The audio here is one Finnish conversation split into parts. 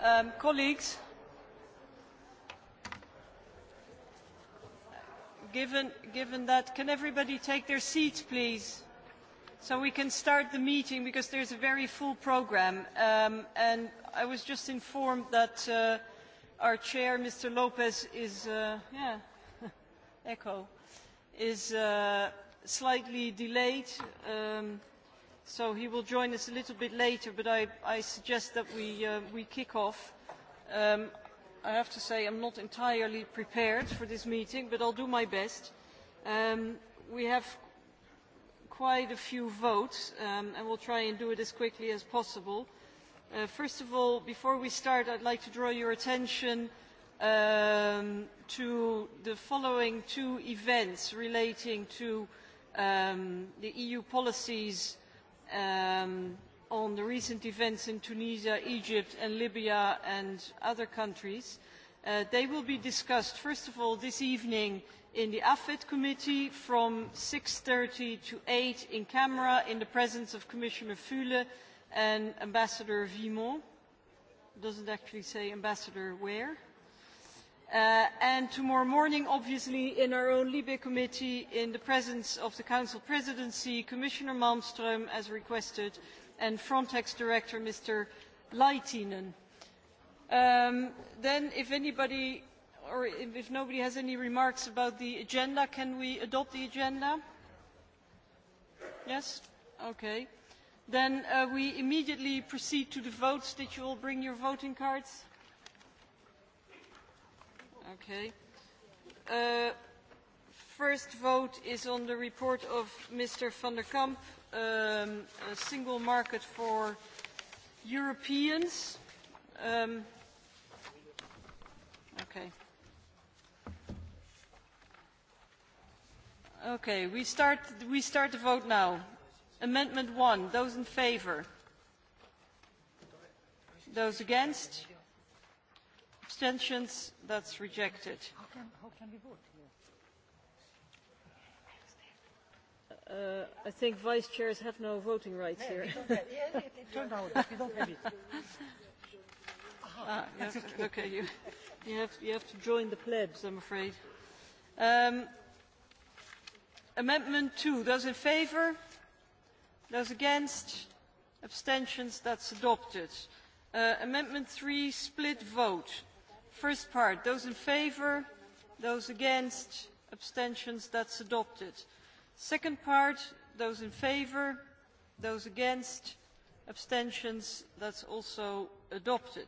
Um, colleagues, given, given that, can everybody take their seats, please? So we can start the meeting because there's a very full program. Um, and I was just informed that uh, our chair, Mr. Lopez, is, uh, yeah, echo, is uh, slightly delayed. Um, so he will join us a little bit later, but I, I suggest that we, uh, we kick off. Um, I have to say I'm not entirely prepared for this meeting, but I'll do my best. Um, we have quite a few votes, um, and we'll try and do it as quickly as possible. Uh, first of all, before we start, I'd like to draw your attention um, to the following two events relating to um, the EU policies um, on the recent events in Tunisia, Egypt and Libya and other countries. Uh, they will be discussed, first of all, this evening in the AFET committee from 6.30 to 8 in camera in the presence of Commissioner Fule and Ambassador Vimon. Doesn't actually say Ambassador where Uh, and tomorrow morning, obviously, in our own Libe committee, in the presence of the Council Presidency, Commissioner Malmström, as requested, and Frontex Director, Mr. Leitinen. Um, then, if anybody or if nobody has any remarks about the agenda, can we adopt the agenda? Yes? Okay. Then uh, we immediately proceed to the votes. Did you all bring your voting cards? Okay. Uh, first vote is on the report of Mr. van der Kamp, um, a single market for Europeans. Um, okay. Okay, we start, we start the vote now. Amendment 1, those in favor? Those against? Abstentions? That's rejected. How can, how can we vote here? Uh, I think vice chairs have no voting rights yeah, here. yeah, it, turned out we don't have it. ah, you have to, okay, you, you, have, you have to join the plebs, I'm afraid. Um, amendment 2, those in favour? Those against? Abstentions? That's adopted. Uh, amendment 3, split vote First part, those in favour, those against, abstentions, that's adopted. Second part, those in favour, those against, abstentions, that's also adopted.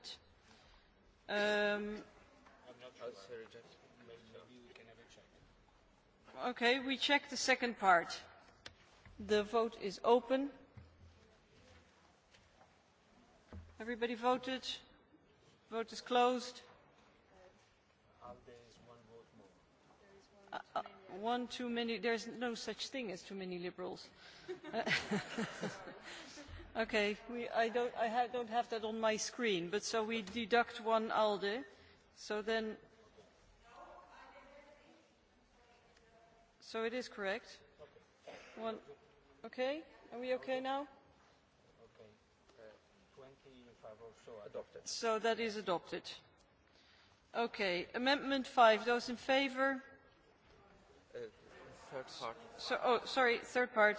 Um, okay, we check the second part. The vote is open. Everybody voted? Vote is closed one too many. There's no such thing as too many liberals. Uh, okay, we, I, don't, I ha don't have that on my screen, but so we deduct one ALDE. So then, so it is correct. One, okay? Are we okay now? Okay. Uh, 20 in favor, so adopted. So that is adopted. Okay, Amendment 5, those in favor? Third part. So, oh, sorry, third part.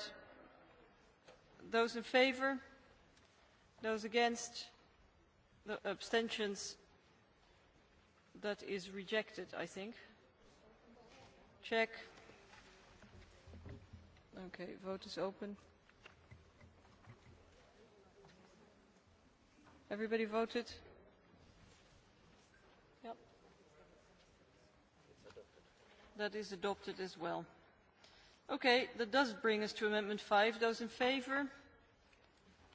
Those in favor? Those against? The abstentions? That is rejected, I think. Check. Okay, vote is open. Everybody voted? Yep. That is adopted as well. Okay, that does bring us to Amendment 5. Those in favour?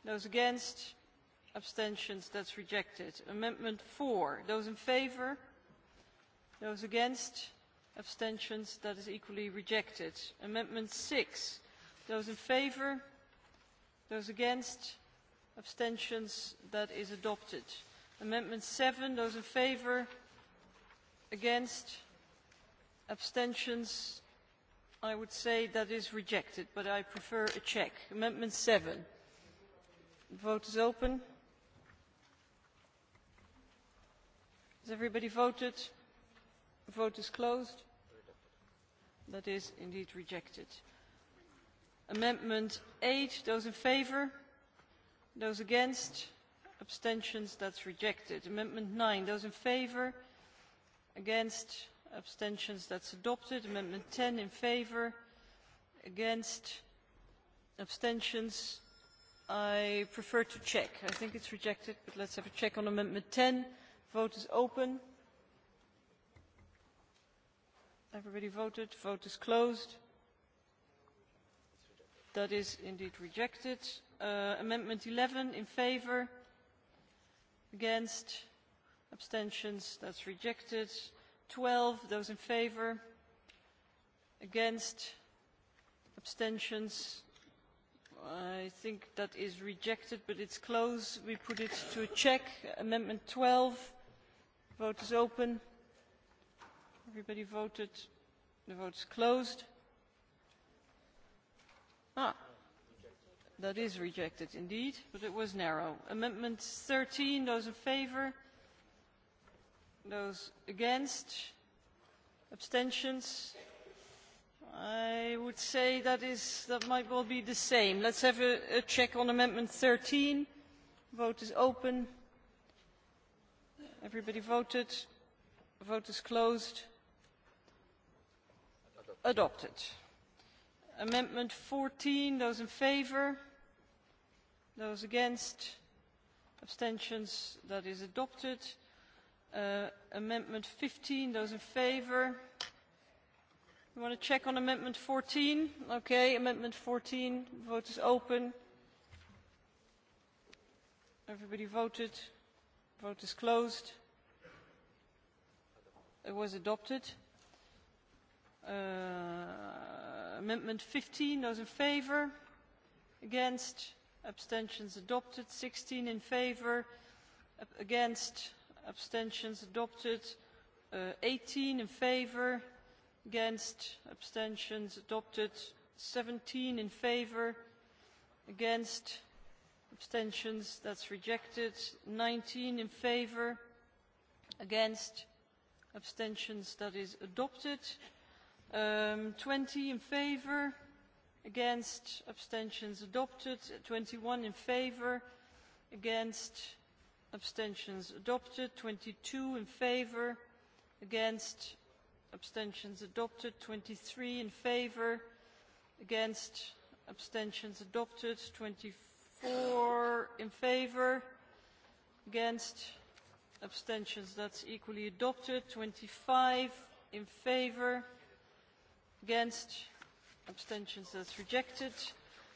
Those against? Abstentions? That's rejected. Amendment 4. Those in favour? Those against? Abstentions? That is equally rejected. Amendment 6. Those in favour? Those against? Abstentions? That is adopted. Amendment 7. Those in favour? Against? Abstentions? I would say that is rejected, but I prefer a check. Amendment 7. The vote is open. Has everybody voted? The vote is closed. That is indeed rejected. Amendment 8. Those in favour? Those against? Abstentions? That's rejected. Amendment 9. Those in favour? Against? abstentions that's adopted amendment 10 in favor against abstentions i prefer to check i think it's rejected but let's have a check on amendment 10 vote is open everybody voted vote is closed that is indeed rejected uh, amendment 11 in favor against abstentions that's rejected 12, those in favor? Against? Abstentions? I think that is rejected, but it's close. We put it to a check. Amendment 12. Vote is open. Everybody voted. The vote is closed. Ah, that is rejected indeed, but it was narrow. Amendment 13, those in favor? Those against? Abstentions? I would say that is that might well be the same. Let's have a, a check on Amendment 13. Vote is open. Everybody voted. Vote is closed. Adopted. Amendment 14. Those in favour? Those against? Abstentions? That is adopted. Uh, amendment 15, those in favour? You want to check on amendment 14? Okay, amendment 14, vote is open. Everybody voted. Vote is closed. It was adopted. Uh, amendment 15, those in favour? Against? Abstentions adopted. 16 in favour. Against? abstentions adopted uh, 18 in favor against abstentions adopted 17 in favor against abstentions that's rejected 19 in favor against abstentions that is adopted um, 20 in favor against abstentions adopted 21 in favor against abstentions adopted 22 in favour against abstentions adopted 23 in favour against abstentions adopted 24 in favour against abstentions that's equally adopted 25 in favour against abstentions that's rejected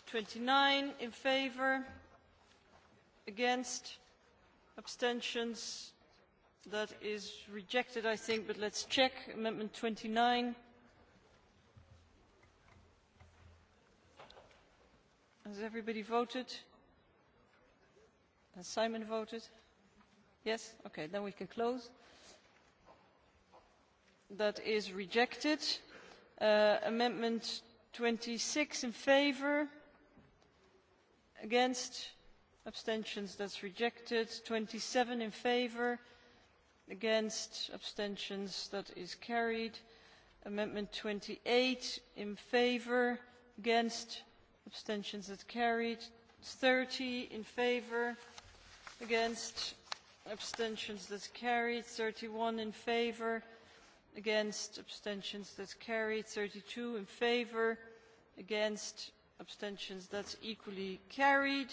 29 in favour against abstentions that is rejected i think but let's check amendment 29 has everybody voted has simon voted yes okay then we can close that is rejected uh, amendment 26 in favor against abstentions that's rejected 27 in favor against abstentions that is carried amendment 28 in favor against abstentions that carried 30 in favor against abstentions that's carried 31 in favor against abstentions that's carried 32 in favor against abstentions that's equally carried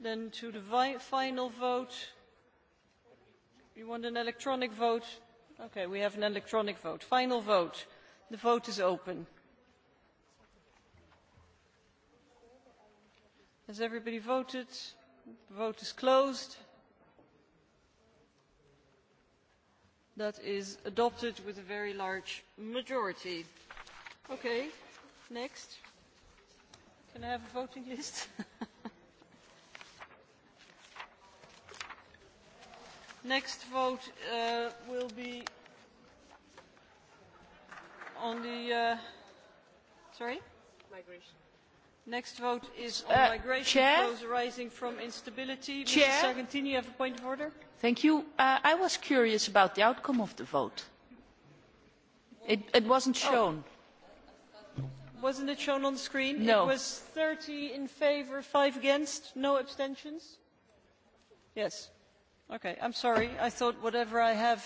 Then to the vi final vote. You want an electronic vote? Okay, we have an electronic vote. Final vote. The vote is open. Has everybody voted? The vote is closed. That is adopted with a very large majority. Okay, next. Can I have a voting list? Next vote uh, will be on the... Uh, sorry? Migration. Next vote is on uh, migration Chair? flows arising from instability. Chair? Mr. Sargentini, you have a point of order? Thank you. Uh, I was curious about the outcome of the vote. It, it wasn't oh. shown. Oh. Wasn't it shown on the screen? No. It was 30 in favour, 5 against, no abstentions? Yes Okay, I'm sorry. I thought whatever I have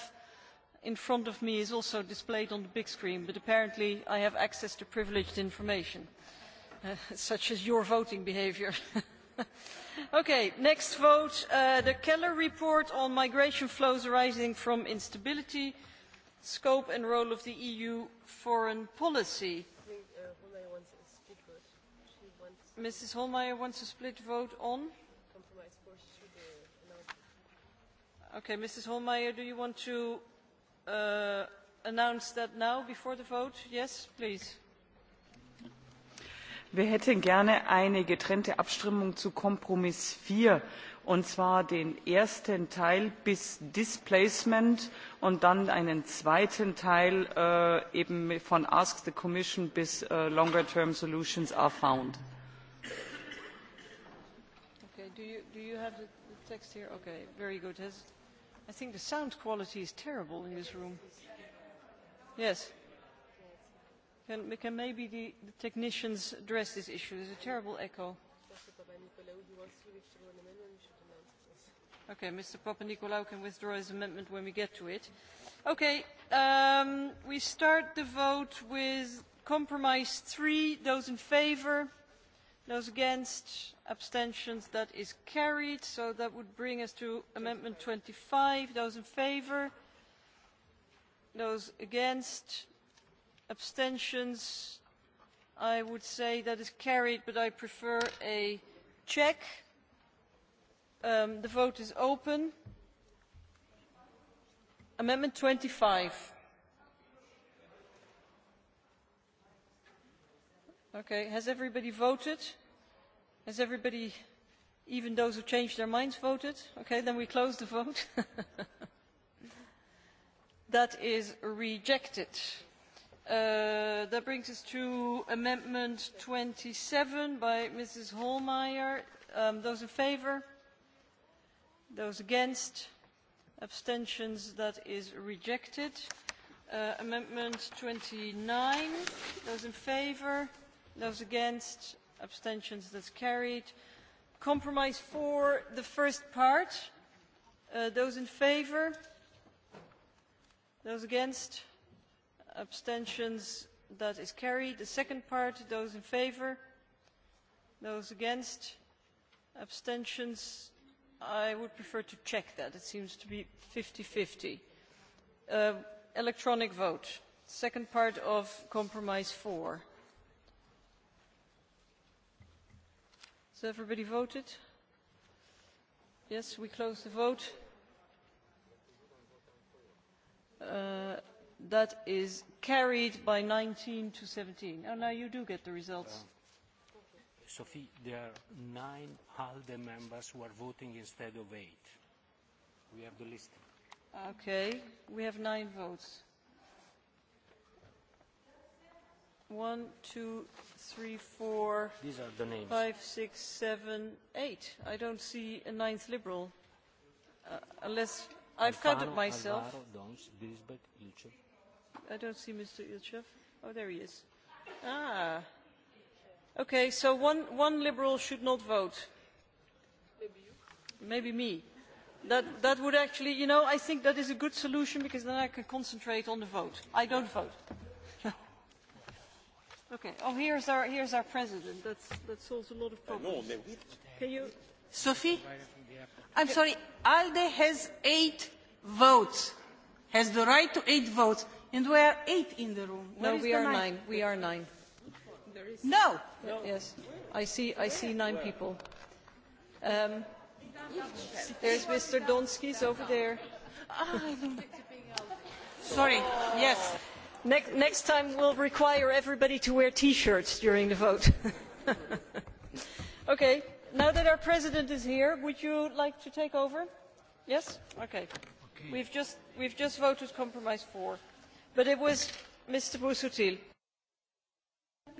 in front of me is also displayed on the big screen, but apparently I have access to privileged information, uh, such as your voting behavior. okay, next vote, uh, the Keller report on migration flows arising from instability, scope and role of the EU foreign policy. Uh, Mrs. Holmeyer wants a split vote on? Okay, Mrs. Holmeyer, do you want to uh, announce that now before the vote? Yes, please. Wir hätten gerne eine getrennte Abstimmung zu Kompromiss 4, und zwar den ersten Teil bis Displacement und dann einen zweiten Teil äh, eben von Ask the Commission bis äh, Longer Term Solutions are found. Okay, do you, do you have the text here? Okay, very good. Has I think the sound quality is terrible in this room. Yes. Can, can maybe the, the technicians address this issue? There's a terrible echo. Okay, Mr. Papanikolaou can withdraw his amendment when we get to it. Okay, um, we start the vote with compromise three. Those in favour? Those against? Abstentions? That is carried. So that would bring us to Amendment 25. Those in favour? Those against? Abstentions? I would say that is carried, but I prefer a check. Um, the vote is open. Amendment 25. Okay, has everybody voted? Has everybody, even those who changed their minds, voted? Okay, then we close the vote. that is rejected. Uh, that brings us to amendment 27 by Mrs. Holmeyer. Um, those in favor Those against? Abstentions? That is rejected. Uh, amendment 29. Those in favor Those against? Abstentions? That's carried. Compromise for the first part. Uh, those in favor Those against? Abstentions? That is carried. The second part, those in favor Those against? Abstentions? I would prefer to check that. It seems to be 50-50. Uh, electronic vote. Second part of compromise four Has everybody voted? Yes, we close the vote. Uh, that is carried by 19 to 17. Oh, now you do get the results. Uh, Sophie, there are nine ALDE members who are voting instead of eight. We have the list. Okay, we have nine votes. One, two, three, four. These are the names. Five, six, seven, eight. I don't see a ninth liberal, uh, unless I've Alfano, counted myself. Alvaro, Dons, Grisbeck, Ilchev. I don't see Mr. Ilchev. Oh, there he is. Ah. Okay, so one, one liberal should not vote. Maybe you. Maybe me. That, that would actually, you know, I think that is a good solution because then I can concentrate on the vote. I don't vote. Okay. Oh, here's our here's our president. That's that solves a lot of problems. No, Can you, Sophie? I'm sorry. ALDE has eight votes. Has the right to eight votes, and we are eight in the room. No, Where no, we are nine? nine. We are nine. No. no. Yes, I see. I see nine people. Um, there's Mr. Donskis over there. Ah, sorry. Yes. Next, next time we'll require everybody to wear t-shirts during the vote. okay, now that our president is here, would you like to take over? Yes? Okay. okay. We've, just, we've just voted compromise four. But it was Mr. Busuttil.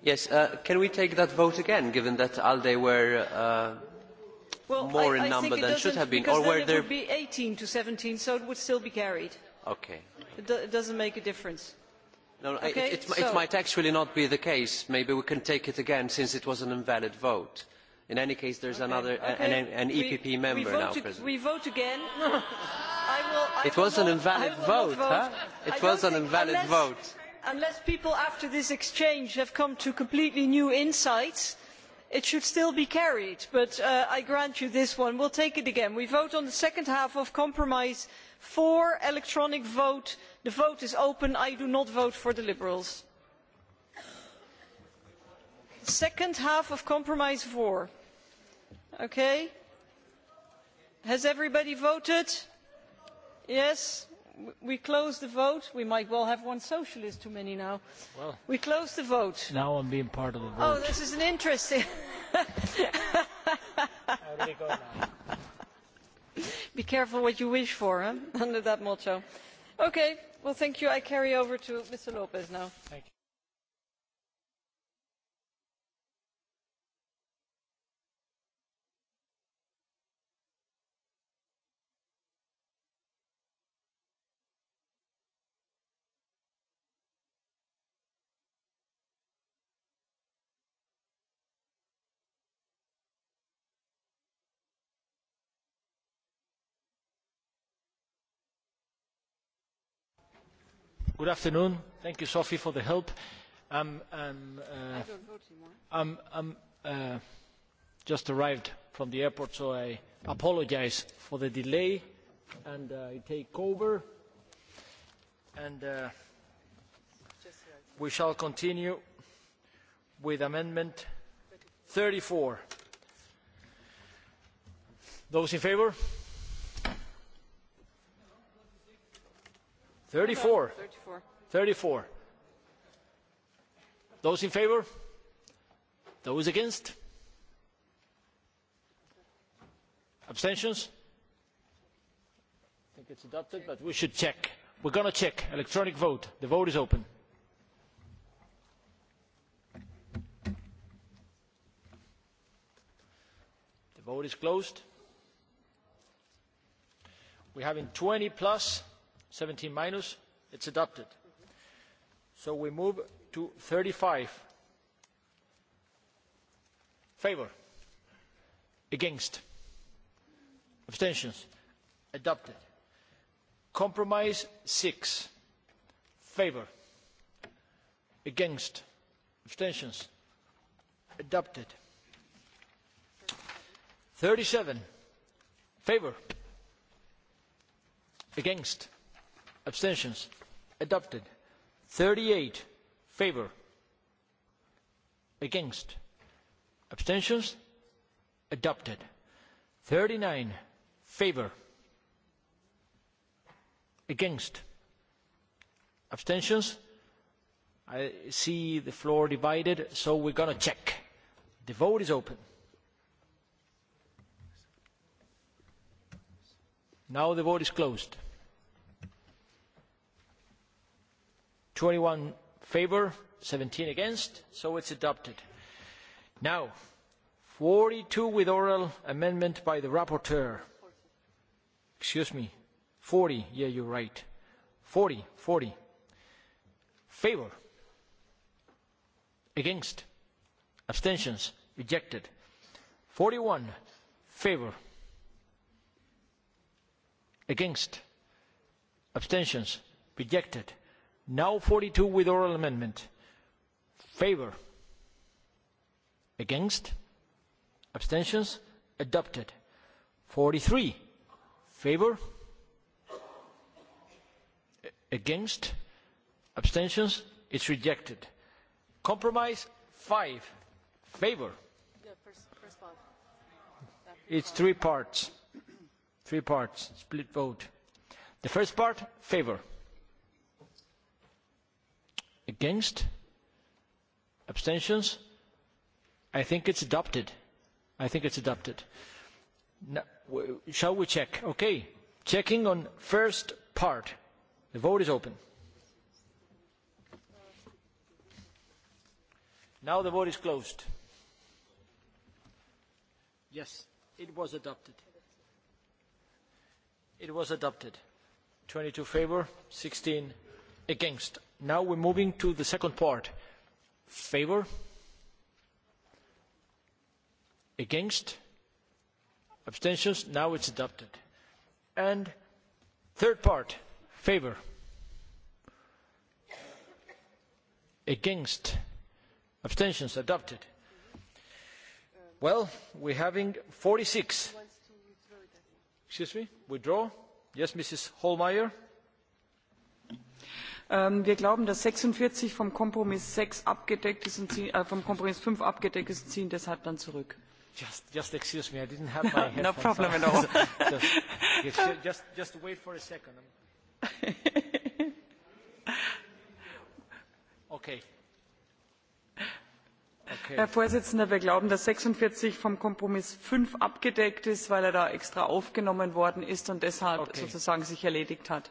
Yes, uh, can we take that vote again, given that ALDE were uh, well, more I, in I number than should have been? Or were then it there... would be 18 to 17, so it would still be carried. Okay. It, do it doesn't make a difference. No, no, it, might actually not be the case. Maybe we can take it again since it was an invalid vote. In any case, there is An, EPP e member now present. We vote again. it was an invalid vote, It was an invalid vote. Unless people after this exchange have come to completely new insights, it should still be carried. But uh, I grant you this one. We'll take it again. We vote on the second half of compromise for electronic vote the vote is open. i do not vote for the liberals. second half of compromise four okay has everybody voted? yes we close the vote we might well have one socialist too many now well, we close the vote now i'm being part of the oh, vote oh this is an interesting be careful what you wish for under that motto okay well thank you i carry over to mr lopez now. Good afternoon. Thank you, Sophie, for the help. Um, um, uh, I don't vote anymore. I'm, um, uh, just arrived from the airport, so I apologize for the delay, and uh, I take over. And we shall continue with Amendment 34. Those in favour? 34. 34. Those in favour? Those against? Abstentions? I think it's adopted, but we should check. We're going to check. Electronic vote. The vote is open. The vote is closed. We're having 20 plus seventeen minus is adopted so we move to thirty five favour against abstentions adopted compromise six favour against abstentions adopted thirty seven favour against abstentions adopted 38 favor against abstentions adopted 39 favor against abstentions i see the floor divided so we're going to check the vote is open now the vote is closed twenty one in favour seventeen against so it is adopted. now forty two with oral amendment by the rapporteur excuse me forty yeah you are right forty forty favour against abstentions rejected forty one favour against abstentions rejected now 42 with oral amendment favor against abstentions adopted 43 favor against abstentions it's rejected compromise 5 favor no, first part. it's three parts three parts split vote the first part favor Against? Abstentions? I think it's adopted. I think it's adopted. Now, shall we check? Okay. Checking on first part. The vote is open. Now the vote is closed. Yes, it was adopted. It was adopted. 22 favor, 16 against now we're moving to the second part favor against abstentions now it's adopted and third part favor against abstentions adopted well we're having 46 excuse me withdraw yes mrs holmeyer Ähm, wir glauben dass sechsundvierzig vom kompromiss sechs abgedeckt ist und äh, vom kompromiss fünf abgedeckt ist und ziehen deshalb dann zurück. herr präsident! wir glauben dass sechsundvierzig vom kompromiss fünf abgedeckt ist weil er da extra aufgenommen worden ist und deshalb sozusagen sich erledigt hat.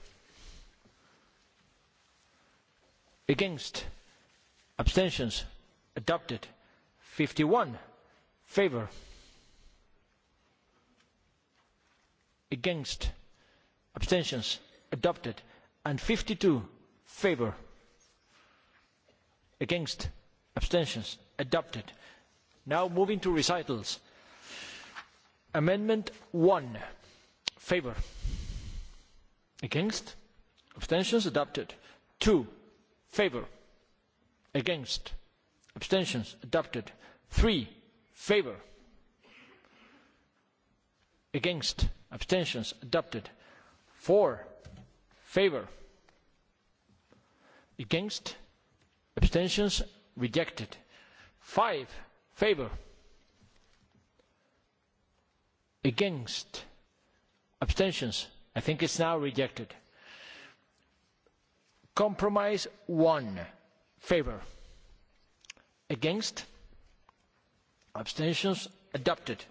against abstentions adopted 51 favor against abstentions adopted and 52 favor against abstentions adopted now moving to recitals amendment 1 favor against abstentions adopted 2 favour against abstentions adopted three favour against abstentions adopted four favour against abstentions rejected five favour against abstentions i think it is now rejected Compromise 1, favour Against? Abstentions? Adopted.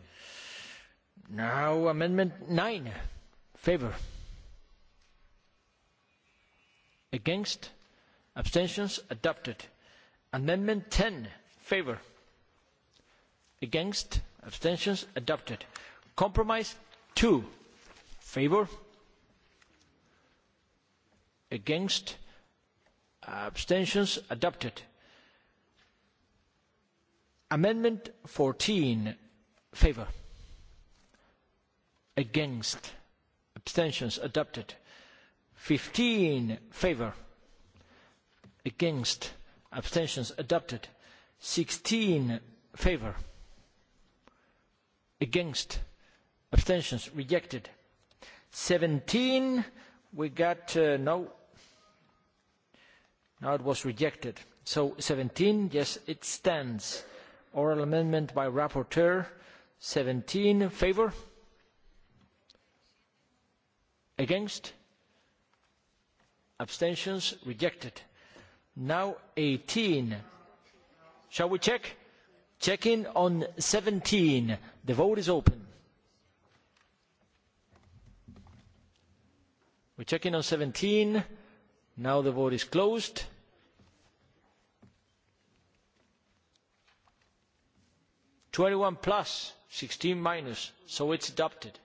Now Amendment 9, favour Against? Abstentions? Adopted. Amendment 10, favour Against? Abstentions? Adopted. Compromise 2, favour Against? abstentions adopted amendment 14 favor against abstentions adopted 15 favor against abstentions adopted 16 favor against abstentions rejected 17 we got uh, no Now it was rejected. So 17, yes, it stands. Oral amendment by rapporteur. 17, in favour? Against? Abstentions? Rejected. Now 18. Shall we check? Checking on 17. The vote is open. We're checking on 17. Now the vote is closed. Twenty one plus, sixteen minus, so it's adopted.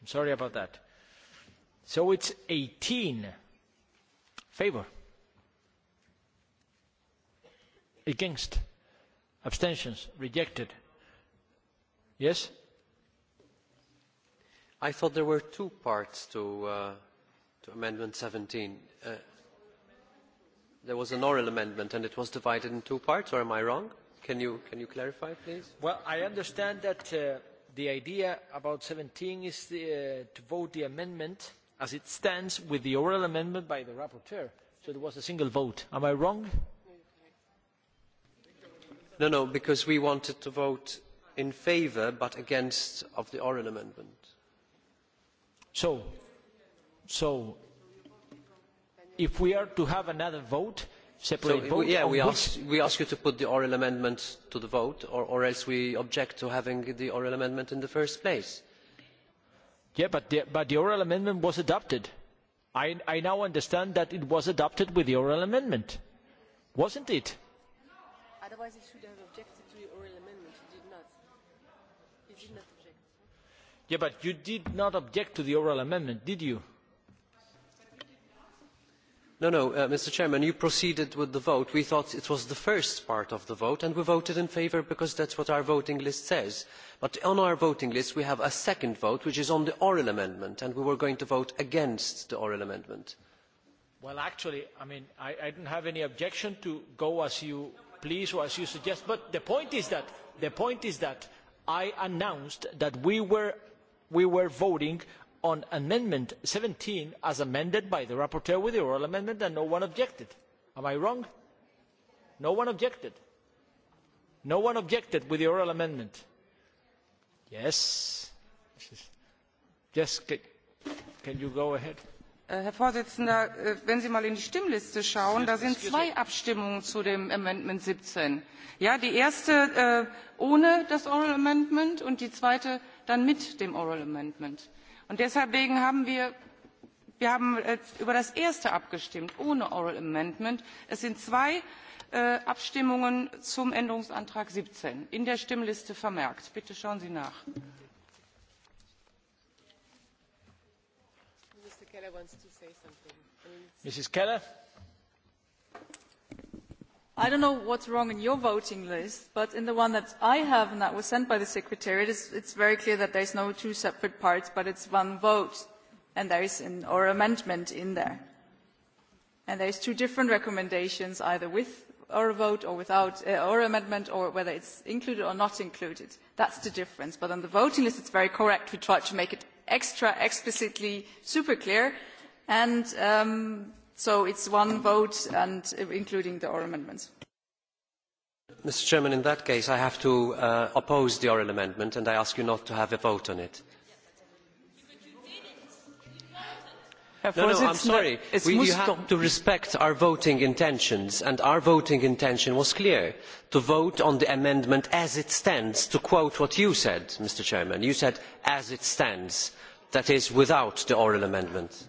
I'm sorry about that. So it's eighteen favor Against. Abstentions. Rejected. Yes? I thought there were two parts to, uh, to Amendment 17. Uh, there was an oral amendment and it was divided in two parts, or am I wrong? Can you, can you clarify, please? Well, I understand that uh, the idea about 17 is the, uh, to vote the amendment as it stands with the oral amendment by the rapporteur. So there was a single vote. Am I wrong? No, no, because we wanted to vote in favour but against of the oral amendment. So, so if we are to have another vote separate so, vote yeah, we, ask, we ask you to put the oral amendment to the vote or, or else we object to having the oral amendment in the first place. Yeah, but the, but the oral amendment was adopted. I, I now understand that it was adopted with the oral amendment, wasn't it? Otherwise, it should have objected to the oral amendment. It did not. It did not object. Yeah, but you did not object to the oral amendment, did you? No, no, uh, Mr. president you proceeded with the vote. We thought it was the first part of the vote, and we voted in favour because that is what our voting list says. But on our voting list, we have a second vote, which is on the oral amendment, and we were going to vote against the oral amendment. Well, actually, I mean, I, I didn't have any objection to go as you please or as you suggest, but the point is that, the point is that I announced that we were voting on amendment seventeen as amended by the rapporteur with the oral amendment and no one objected. am i wrong? no one objected. no one objected with the oral amendment. yes. yes can you go ahead? Äh, herr präsident! Äh, wenn sie mal in die stimmliste schauen da sind zwei abstimmungen zu dem änderungsantrag. siebzehn die erste äh, ohne das oral amendment und die zweite dann mit dem oral amendment und deswegen haben wir über das erste abgestimmt ohne änderungsantrag. es sind zwei äh, abstimmungen zum änderungsantrag siebzehn in der stimmliste vermerkt bitte schauen sie nach. I don't know what's wrong in your voting list, but in the one that I have and that was sent by the Secretariat, it's, it's very clear that there's no two separate parts, but it's one vote, and there is an or amendment in there. And there's two different recommendations, either with or a vote or without uh, or amendment or whether it's included or not included. That's the difference. But on the voting list, it's very correct. We tried to make it extra explicitly super clear. And um, so it's one vote and uh, including the oral amendments. Mr Chairman, in that case I have to uh, oppose the oral amendment and I ask you not to have a vote on it. Herr no, no, I'm sorry. We, you have to respect our voting intentions, and our voting intention was clear, to vote on the amendment as it stands, to quote what you said, Mr Chairman. You said, as it stands, that is, without the oral amendment.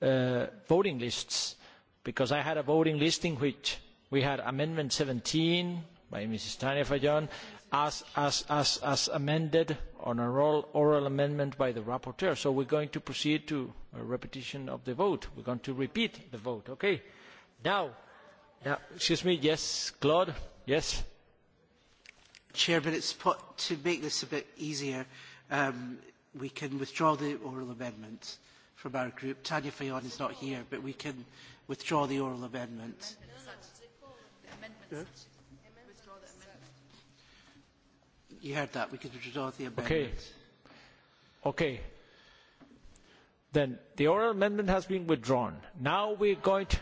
Uh, voting lists because I had a voting list in which we had Amendment 17 by Mrs. tanja Fajon as, amended on an oral, amendment by the rapporteur. So we're going to proceed to a repetition of the vote. We're going to repeat the vote. Okay. Now, excuse me, yes, Claude, yes. Chair, but it's put, to make this a bit easier, um, we can withdraw the oral amendment from our group. Tanya Fayon is not here, but we can withdraw the oral amendment. Yeah? You heard that. We could withdraw the amendment. Okay. Okay. Then the oral amendment has been withdrawn. Now we're going to,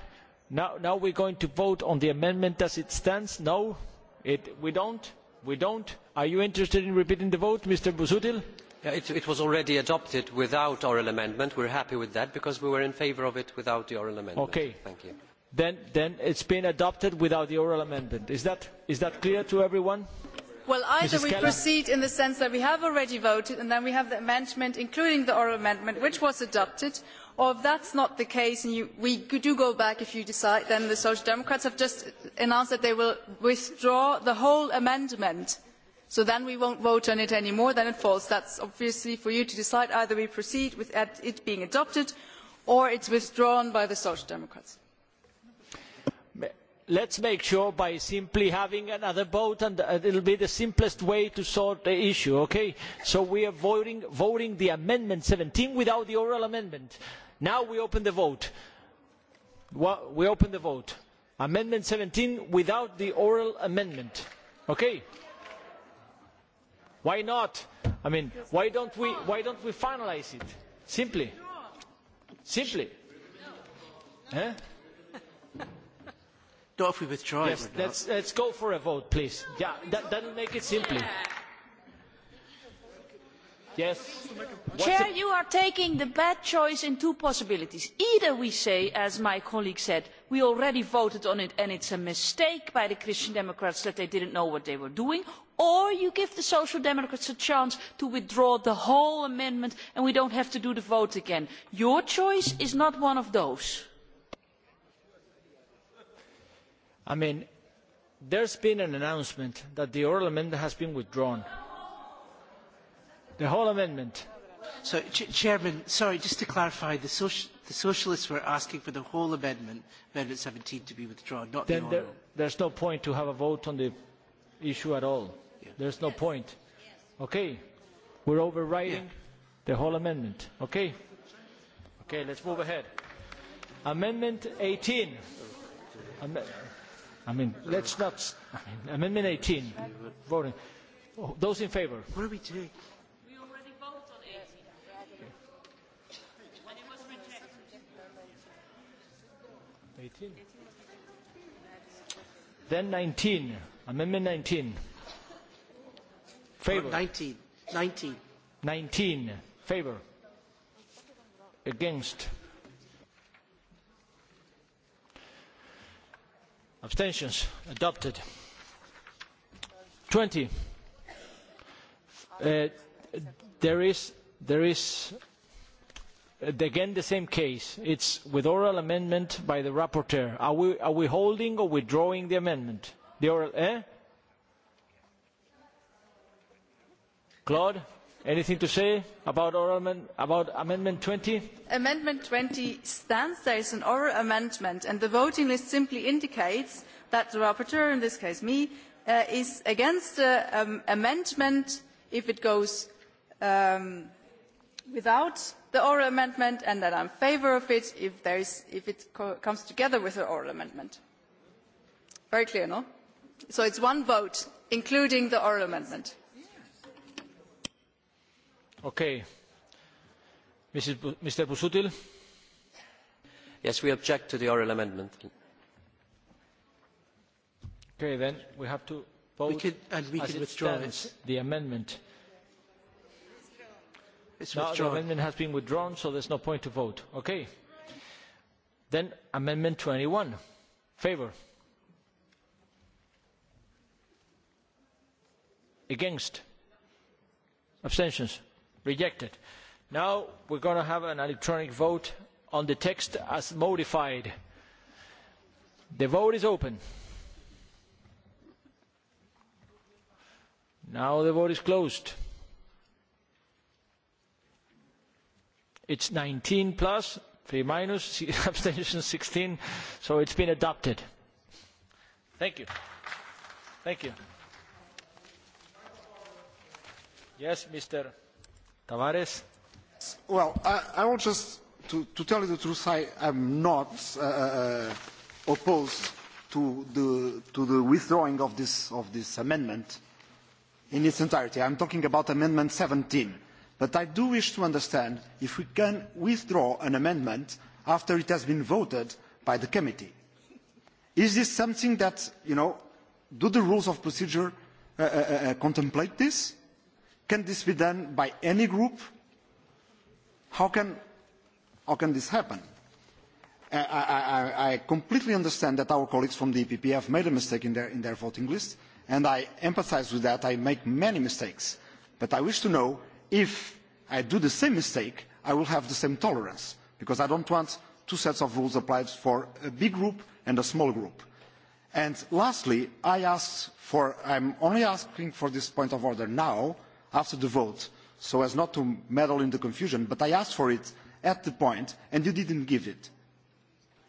now, now we're going to vote on the amendment as it stands. No, it, we don't. We don't. Are you interested in repeating the vote, Mr. Busutil? It, was already adopted without oral amendment. we are happy with that because we were in favour of it without the oral amendment. Then, it has been adopted without the oral amendment. Is that, clear to everyone? Well, either we proceed in the sense that we have already voted and then we have the amendment, including the oral amendment, which was adopted, or if that is not the case and you, we do go back if you decide, then the Social Democrats have just announced that they will withdraw the whole amendment so then we won't vote on it anymore then it falls that's obviously for you to decide either we proceed with it being adopted or it's withdrawn by the social democrats let's make sure by simply having another vote and uh, it'll be the simplest way to sort the issue okay so we are voting voting the amendment 17 without the oral amendment now we open the vote we open the vote amendment 17 without the oral amendment okay Why not? I mean, why don't we, why don't we finalize it? Simply. Simply. Eh? Not if we withdraw yes, Let's, let's go for a vote, please. Yeah, that, that'll make it simply. Yeah. Yes. Chair, you are taking the bad choice in two possibilities. Either we say, as my colleague said, we already voted on it and it is a mistake by the Christian Democrats that they did not know what they were doing, or you give the Social Democrats a chance to withdraw the whole amendment and we do not have to do the vote again. Your choice is not one of those. I mean, there's been an announcement that the oral amendment has been withdrawn. The whole amendment. So, Ch Chairman, sorry, just to clarify, the, social, the Socialists were asking for the whole amendment, Amendment 17, to be withdrawn, not then the oral. There, there's no point to have a vote on the issue at all. Yeah. There's no yes. point. Yes. Okay, we're overriding yeah. the whole amendment. Okay. Okay, let's move ahead. Amendment 18. Am I mean, let's not. I mean, amendment 18. Voting. Oh, those in favour. What are we doing? 18. Then 19. Amendment 19. Favor. 19. 19. 19. Favor. Against. Abstentions. Adopted. 20. Uh, there is there is Uh, again the same case. it is with oral amendment by the rapporteur. Are we, holding or withdrawing the amendment? The oral, eh? Claude, anything to say about oral about amendment 20? Amendment 20 stands. There is an oral amendment, and the voting list simply indicates that the rapporteur, in this case me, uh, is against the um, amendment if it goes um, without the oral amendment and that i am in favour of it if, it comes together with the oral amendment. very clear no? so it is one vote including the oral amendment. Okay. mr busuttil yes we object to the oral amendment. okay then we have to vote we could, and we as could it stands, the amendment It's no, withdrawn. the amendment has been withdrawn, so there's no point to vote. Okay. Then Amendment 21. Favour. Against. Abstentions. Rejected. Now we're going to have an electronic vote on the text as modified. The vote is open. Now the vote is closed. it is nineteen plus, three minus, abstention sixteen So it has been adopted. Thank you. Thank you. Yes, Mr. Tavares. Well, I, I want just to, to tell you the truth. I am not uh, uh opposed to the, to the withdrawing of this, of this amendment in its entirety. I am talking about Amendment 17 But I do wish to understand if we can withdraw an amendment after it has been voted by the committee. Is this something that, you know, do the rules of procedure uh, uh, uh, uh contemplate this? Can this be done by any group? How can, how can this happen? Uh, I, I, I completely understand that our colleagues from the EPP have made a mistake in their, in their voting list, and I empathize with that. I make many mistakes. But I wish to know if I do the same mistake, I will have the same tolerance because I don't want two sets of rules applied for a big group and a small group. And lastly, I asked for, I'm only asking for this point of order now after the vote so as not to meddle in the confusion, but I asked for it at the point and you didn't give it.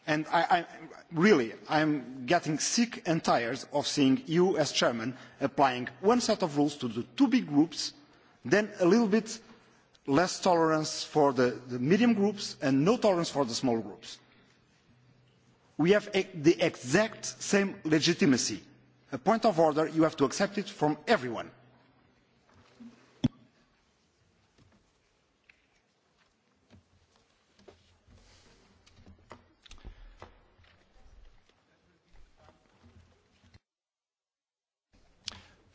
And I, I, really, I'm getting sick and tired of seeing you as chairman applying one set of rules to the two big groups – then a little bit less tolerance for the, the medium groups and no tolerance for the small groups. We have a, e, the exact same legitimacy. A point of order, you have to accept it from everyone.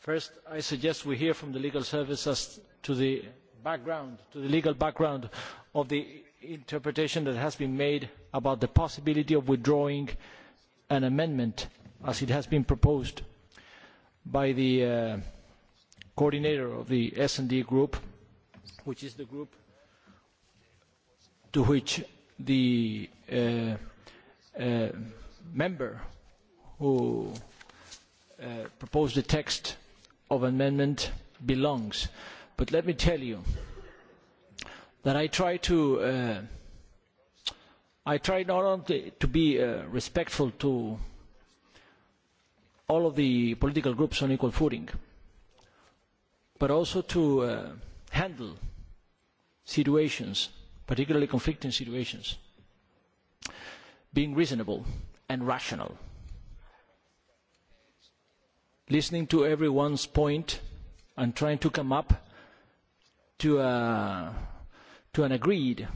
First, I suggest we hear from the legal service as to the background, to the legal background of the interpretation that has been made about the possibility of withdrawing an amendment as it has been proposed by the uh, coordinator of the S&D group, which is the group to which the uh, uh, member who proposed the text of amendment belongs. But let me tell you that I try to uh, I try not only to be uh, respectful to all of the political groups on equal footing, but also to uh, handle situations, particularly conflicting situations, being reasonable and rational listening to everyone's point and trying to come up to, a, to an agreed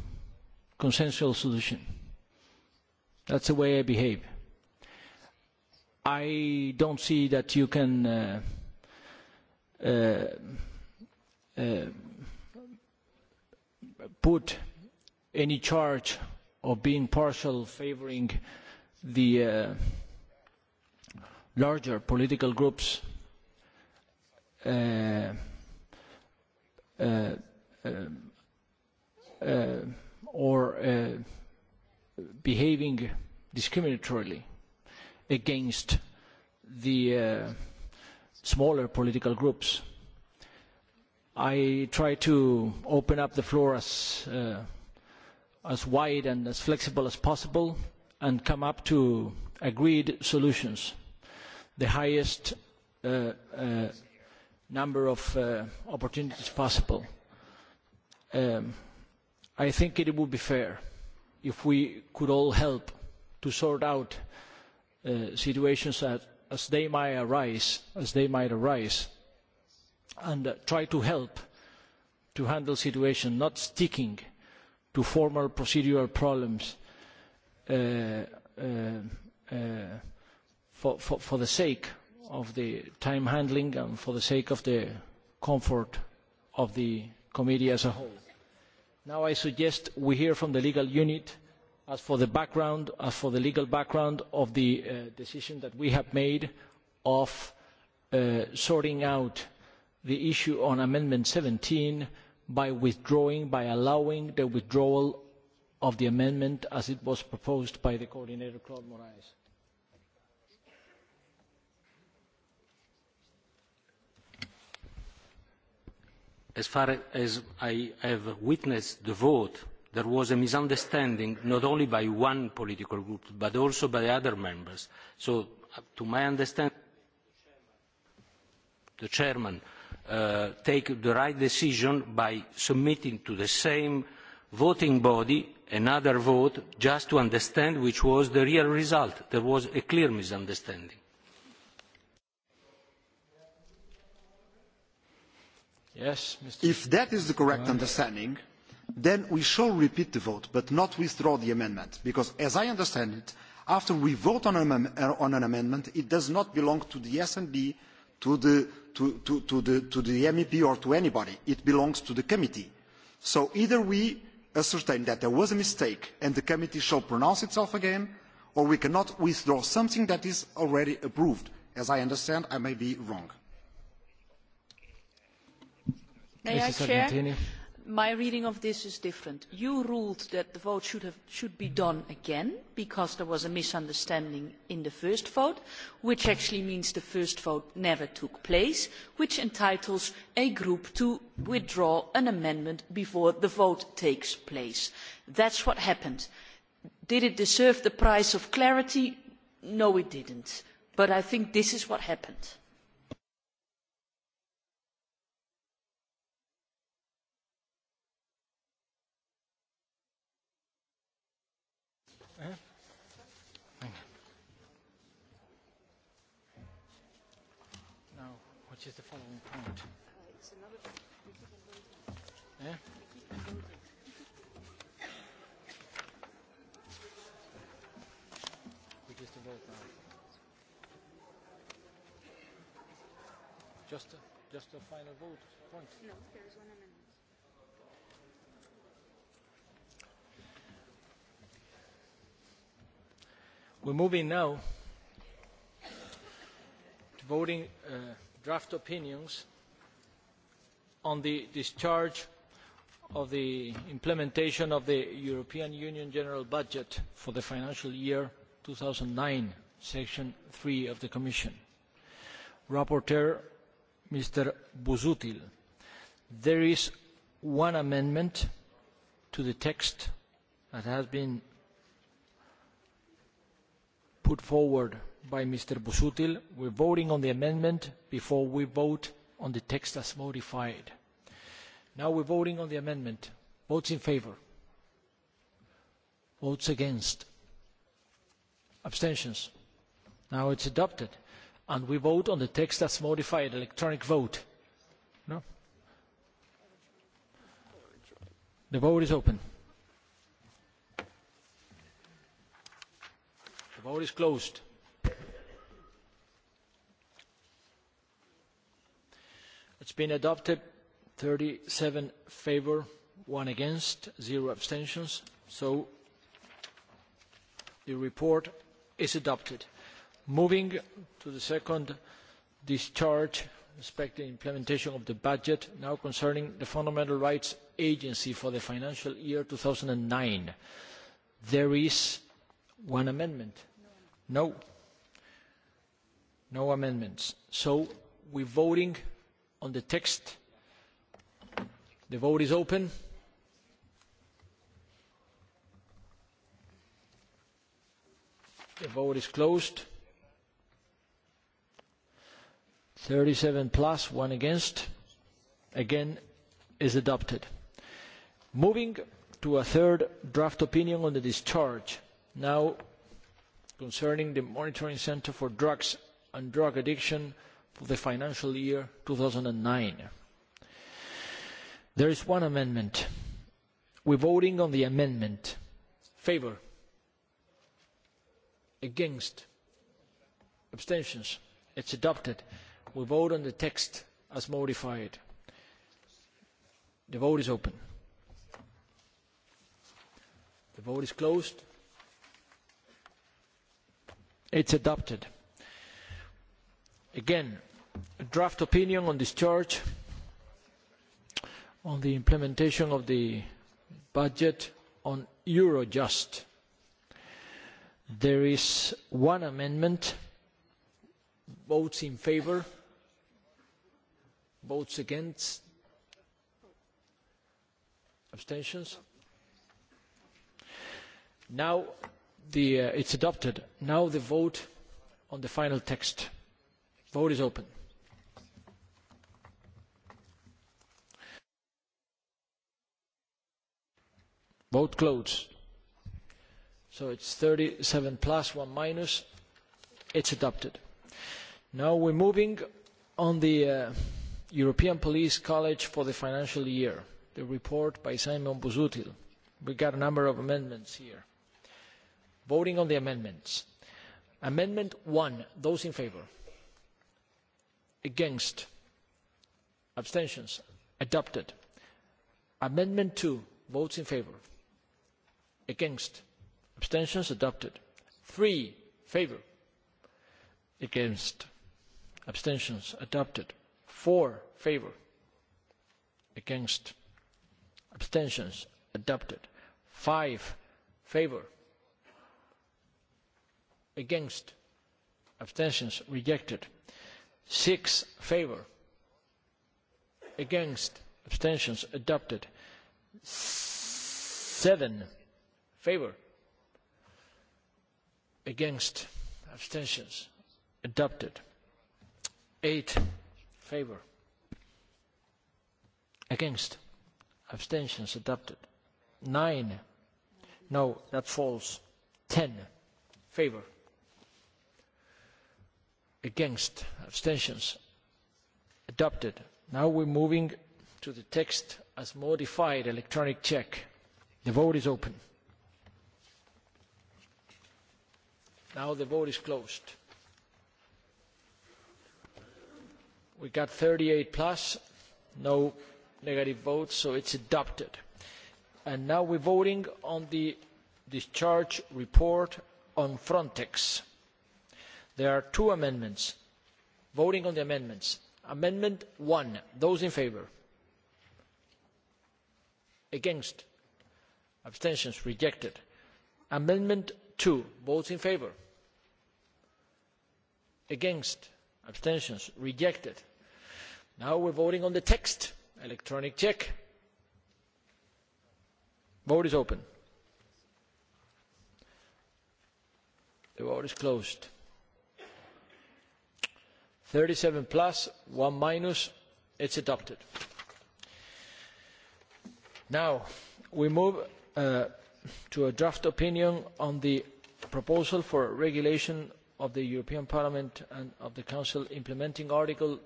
consensual solution. That's the way I behave. I don't see that you can uh, uh, uh, put any charge of being partial favoring the uh, larger political groups uh, uh, uh, or uh, behaving discriminatorily against the uh, smaller political groups. I try to open up the floor as, uh, as wide and as flexible as possible and come up to agreed solutions the highest uh, uh, number of uh, opportunities possible. Um, I think it would be fair if we could all help to sort out uh, situations that, as they might arise, as they might arise, and uh, try to help to handle situations, not sticking to formal procedural problems uh, uh, uh, for, for, for the sake of the time handling and for the sake of the comfort of the committee as a whole. Now I suggest we hear from the legal unit as for the background, as for the legal background of the uh, decision that we have made of uh, sorting out the issue on Amendment 17 by withdrawing, by allowing the withdrawal of the amendment as it was proposed by the coordinator, Claude Moraes. as far as I have witnessed the vote, there was a misunderstanding not only by one political group but also by other members. So, uh, to my understanding, the chairman uh, take the right decision by submitting to the same voting body another vote just to understand which was the real result. There was a clear misunderstanding. If that is the correct understanding, then we shall repeat the vote, but not withdraw the amendment, because as I understand it, after we vote on an, uh, amendment, it does not belong to the S&D, to to the MEP or to anybody. It belongs to the committee. So either we ascertain that there was a mistake and the committee shall pronounce itself again, or we cannot withdraw something that is already approved. As I understand, I may be wrong. May Mrs. I chair? My reading of this is different. You ruled that the vote should, have, should be done again because there was a misunderstanding in the first vote, which actually means the first vote never took place, which entitles a group to withdraw an amendment before the vote takes place. That's what happened. Did it deserve the price of clarity? No, it didn't. But I think this is what happened. is the following point. Yeah? We just vote now. Just a, just a final vote point. No, there is one amendment. We're moving now to voting. Uh, draft opinions on the discharge of the implementation of the European Union General Budget for the financial year two thousand and nine Section three of the Commission. Rapporteur, Mr. busuttil There is one amendment to the text that has been put forward by Mr. Busuttil. We're voting on the amendment before we vote on the text as modified. Now we're voting on the amendment. Votes in favour. Votes against. Abstentions. Now it's adopted. And we vote on the text as modified, electronic vote. No? The vote is open. The vote is closed. It's been adopted. 37 favor, one against, zero abstentions. So the report is adopted. Moving to the second discharge respecting the implementation of the budget, now concerning the Fundamental Rights Agency for the financial year 2009. There is one amendment. No. No amendments. So we're voting on the text. The vote is open. The vote is closed. 37 plus, one against. Again, is adopted. Moving to a third draft opinion on the discharge. Now, concerning the Monitoring centre for Drugs and Drug Addiction for the financial year 2009. There is one amendment. We're voting on the amendment. Favor? Against? Abstentions? It's adopted. We vote on the text as modified. The vote is open. The vote is closed. It's adopted. Again, a draft opinion on discharge, on the implementation of the budget on Eurojust. There is one amendment. Votes in favour. Votes against. Abstentions. Now uh, it is adopted. Now the vote on the final text. Vote is open. Vote closed. So it's 37 plus, 1 minus. It's adopted. Now we're moving on the uh, European Police College for the financial year, the report by Simon Busuttil. We got a number of amendments here. Voting on the amendments. Amendment 1, those in favour against abstentions adopted amendment two, votes in favour. against abstentions adopted Three, favour. against abstentions adopted Four, favour. against abstentions adopted Five, favour. against abstentions rejected six favour against abstentions adopted seven favour against abstentions adopted eight favour against abstentions adopted nine no that falls ten favour against abstentions adopted now we're moving to the text as modified electronic check the vote is open now the vote is closed we got 38 plus no negative votes so it's adopted and now we're voting on the discharge report on frontex There are two amendments. Voting on the amendments. Amendment one: Those in favour? Against? Abstentions? Rejected. Amendment two: Votes in favour? Against? Abstentions? Rejected. Now we're voting on the text. Electronic check. Vote is open. The vote is closed 37 plus, 1 minus, it's adopted. Now, we move uh, to a draft opinion on the proposal for a regulation of the European Parliament and of the Council implementing Article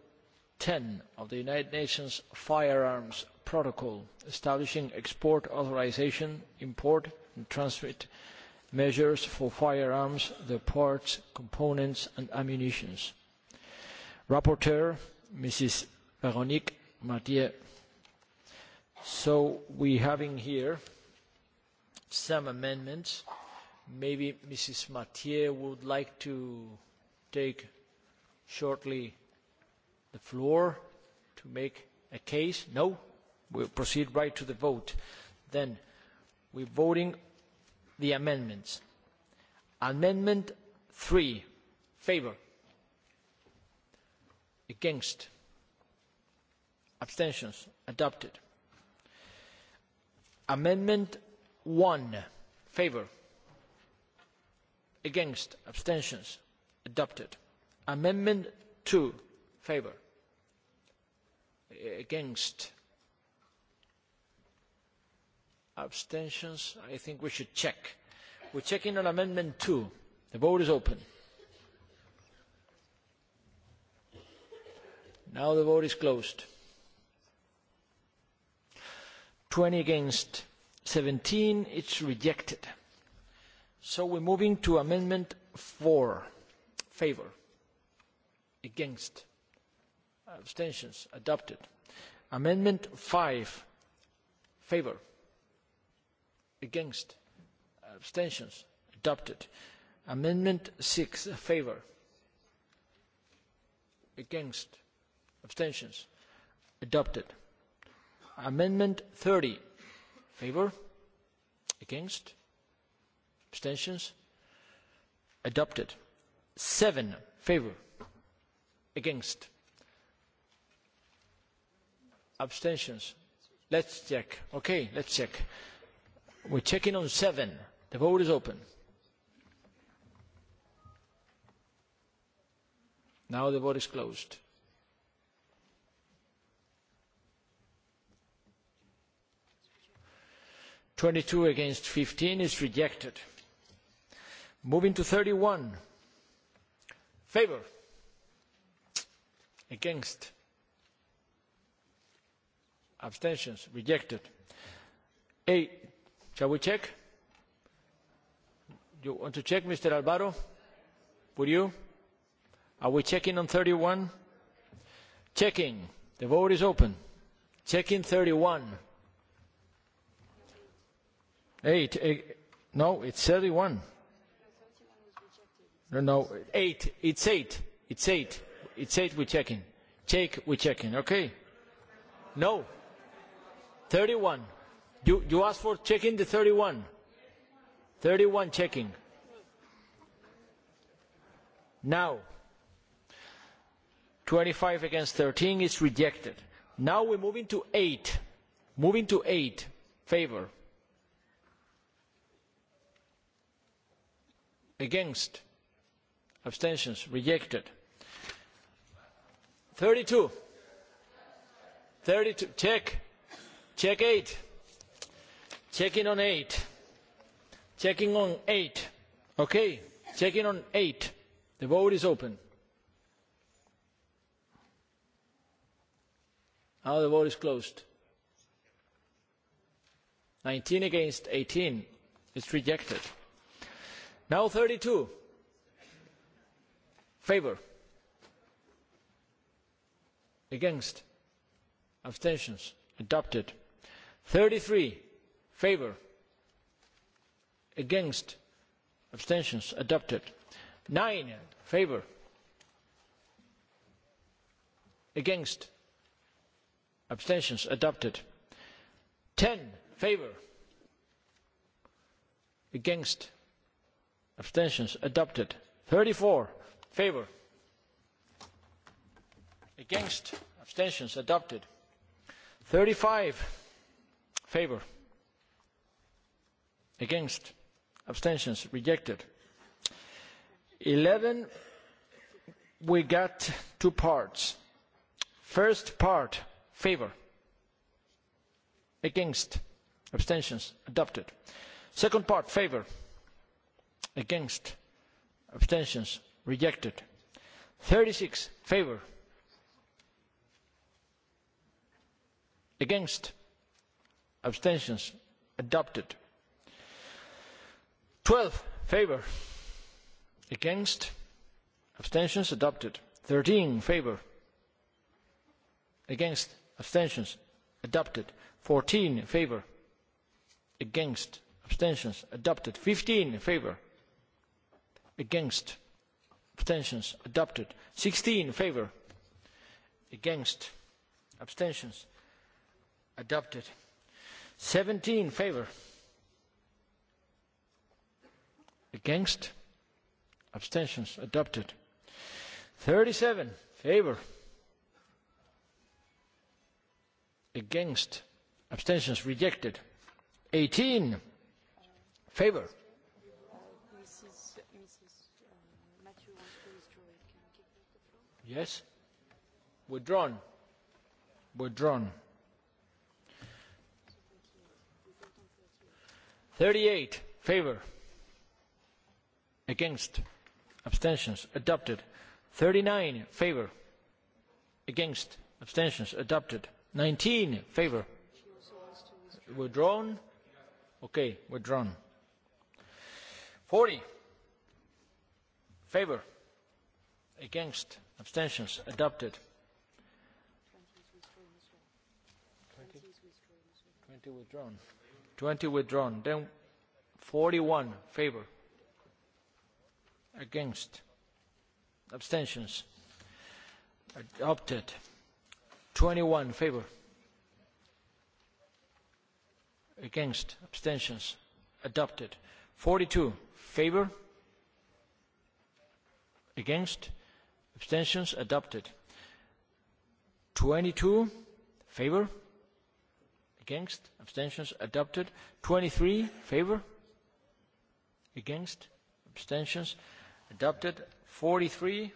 10 of the United Nations Firearms Protocol, establishing export authorization, import and transmit measures for firearms, their parts, components and ammunitions. Rapporteur, Mrs. Véronique Mathieu. So we having here some amendments. Maybe Mrs. Mathieu would like to take shortly the floor to make a case? No? We'll proceed right to the vote. Then we're voting the amendments. Amendment 3, favor against abstentions adopted amendment one, favour. against abstentions adopted amendment two, favour. against abstentions i think we should check We are checking on amendment two. the vote is open Now the vote is closed. 20 against 17. It's rejected. So we're moving to amendment 4. Favor. Against. Abstentions. Adopted. Amendment 5. Favor. Against. Abstentions. Adopted. Amendment 6. Favor. Against abstentions adopted amendment 30 favor against abstentions adopted seven favor against abstentions let's check okay let's check we're checking on seven. the vote is open now the vote is closed twenty two against fifteen is rejected. moving to thirty one favour against abstentions rejected a shall we check you want to check mr alvaro would you are we checking on thirty one checking the vote is open checking thirty one Eight, eight. No, it's 31. No, no, eight. It's eight. It's eight. It's eight we're checking. Check, we're checking, okay? No. 31. You, you asked for checking the 31. 31 checking. Now, 25 against 13 is rejected. Now we're moving to 8. Moving to 8. Favor against abstentions rejected 32 32 check check eight, checking on eight, checking on eight, okay checking on eight, the vote is open now the vote is closed 19 against 18 it's rejected Now 32. Favor. Against. Abstentions. Adopted. 33. Favor. Against. Abstentions. Adopted. 9. Favor. Against. Abstentions. Adopted. 10. Favor. Against abstentions adopted 34 favor against abstentions adopted 35 favor against abstentions rejected 11 we got two parts first part favor against abstentions adopted second part favor against abstentions rejected thirty 36 favour against abstentions adopted 12 favour against abstentions adopted 13 favour against abstentions adopted 14 favour against abstentions adopted 15 favour against abstentions adopted sixteen in favour against abstentions adopted seventeen in favour against abstentions adopted thirty seven in favour against abstentions rejected eighteen in favour Yes? Withdrawn. Withdrawn. 38 favor against abstentions adopted 39 favor against abstentions adopted 19 favor withdrawn okay withdrawn 40 favor against Abstentions adopted. Twenty withdrawn. Twenty withdrawn. Then 41 favor. Against. Abstentions adopted. Twenty one favor. Against. Abstentions adopted. Forty two favor. Against abstentions adopted 22 favor against abstentions adopted 23 favor against abstentions adopted 43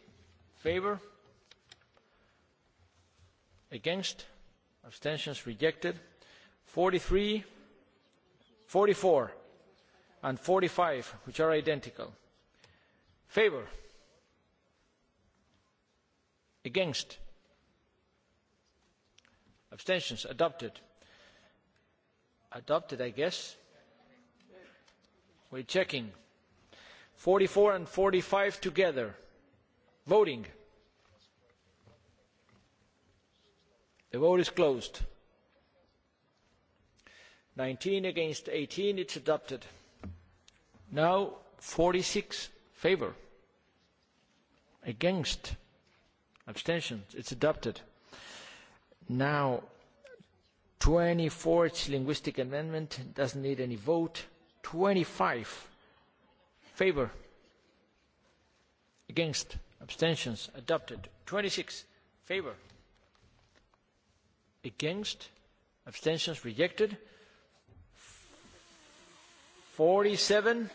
favor against abstentions rejected 43 44 and 45 which are identical favor against abstentions adopted adopted i guess we're checking 44 and 45 together voting the vote is closed 19 against 18 it's adopted now 46 favor against Abstentions? It's adopted. Now, 24, it's linguistic amendment, doesn't need any vote. 25, favor. Against? Abstentions? Adopted. 26, favor. Against? Abstentions? Rejected. 47,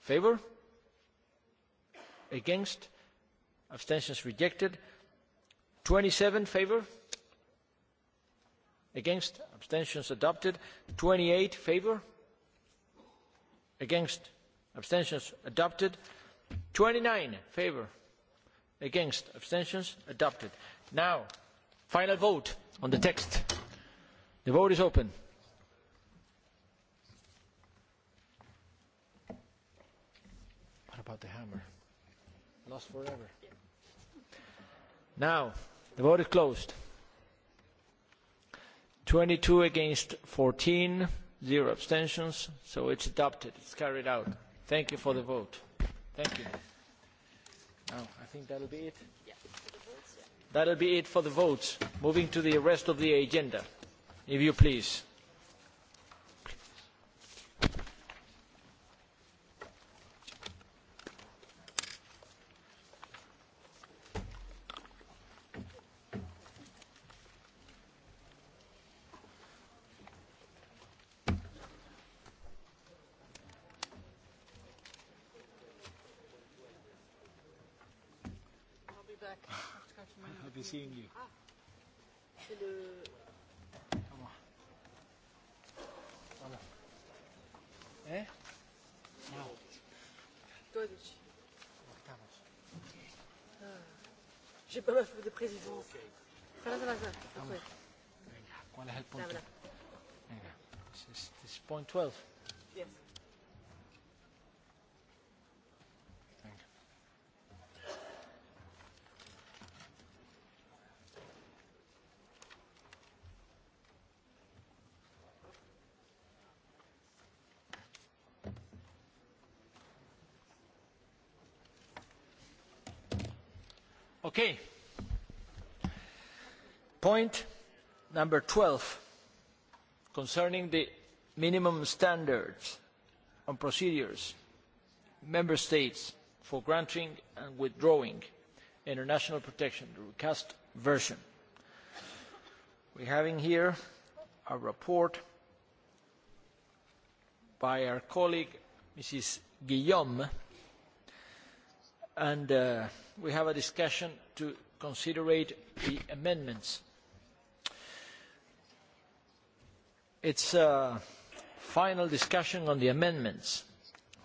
favor. Against? Abstentions? Rejected twenty seven in favour against abstentions adopted twenty eight in favour against abstentions adopted twenty nine in favour against abstentions adopted. now final vote on the text. the vote is open. what about the hammer? lost forever. now The vote is closed. 22 against 14, zero abstentions, so it's adopted. It's carried out. Thank you for the vote. Thank you. Now, I think that'll be it. Yeah, that'll be it for the votes. Moving to the rest of the agenda, if you please. j'ai pas ma feuille de présidence. Ah Venga, ¿cuál es el punto? Venga, es, Okay. number 12 concerning the minimum standards and procedures member states for granting and withdrawing international protection the recast version we have here a report by our colleague mrs guillaume and uh, we have a discussion to consider the amendments its uh, final discussion on the amendments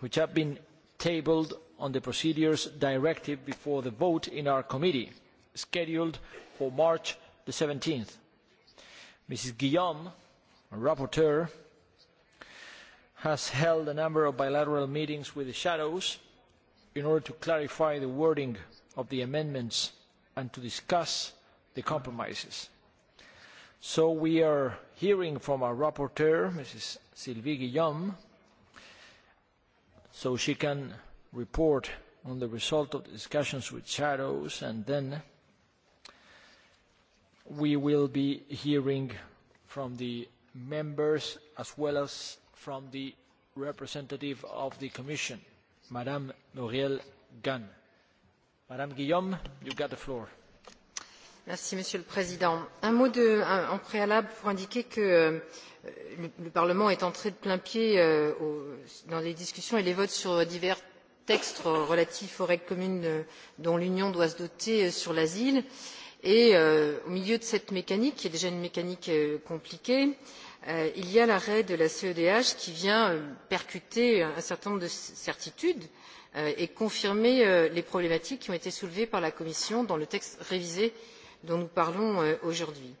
which have been tabled on the procedures directive before the vote in our committee scheduled for march seventeen. mrs guillaume our rapporteur has held a number of bilateral meetings with the shadows in order to clarify the wording of the amendments and to discuss the compromises so we are hearing from our rapporteur, Mrs. Sylvie Guillaume, so she can report on the result of the discussions with shadows, and then we will be hearing from the members as well as from the representative of the Commission, Madame Muriel Gann. Madame Guillaume, you've got the floor monsieur le président un mot en préalable pour indiquer que euh, le, parlement est entré de plain-pied euh, dans les discussions et les votes sur divers textes relatifs aux règles communes euh, dont l'union doit se doter sur l'asile et au milieu de cette mécanique qui est déjà une mécanique compliquée il y a l'arrêt de la cedh qui vient percuter un certain nombre de certitudes et confirmer les problématiques qui ont été soulevées par la commission dans le texte révisé dont nous parlons euh, aujourd'hui.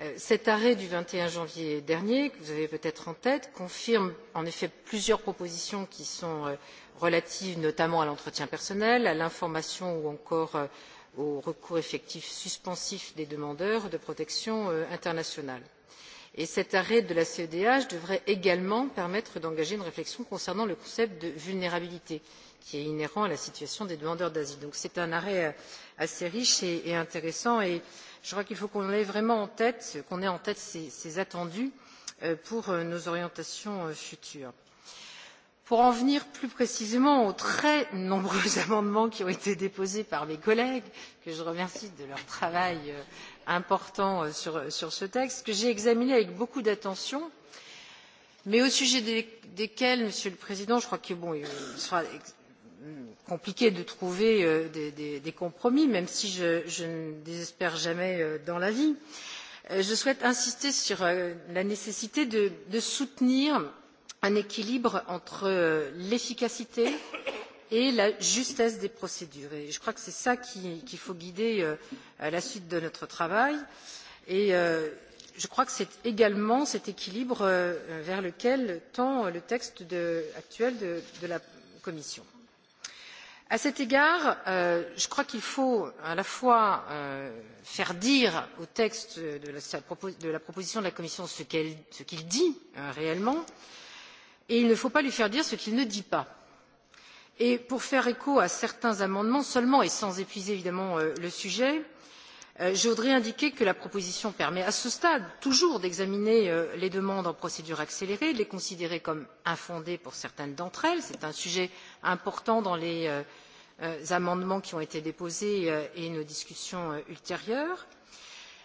Euh, cet arrêt du vingt et un janvier dernier que vous avez peut être en tête confirme en effet plusieurs propositions qui sont euh, relatives notamment à l'entretien personnel à l'information ou encore au recours effectif suspensif des demandeurs de protection internationale. Et cet arrêt de la cedh devrait également permettre d'engager une réflexion concernant le concept de vulnérabilité qui est inhérent à la situation des demandeurs d'asile. donc c'est un arrêt euh, assez riche et intéressant et je crois qu'il faut qu'on ait vraiment en tête, qu'on ait en tête ces, attendus euh, pour euh, nos orientations futures. Pour en venir plus précisément aux très nombreux amendements qui ont été déposés par mes collègues, que je remercie de leur travail important sur, ce texte, que j'ai examiné avec beaucoup d'attention, mais au sujet desquels, Monsieur le Président, je crois qu'il sera compliqué de trouver euh, des, des, des compromis même si je, je ne désespère jamais euh, dans la vie euh, je souhaite insister sur la nécessité de, de soutenir un équilibre entre l'efficacité et la justesse des procédures et je crois que c'est cela qu'il qui faut guider à la suite de notre travail et je crois que c'est également cet équilibre vers lequel tend le texte de, actuel de, de la commission à cet égard euh, je crois qu'il faut à la fois euh, faire dire au texte de la proposition de la commission ce qu'il dit euh, réellement et il ne faut pas lui faire dire ce qu'il ne dit pas. pour faire écho à certains amendements seulement et sans épuiser évidemment le sujet Euh, je voudrais indiquer que la proposition permet à ce stade toujours d'examiner euh, les demandes en procédure accélérée de les considérer comme infondées pour certaines d'entre elles c'est un sujet important dans les euh, amendements qui ont été déposés et nos discussions ultérieures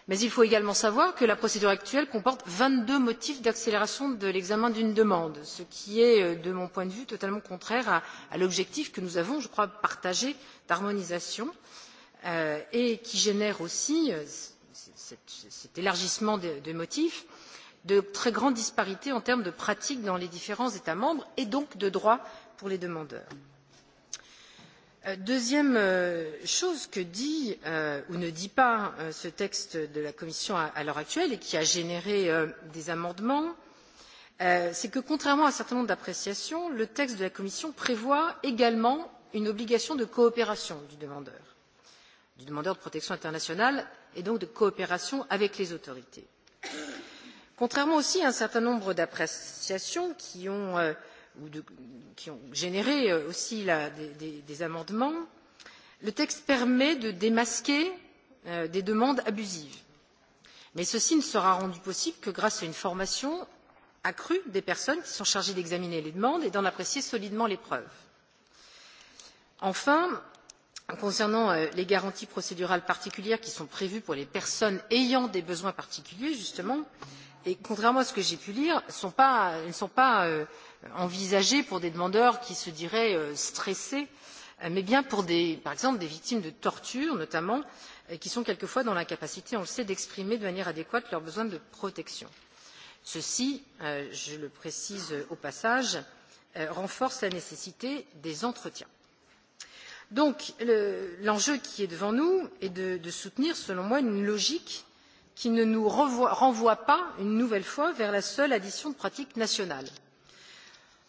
mais il faut également savoir que la procédure actuelle comporte vingt deux motifs d'accélération de l'examen d'une demande ce qui est de mon point de vue totalement contraire à l'objectif que nous avons je crois partagé d'harmonisation et Euh, et qui génère aussi euh, cet élargissement de motifs de très grandes disparités en termes de pratiques dans les différents états membres et donc de droits pour les demandeurs. Euh, deuxième chose que dit ou ne dit pas ce texte de la commission à l'heure actuelle et qui a généré des amendements c'est que contrairement à un certain nombre d'appréciations le texte de la commission prévoit également une obligation de coopération du demandeur du demandeur de protection internationale et donc de coopération avec les autorités. contrairement aussi à un certain nombre d'appréciations qui ont, euh, généré euh, aussi des, amendements le texte permet de démasquer euh, des demandes abusives mais ceci ne sera rendu possible que grâce à une formation accrue des personnes qui sont chargées d'examiner les demandes et d'en apprécier solidement les preuves. enfin Concernant euh, les garanties procédurales particulières qui sont prévues pour les personnes ayant des besoins particuliers, justement, et contrairement à ce que j'ai pu lire, sont pas, ne sont pas euh, envisagées pour des demandeurs qui se diraient euh, stressés, euh, mais bien pour des, par exemple des victimes de torture notamment, qui sont quelquefois dans l'incapacité, on le sait, d'exprimer de manière adéquate leurs besoins de protection. Ceci, je le précise au passage, renforce la nécessité des entretiens donc l'enjeu qui est devant nous est de, soutenir selon moi une logique qui ne nous renvoie, pas une nouvelle fois vers la seule addition de pratiques nationales.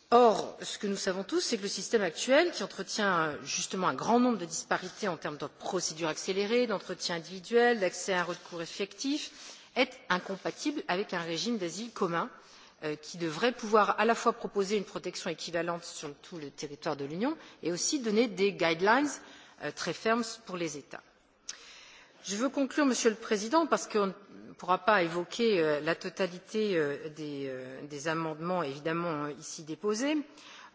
or ce que nous savons tous c'est que le système actuel qui entretient euh, justement un grand nombre de disparités en termes de procédures accélérées d'entretien individuel d'accès à un recours effectif est incompatible avec un régime d'asile commun Euh, qui devrait pouvoir à la fois proposer une protection équivalente sur tout le territoire de l'union et aussi donner des guidelines euh, très fermes pour les états. je veux conclure monsieur le président parce qu'on ne pourra pas évoquer euh, la totalité des, amendements évidemment ici déposés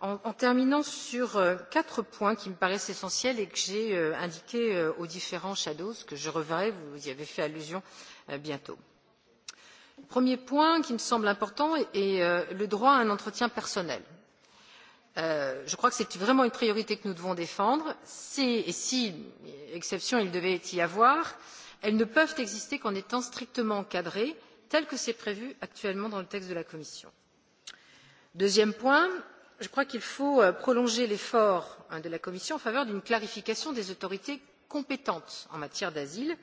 en terminant sur quatre points qui me paraissent essentiels et que j'ai indiqués aux différents rapporteurs fictifs que je reverrai vous y avez fait allusion bientôt premier point qui me semble important est euh, le droit à un entretien personnel. Euh, je crois que c'est vraiment une priorité que nous devons défendre et si exception il devait y avoir elles ne peuvent exister qu'en étant strictement encadrées tel que c'est prévu actuellement dans le texte de la commission. deuxième point je crois qu'il faut euh, prolonger l'effort de la commission en faveur d'une clarification des autorités compétentes en matière d'asile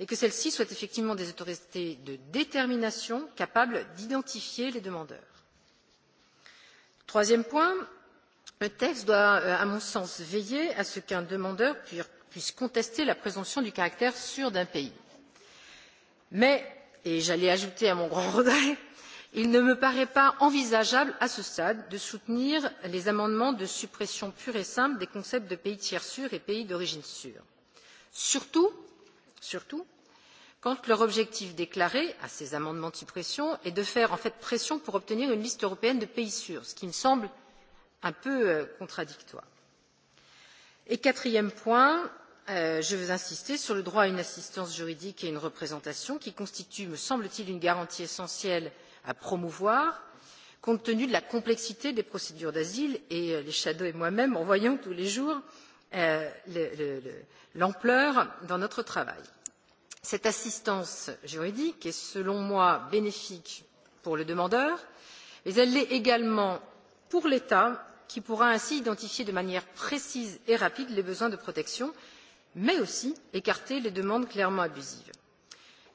et que celles ci soient effectivement des autorités de détermination capables d'identifier les demandeurs. troisième point le texte doit euh, à mon sens veiller à ce qu'un demandeur puisse contester la présomption du caractère sûr d'un pays mais et j'allais ajouter à mon grand regret il ne me paraît pas envisageable à ce stade de soutenir les amendements de suppression pure et simple des concepts de pays tiers sûr et pays d'origine sûr surtout surtout quand leur objectif déclaré à ces amendements de suppression est de faire en fait pression pour obtenir une liste européenne de pays sûrs ce qui me semble un peu euh, contradictoire. et quatrième point euh, je veux insister sur le droit à une assistance juridique et à une représentation qui constitue me semble t il une garantie essentielle à promouvoir compte tenu de la complexité des procédures d'asile et euh, les shadows et moi même en voyons tous les jours Euh, l'ampleur de notre travail. cette assistance juridique est selon moi bénéfique pour le demandeur mais elle l'est également pour l'état qui pourra ainsi identifier de manière précise et rapide les besoins de protection mais aussi écarter les demandes clairement abusives.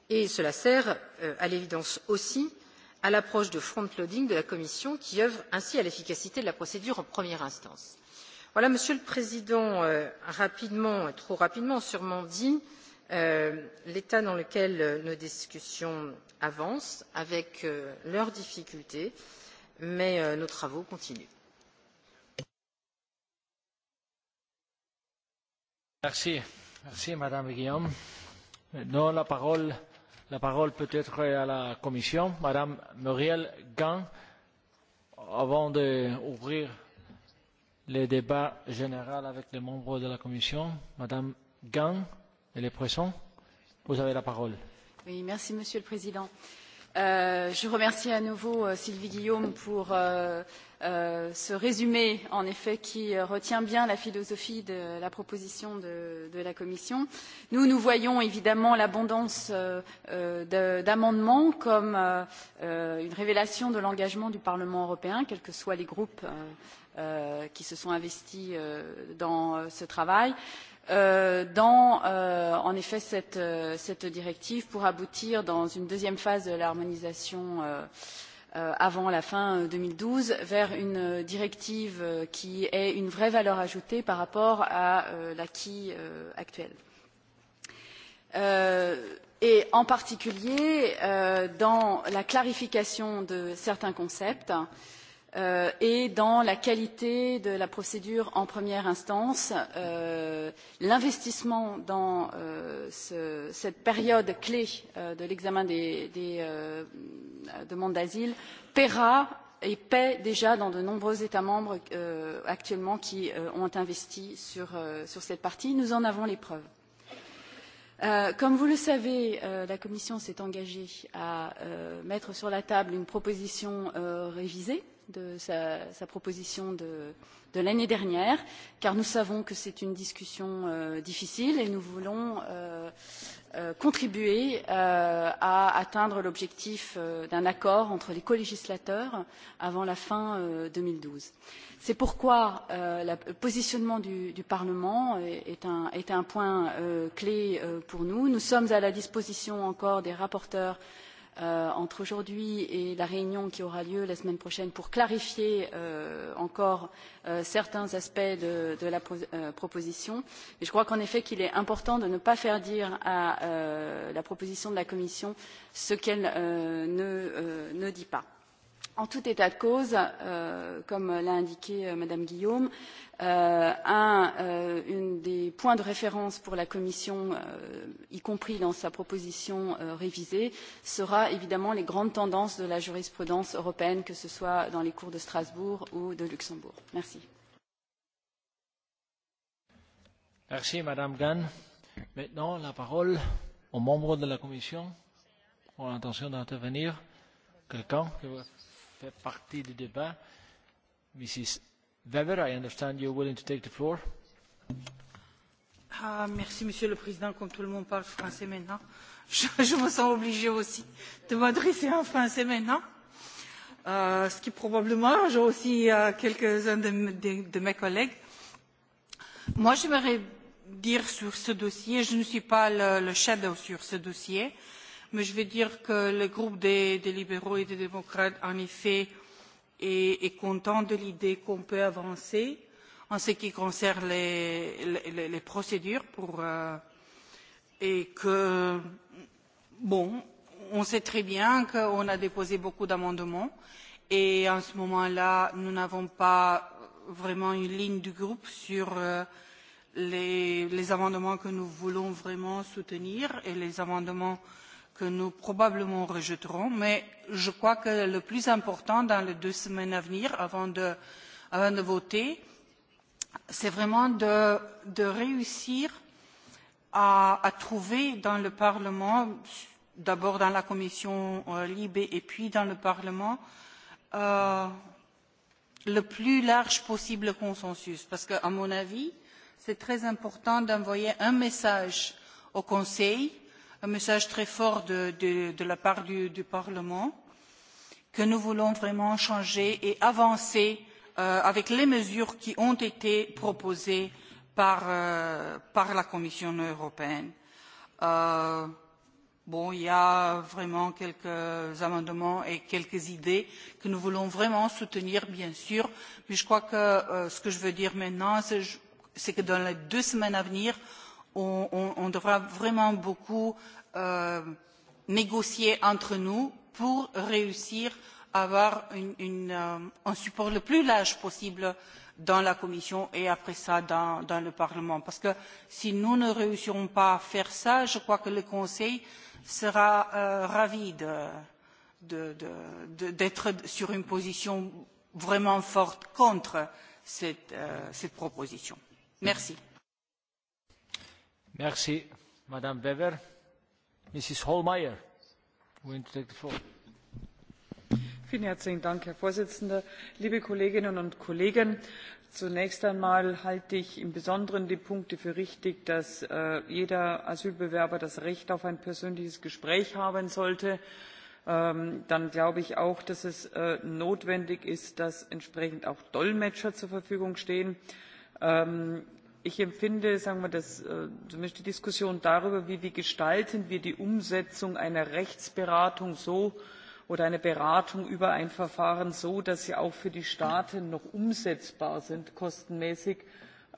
et cela sert euh, à l'évidence aussi à l'approche de front loading de la commission qui œuvre ainsi à l'efficacité de la procédure en première instance. Voilà, monsieur le président euh, rapidement trop rapidement sûrement dit euh, l'état dans lequel euh, nos discussions avancent avec leurs difficultés mais nos travaux continuent. Madame Guillaume. Maintenant, la parole, peut-être à la Commission, Madame Muriel Gant, avant d'ouvrir le débat général avec les membres de la Commission. Madame gncz elle est présente. Vous avez la parole. Monsieur le Président. Euh, je remercie à nouveau euh, Sylvie Guillaume pour euh, ce résumé, en effet, qui retient bien la philosophie de la proposition de, la Commission. Nous, nous voyons évidemment l'abondance d'amendements comme une révélation de l'engagement du Parlement européen, quels que soient les groupes euh, euh, qui se sont investis euh, dans euh, ce travail euh, dans euh, en effet cette, euh, cette directive pour aboutir dans une deuxième phase de l'harmonisation euh, euh, avant la fin 2012 euh, vers une euh, directive qui est une vraie valeur ajoutée par rapport à euh, l'acquis euh, actuel. Euh, et en particulier euh, dans la clarification de certains concepts euh, euh, et dans la qualité de la procédure en première instance. Euh, L'investissement dans euh, ce, cette période clé euh, de l'examen des, des euh, demandes d'asile paiera et paie déjà dans de nombreux États membres euh, actuellement qui euh, ont investi sur, euh, sur cette partie. Nous en avons les preuves. Euh, comme vous le savez, euh, la Commission s'est engagée à euh, mettre sur la table une proposition euh, révisée euh, de sa, sa proposition de, de l'année dernière, car nous savons que c'est une discussion euh, difficile et nous voulons euh, euh, contribuer euh, à atteindre l'objectif euh, d'un accord entre les colégislateurs avant la fin euh, 2012. C'est pourquoi euh, la, le positionnement du, du Parlement est, un, est un point euh, clé euh, pour nous. Nous sommes à la disposition encore des rapporteurs euh, entre aujourd'hui et la réunion qui aura lieu la semaine prochaine pour clarifier euh, encore euh, certains aspects de, de la pro euh, proposition. Mais je crois qu'en effet qu'il est important de ne pas faire dire à euh, la proposition de la Commission ce qu'elle euh, ne, euh, ne dit pas en tout état de cause, euh, comme l'a indiqué euh, Madame Guillaume, euh, un euh, une des points de référence pour la Commission, euh, y compris dans sa proposition euh, révisée, sera évidemment les grandes tendances de la jurisprudence européenne, que ce soit dans les cours de Strasbourg ou de Luxembourg. Merci. Merci Madame Gann. Maintenant, la parole aux membres de la Commission qui l'intention d'intervenir. Quelqu'un qui fait partie du débat. Mrs. Weber, I understand you're willing to take the floor. Ah, merci, Monsieur le Président. Comme tout le monde parle français maintenant, je, je me sens obligée aussi de m'adresser en français maintenant. Euh, ce qui probablement, j'ai aussi euh, quelques-uns de, de, de mes collègues. Moi, j'aimerais dire sur ce dossier, je ne suis pas le, le shadow sur ce dossier, euh, mais je veux dire que le groupe des, des libéraux et des démocrates, en effet, est, est content de l'idée qu'on peut avancer en ce qui concerne les, les, les procédures pour, euh, et que, bon, on sait très bien qu'on a déposé beaucoup d'amendements et en ce moment-là, nous n'avons pas vraiment une ligne du groupe sur euh, les, les amendements que nous voulons vraiment soutenir et les amendements euh, que nous probablement rejetterons mais je crois que le plus important dans les deux semaines à venir avant de, avant de voter c'est vraiment de, de réussir à, à trouver dans le parlement d'abord dans la commission euh, libe et puis dans le parlement euh, le plus large possible consensus parce qu'à mon avis c'est très important d'envoyer un message au conseil euh, un message très fort de, de, de la part du, du Parlement que nous voulons vraiment changer et avancer euh, avec les mesures qui ont été proposées par, euh, par la Commission européenne. Euh, bon, il y a vraiment quelques amendements et quelques idées que nous voulons vraiment soutenir, bien sûr, mais je crois que euh, ce que je veux dire maintenant, c'est que dans les deux semaines à venir, on, on, devra vraiment beaucoup euh, négocier entre nous pour réussir à avoir une, une, euh, un support le plus large possible dans la Commission et après ça dans, dans le Parlement. Parce que si nous ne réussirons pas à faire ça, je crois que le Conseil sera euh, ravi d'être sur une position vraiment forte contre cette, euh, cette proposition. Merci. Mm Merci, Madame Weber. Mrs. Holmeyer, going to take the floor. Vielen herzlichen Dank, Herr Vorsitzender. Liebe Kolleginnen und Kollegen, zunächst einmal halte ich im besonderen die punkte für richtig dass äh, jeder asylbewerber das recht auf ein persönliches gespräch haben sollte. Ähm, dann glaube ich auch dass es äh, notwendig ist dass entsprechend auch dolmetscher zur verfügung stehen. Ähm, ich empfinde äh, zumindest die diskussion darüber wie, gestalten wir die umsetzung einer rechtsberatung oder einer beratung über ein verfahren so dass sie auch für die staaten noch umsetzbar sind kostenmäßig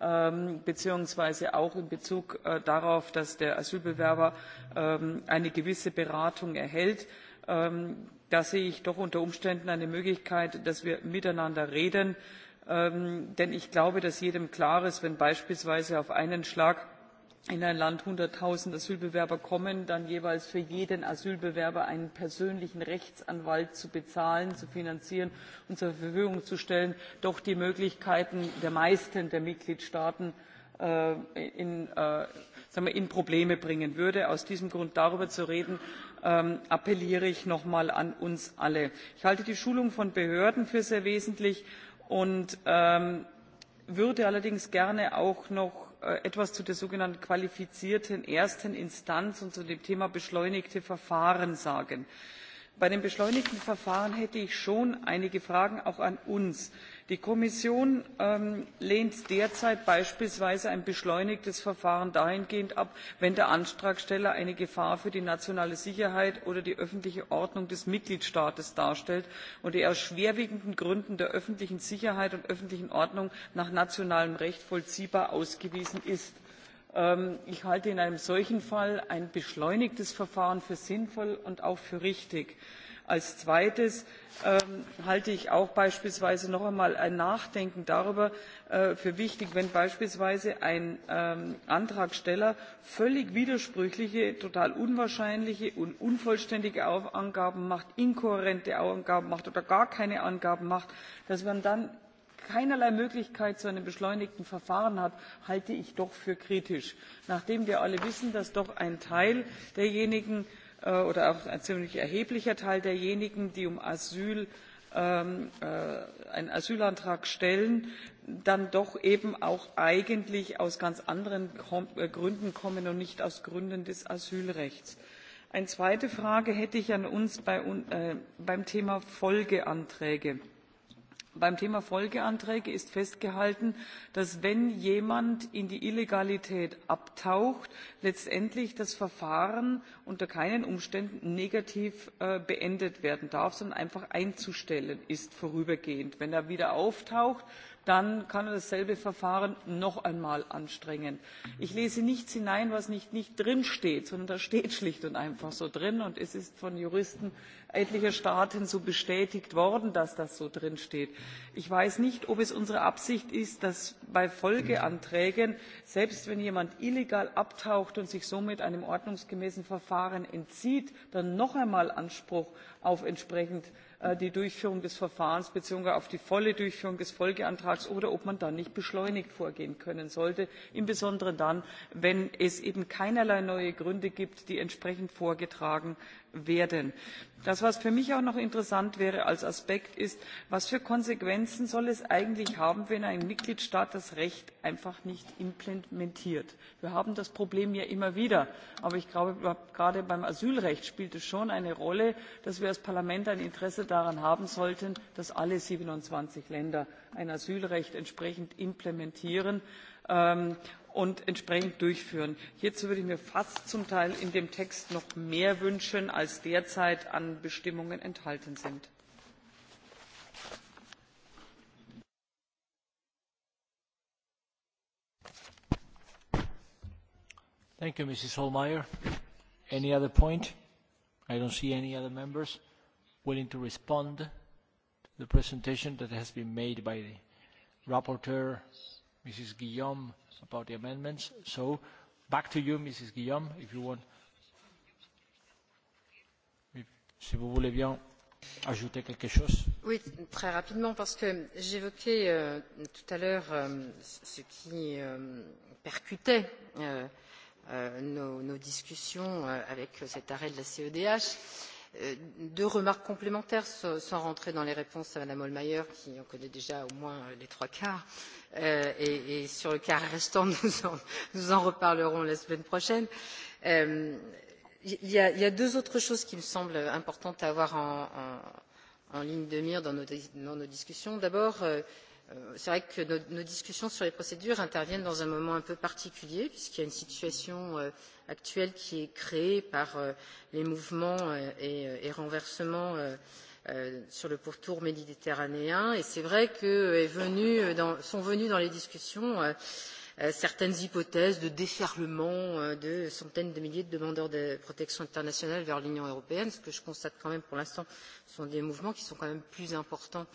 ähm, beziehungsweise auch in bezug äh, darauf dass der asylbewerber ähm, eine gewisse beratung erhält ähm, da sehe ich doch unter umständen eine möglichkeit dass wir miteinander reden Ähm, denn ich glaube dass jedem klar ist wenn beispielsweise auf einen schlag in ein land einhundert null asylbewerber kommen dann jeweils für jeden asylbewerber einen persönlichen rechtsanwalt zu bezahlen zu finanzieren und zur verfügung zu stellen doch die möglichkeiten der meisten der mitgliedstaaten äh, in, äh, in probleme bringen würde. aus diesem grund darüber zu reden ähm, appelliere ich nochmal an uns alle. ich halte die schulung von behörden für sehr wesentlich und ähm, würde allerdings gerne auch noch äh, etwas zu der sogenannten qualifizierten ersten instanz und zu dem thema beschleunigte verfahren sagen. bei den beschleunigten verfahren hätte ich schon einige fragen auch an uns die kommission ähm, lehnt derzeit beispielsweise ein beschleunigtes verfahren dahingehend ab wenn der antragsteller eine gefahr für die nationale sicherheit oder die öffentliche ordnung des mitgliedstaates darstellt und er aus schwerwiegenden gründen der öffentlichen sicherheit und öffentlichen ordnung nach nationalem recht vollziehbar ausgewiesen ist. Ähm, ich halte in einem solchen fall ein beschleunigtes verfahren für sinnvoll und auch für richtig als zweites ähm, halte ich auch beispielsweise noch einmal ein nachdenken darüber äh, für wichtig wenn beispielsweise ein ähm, antragsteller völlig widersprüchliche total unwahrscheinliche und unvollständige angaben macht inkohärente angaben macht oder gar keine angaben macht dass man dann keinerlei möglichkeit zu einem beschleunigten verfahren hat halte ich doch für kritisch nachdem wir alle wissen dass doch ein teil derjenigen Äh, oder auch ein ziemlich erheblicher Teil derjenigen, die um Asyl ähm, äh, einen Asylantrag stellen, dann doch eben auch eigentlich aus ganz anderen äh, Gründen kommen und nicht aus Gründen des Asylrechts. Eine zweite Frage hätte ich an uns bei, äh, beim Thema Folgeanträge beim thema folgeanträge ist festgehalten dass wenn jemand in die illegalität abtaucht letztendlich das verfahren unter keinen umständen negativ äh, beendet werden darf sondern einfach einzustellen ist vorübergehend wenn er wieder auftaucht dann kann er dasselbe verfahren noch einmal anstrengen. ich lese nichts hinein was nicht, nicht drinsteht sondern das steht schlicht und einfach so drin und es ist von juristen etlicher staaten so bestätigt worden dass das so drinsteht. ich weiß nicht ob es unsere absicht ist dass bei folgeanträgen selbst wenn jemand illegal abtaucht und sich somit einem ordnungsgemäßen verfahren entzieht dann noch einmal anspruch auf entsprechend äh, die durchführung des verfahrens beziehungsweise auf die volle durchführung des folgeantrags oder ob man da nicht beschleunigt vorgehen können sollte insbesondere dann wenn es eben keinerlei neue gründe gibt die entsprechend vorgetragen werden. das was für mich auch noch interessant wäre als aspekt ist was für konsequenzen soll es eigentlich haben wenn ein mitgliedstaat das recht einfach nicht implementiert? wir haben das problem ja immer wieder aber ich glaube gerade beim asylrecht spielt es schon eine rolle dass wir als parlament ein interesse daran haben sollten dass alle siebenundzwanzig länder ein asylrecht entsprechend implementieren. Ähm, und entsprechend durchführen. hierzu würde ich mir fast zum teil in dem text noch mehr wünschen als derzeit an bestimmungen enthalten sind. Thank you, Mrs. Holmeyer. Any other point? I don't see any other members willing to respond to the presentation that has been made by the rapporteur, Mrs. Guillaume about the amendments. So back to you, Mrs. Guillaume, if you want. Si vous voulez bien ajouter quelque chose. Oui, très rapidement, parce que j'évoquais euh, tout à l'heure euh, ce qui euh, percutait euh, euh, nos, nos discussions euh, avec cet arrêt de la CEDH. Euh, Euh, deux remarques complémentaires sans rentrer dans les réponses à mme hohlmeier qui en connaît déjà au moins euh, les trois quarts euh, et sur le quart restant nous en reparlerons la semaine prochaine. il y a deux autres choses qui me semblent importantes à avoir en ligne de mire dans nos discussions. d'abord Euh, c'est vrai que nos, discussions sur les procédures interviennent dans un moment un peu particulier puisqu'il y a une situation euh, actuelle qui est créée par euh, les mouvements et, renversements sur le pourtour méditerranéen et c'est vrai que est venu dans, sont venues dans les discussions certaines hypothèses de déferlement de centaines de milliers de demandeurs de protection internationale vers l'Union européenne. Ce que je constate quand même pour l'instant, sont des mouvements qui sont quand même plus importants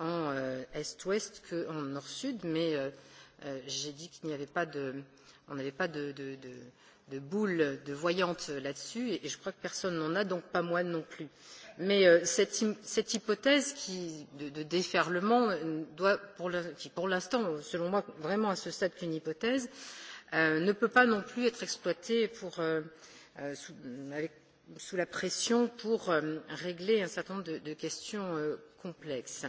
Euh, en est-ouest qu'en nord-sud, mais euh, euh, j'ai dit qu'il n'y avait pas de, on n'avait pas de, de, de, de boule de voyante là-dessus, et je crois que personne n'en a, donc pas moi non plus. Mais cette, cette hypothèse qui, de, de déferlement doit, pour le, qui pour l'instant, selon moi, vraiment à ce stade qu'une hypothèse, euh, ne peut pas non plus être exploitée pour, euh, sous, avec, sous la pression pour euh, régler un certain nombre de, de questions euh, complexe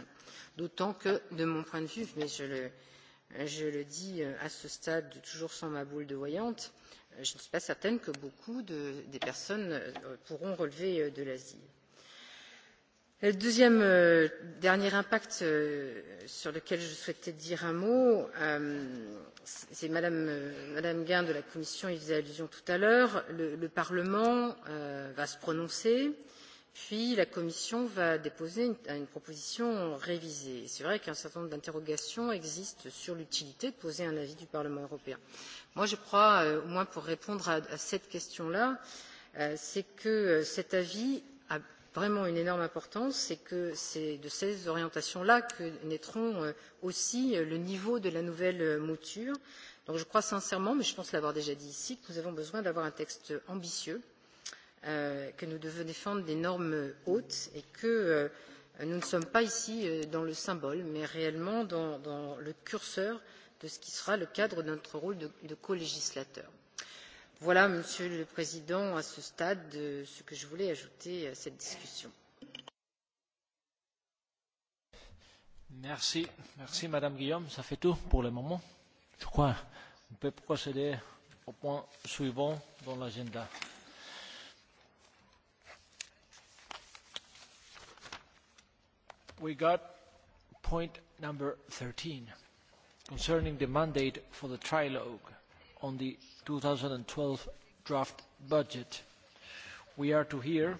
d'autant que de mon point de vue mais je le, je le dis euh, à ce stade toujours sans ma boule de voyante euh, je ne suis pas certaine que beaucoup de, des personnes euh, pourront relever de l'asile. Le deuxième euh, dernier impact euh, sur lequel je souhaitais dire un mot, euh, c'est Madame, euh, Madame Guin de la Commission il faisait allusion tout à l'heure. Le, le Parlement euh, va se prononcer Puis la Commission va déposer une, une proposition révisée. C'est vrai qu'un certain nombre d'interrogations existent sur l'utilité de poser un avis du Parlement européen. Moi, je crois, euh, au moins pour répondre à, à cette question-là, euh, c'est que euh, cet avis a vraiment une énorme importance, c'est que c'est de ces orientations-là que naîtront euh, aussi euh, le niveau de la nouvelle euh, mouture. Donc je crois sincèrement, mais je pense l'avoir déjà dit ici, que nous avons besoin d'avoir un texte ambitieux Euh, que nous devons défendre des normes hautes et que euh, nous ne sommes pas ici euh, dans le symbole, mais réellement dans, le curseur de ce qui sera le cadre de notre rôle de, colégislateur. Voilà, Monsieur le Président, à ce stade, ce que je voulais ajouter à cette discussion. Merci, Madame Guillaume. Ça fait tout pour le moment. Je crois qu'on peut procéder au point suivant dans l'agenda. we got point number 13 concerning the mandate for the trilogue on the 2012 draft budget. We are to hear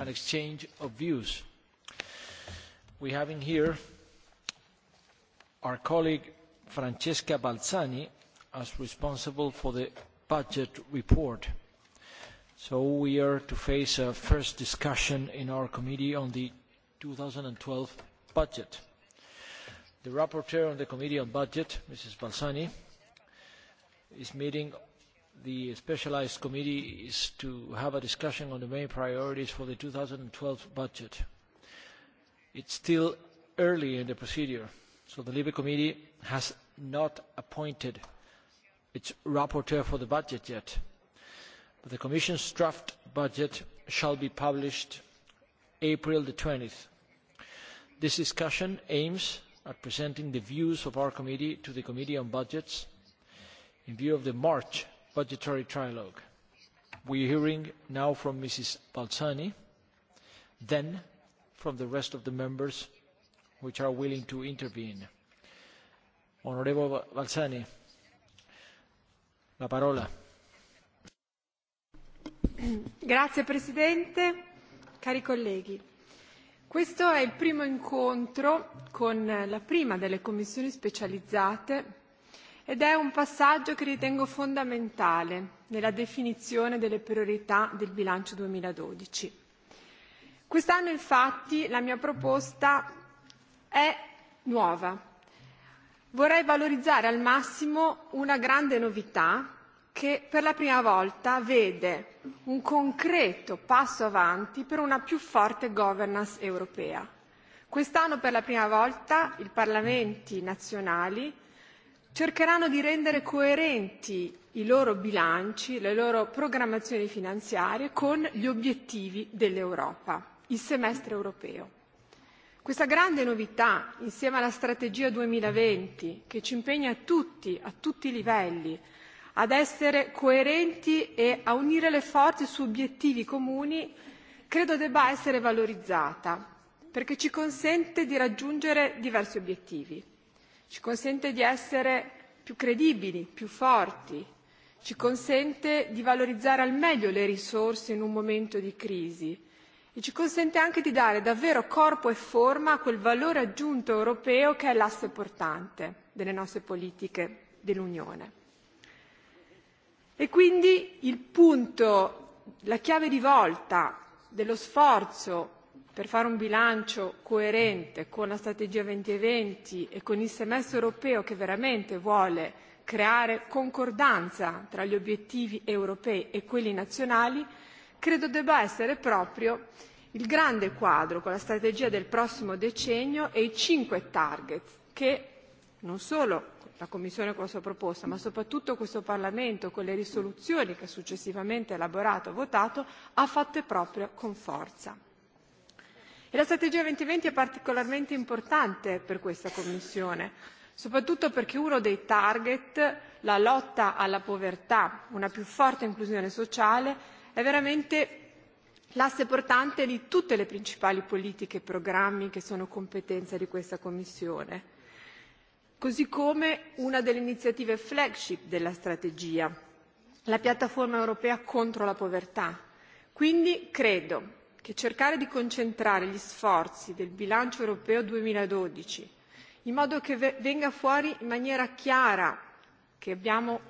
an exchange of views. We have in here our colleague Francesca Balzani as responsible for the budget report. So we are to face a first discussion in our committee on the two thousand and twelve budget. The rapporteur on the Committee on Budget, Mrs. balzani is meeting the specialised committee to have a discussion on the main priorities for the two thousand and twelve budget. it is still early in the procedure, so the LIBE Committee has not appointed its rapporteur for the budget yet. the Commission's draft budget shall be published April the 20th This discussion aims at presenting the views of our committee to the Committee on Budgets in view of the March budgetary trilogue. We are hearing now from Mrs. Balzani, then from the rest of the members which are willing to intervene. Onorevole Balzani, la parola. Grazie Presidente, cari colleghi Questo è il primo incontro con la prima delle commissioni specializzate ed è un passaggio che ritengo fondamentale nella definizione delle priorità del bilancio 2012. Quest'anno infatti la mia proposta è nuova. Vorrei valorizzare al massimo una grande novità che per la prima volta vede un concreto passo avanti per una più forte governance europea. Quest'anno per la prima volta i parlamenti nazionali cercheranno di rendere coerenti i loro bilanci, le loro programmazioni finanziarie con gli obiettivi dell'Europa, il semestre europeo. Questa grande novità, insieme alla strategia 2020, che ci impegna tutti, a tutti i livelli, ad essere coerenti e a unire le forze su obiettivi comuni credo debba essere valorizzata perché ci consente di raggiungere diversi obiettivi ci consente di essere più credibili più forti ci consente di valorizzare al meglio le risorse in un momento di crisi e ci consente anche di dare davvero corpo e forma a quel valore aggiunto europeo che è l'asse portante delle nostre politiche dell'unione. E quindi il punto, la chiave di volta dello sforzo per fare un bilancio coerente con la strategia duemilaventi e, e con il semestre europeo che veramente vuole creare concordanza tra gli obiettivi europei e quelli nazionali, credo debba essere proprio il grande quadro con la strategia del prossimo decennio e i cinque target che non solo la Commissione con la sua proposta, ma soprattutto questo Parlamento con le risoluzioni che successivamente ha elaborato e votato, ha fatto e proprio con forza. E la strategia 2020 è particolarmente importante per questa Commissione, soprattutto perché uno dei target, la lotta alla povertà, una più forte inclusione sociale, è veramente l'asse portante di tutte le principali politiche e programmi che sono competenza di questa Commissione così come una delle iniziative flagship della strategia, la piattaforma europea contro la povertà. Quindi credo che cercare di concentrare gli sforzi del bilancio europeo duemiladodici in modo che venga fuori in maniera chiara che abbiamo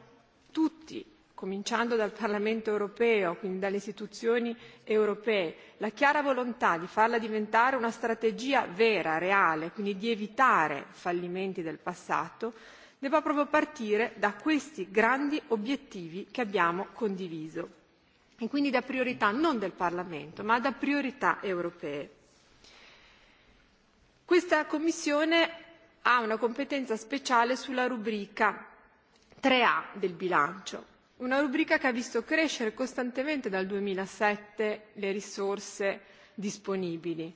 tutti cominciando dal Parlamento europeo, quindi dalle istituzioni europee, la chiara volontà di farla diventare una strategia vera, reale, quindi di evitare fallimenti del passato, debba proprio partire da questi grandi obiettivi che abbiamo condiviso e quindi da priorità non del Parlamento ma da priorità europee. Questa Commissione ha una competenza speciale sulla rubrica tre a del bilancio una rubrica che ha visto crescere costantemente dal duemilasette le risorse disponibili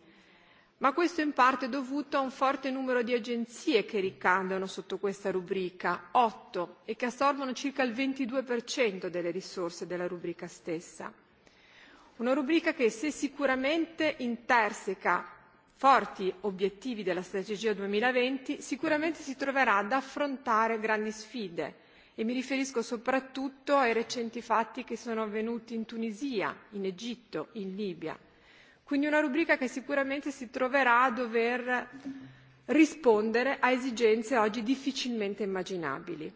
ma questo in parte è dovuto a un forte numero di agenzie che ricadono sotto questa rubrica otto e che assorbono circa il ventidue delle risorse della rubrica stessa una rubrica che se sicuramente interseca forti obiettivi della strategia duemilaventi sicuramente si troverà ad affrontare grandi sfide e mi riferisco soprattutto ai recenti fatti che sono avvenuti in tunisia in egitto in libia quindi una rubrica che sicuramente si troverà a dover rispondere a esigenze oggi difficilmente immaginabili.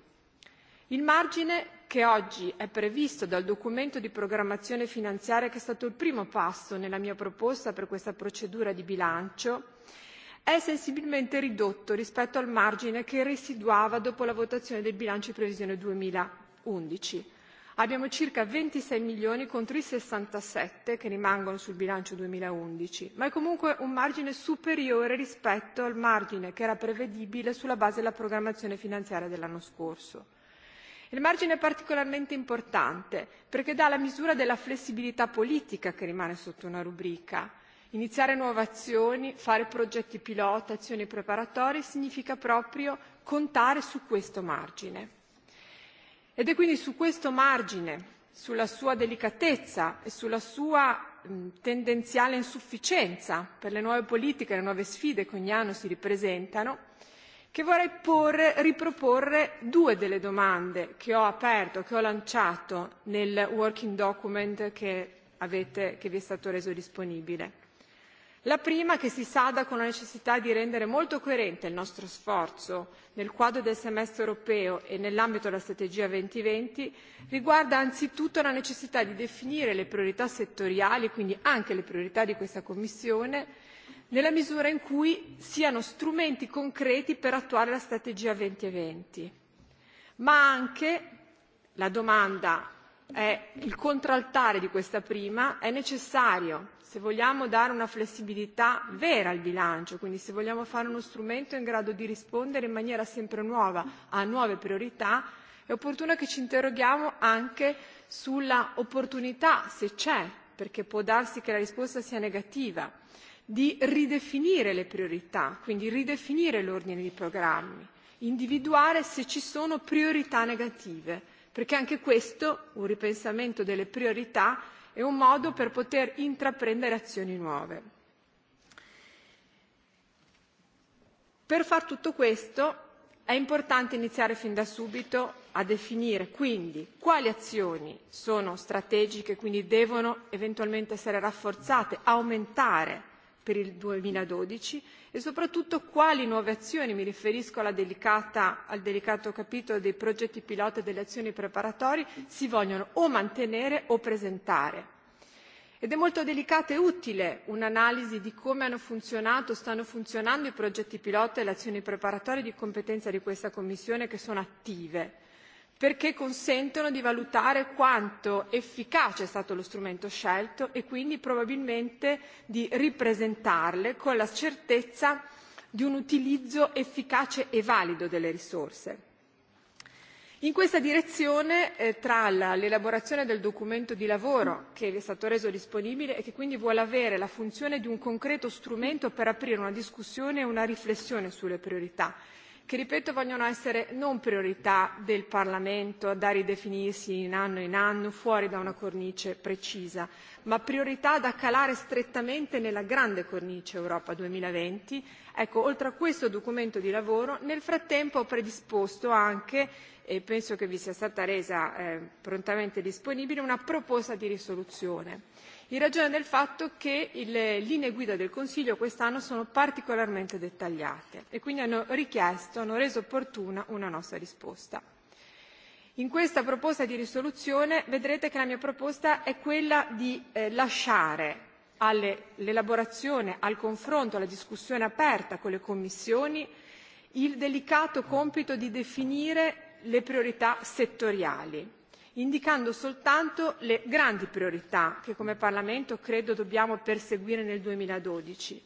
il margine che oggi è previsto dal documento di programmazione finanziaria che è stato il primo passo nella mia proposta per questa procedura di bilancio è sensibilmente ridotto rispetto al margine che residuava dopo la votazione del bilancio di previsione duemilaundici Abbiamo circa ventisei milioni contro i sessantasette che rimangono sul bilancio duemilaundici ma è comunque un margine superiore rispetto al margine che era prevedibile sulla base della programmazione finanziaria dell'anno scorso. Il margine è particolarmente importante perché dà la misura della flessibilità politica che rimane sotto una rubrica Iniziare nuove azioni, fare progetti pilota, azioni preparatorie significa proprio contare su questo margine. Ed è quindi su questo margine, sulla sua delicatezza e sulla sua mh, tendenziale insufficienza per le nuove politiche, e le nuove sfide che ogni anno si ripresentano, che vorrei porre, riproporre due delle domande che ho aperto, che ho lanciato nel working document che, avete, che vi è stato reso disponibile la prima che si sada con la necessità di rendere molto coerente il nostro sforzo nel quadro del semestre europeo e nell'ambito della strategia duemilaventi riguarda anzitutto la necessità di definire le priorità settoriali quindi anche le priorità di questa commissione nella misura in cui siano strumenti concreti per attuare la strategia duemilaventi ma anche la domanda è il contraltare di questa prima è necessario se vogliamo dare una flessibilità vera al bilancio, quindi se vogliamo fare uno strumento in grado di rispondere in maniera sempre nuova a nuove priorità, è opportuno che ci interroghiamo anche sulla opportunità, se c'è, perché può darsi che la risposta sia negativa, di ridefinire le priorità, quindi ridefinire l'ordine dei programmi, individuare se ci sono priorità negative, perché anche questo, un ripensamento delle priorità, e un modo per poter intraprendere azioni nuove. Per far tutto questo è importante iniziare fin da subito a definire quindi quali azioni sono strategiche, quindi devono eventualmente essere rafforzate, aumentare per il 2012 e soprattutto quali nuove azioni mi riferisco al delicato capitolo dei progetti pilota e delle azioni preparatorie si vogliono o mantenere o presentare. Ed è molto delicata e utile un'analisi di come hanno funzionato o stanno funzionando i progetti pilota e le azioni preparatorie di competenza di questa Commissione che sono attive perché consentono di valutare quanto efficace è stato lo strumento scelto e quindi probabilmente di ripresentarle con la certezza di un utilizzo efficace e valido delle risorse. In questa direzione, eh, tra l'elaborazione del documento di lavoro che vi è stato reso disponibile e che quindi vuole avere la funzione di un concreto strumento per aprire una discussione e una riflessione sulle priorità che ripeto vogliono essere non priorità del Parlamento da ridefinirsi in anno in anno fuori da una cornice precisa, ma priorità da calare strettamente nella grande cornice Europa duemilaventi Ecco, oltre a questo documento di lavoro, nel frattempo ho predisposto anche e penso che vi sia stata resa eh, prontamente disponibile una proposta di risoluzione in ragione del fatto che le linee guida del Consiglio quest'anno sono particolarmente dettagliate e quindi hanno richiesto, hanno reso opportuna una nostra risposta. In questa proposta di risoluzione vedrete che la mia proposta è quella di eh, lasciare all'elaborazione, al confronto, alla discussione aperta con le commissioni il delicato compito di definire le priorità settoriali indicando soltanto le grandi priorità che come Parlamento credo dobbiamo perseguire nel duemiladodici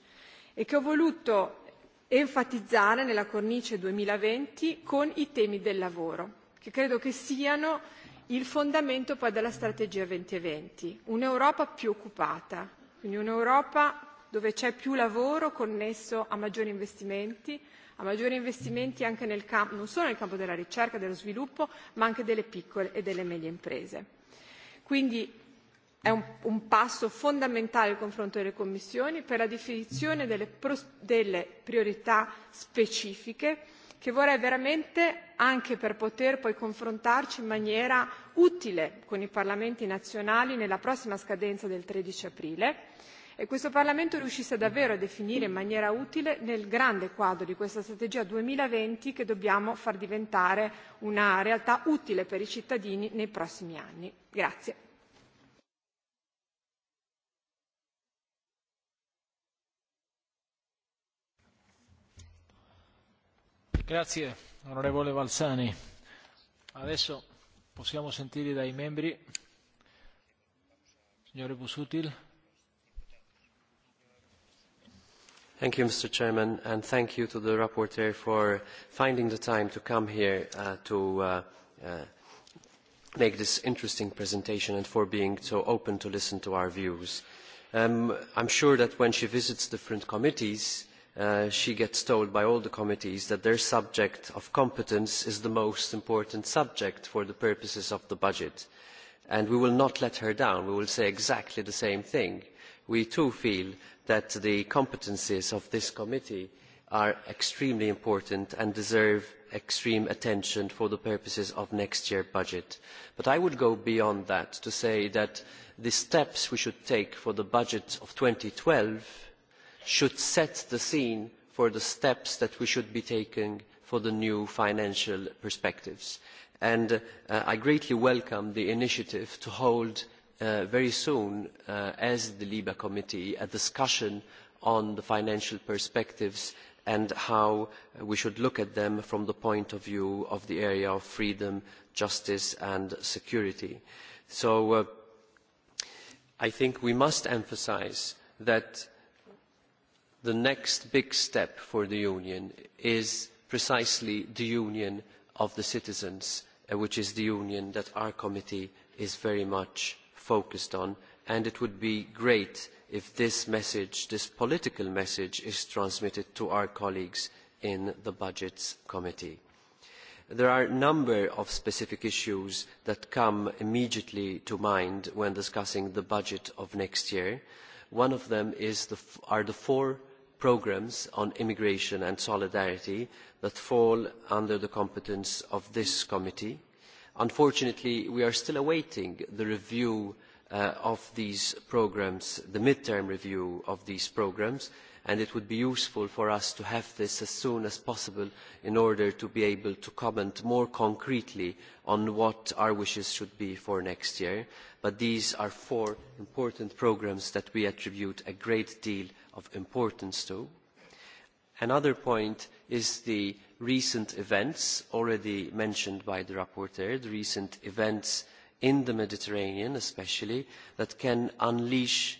e che ho voluto enfatizzare nella cornice duemilaventi con i temi del lavoro, che credo che siano il fondamento poi della strategia duemilaventi un'Europa più occupata, quindi un'Europa dove c'è più lavoro connesso a maggiori investimenti, a maggiori investimenti anche nel campo, non solo nel campo della ricerca, e dello sviluppo, ma anche delle piccole e delle medie imprese. Quindi è un, un passo fondamentale il confronto delle commissioni per la definizione delle, pros, delle priorità specifiche che vorrei veramente anche per poter poi confrontarci in maniera utile con i parlamenti nazionali nella prossima scadenza del 13 aprile e questo Parlamento riuscisse davvero a definire in maniera utile nel grande quadro di questa strategia 2020 che dobbiamo far diventare una realtà utile per i cittadini nei prossimi anni. Grazie. Grazie onorevole Valsani. Adesso possiamo sentire dai membri. Signore Busutil. Thank you, Mr. Chairman, and thank you to the rapporteur for finding the time to come here uh, to uh, uh, make this interesting presentation and for being so open to listen to our views. Um, I'm sure that when she visits different committees, uh, she gets told by all the committees that their subject of competence is the most important subject for the purposes of the budget. And we will not let her down. We will say exactly the same thing we too feel that the competences of this committee are extremely important and deserve extreme attention for the purposes of next year's budget. But I would go beyond that to say that the steps we should take for the budget of two thousand and twelve should set the scene for the steps that we should be taking for the new financial perspectives. And uh, I greatly welcome the initiative to hold uh, very soon uh, as the LIBA committee a discussion on the financial perspectives and how we should look at them from the point of view of the area of freedom, justice and security. So uh, I think we must emphasise that the next big step for the Union is precisely the union of the citizens, uh, which is the union that our committee is very much focused on and it would be great if this message, this political message, is transmitted to our colleagues in the Budgets Committee. There are a number of specific issues that come immediately to mind when discussing the budget of next year. One of them the, are the four programmes on immigration and solidarity that fall under the competence of this committee unfortunately we are still awaiting the review uh, of these programmes, the mid term review of these programmes, and it would be useful for us to have this as soon as possible in order to be able to comment more concretely on what our wishes should be for next year. But these are four important programmes that we attribute a great deal of importance to. Another point is the recent events already mentioned by the rapporteur, the recent events in the Mediterranean especially, that can unleash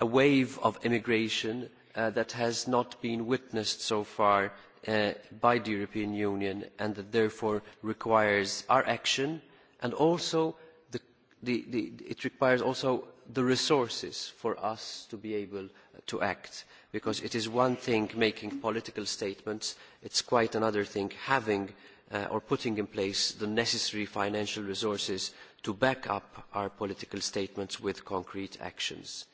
a wave of immigration uh, that has not been witnessed so far uh, by the European Union and that therefore requires our action and also the, the, the, it requires also the resources for us to be able uh, to act because it is one thing making political statements it's quite another thing having uh, or putting in place the necessary financial resources to back up our political statements with concrete actions.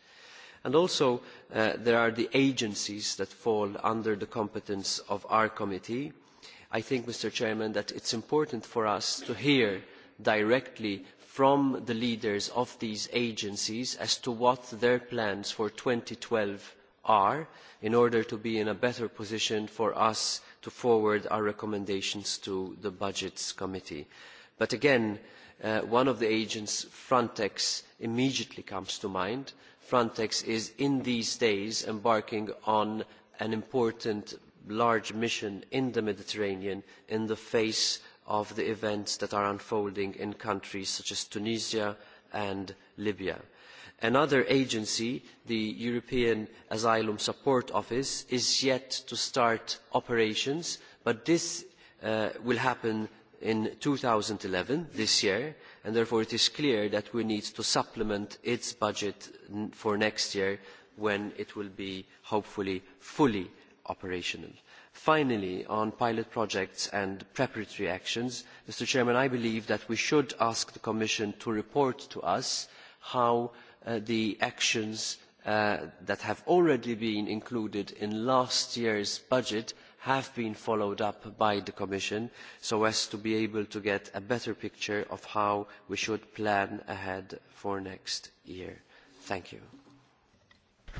And also uh, there are the agencies that fall under the competence of our committee. I think, Mr Chairman, that it's important for us to hear directly from the leaders of these agencies as to what their plans for two thousand and twelve are in order to be in a better position for us to forward our recommendations to the budgets committee. but again uh, one of the agents frontex immediately comes to mind. frontex is in these days embarking on an important large mission in the mediterranean in the face of the events that are unfolding in countries such as Tunisia and Libya. Another agency, the European Asylum Support Office, is yet to start operations, but this uh, will happen in 2011, this year, and therefore it is clear that we need to supplement its budget for next year when it will be hopefully fully operational. Finally, on pilot projects and preparatory actions, Mr. Chairman, I believe that we should ask the Commission to report to us how uh, the actions uh, that have already been included in last year's budget have been followed up by the Commission so as to be able to get a better picture of how we should plan ahead for next year. Thank you.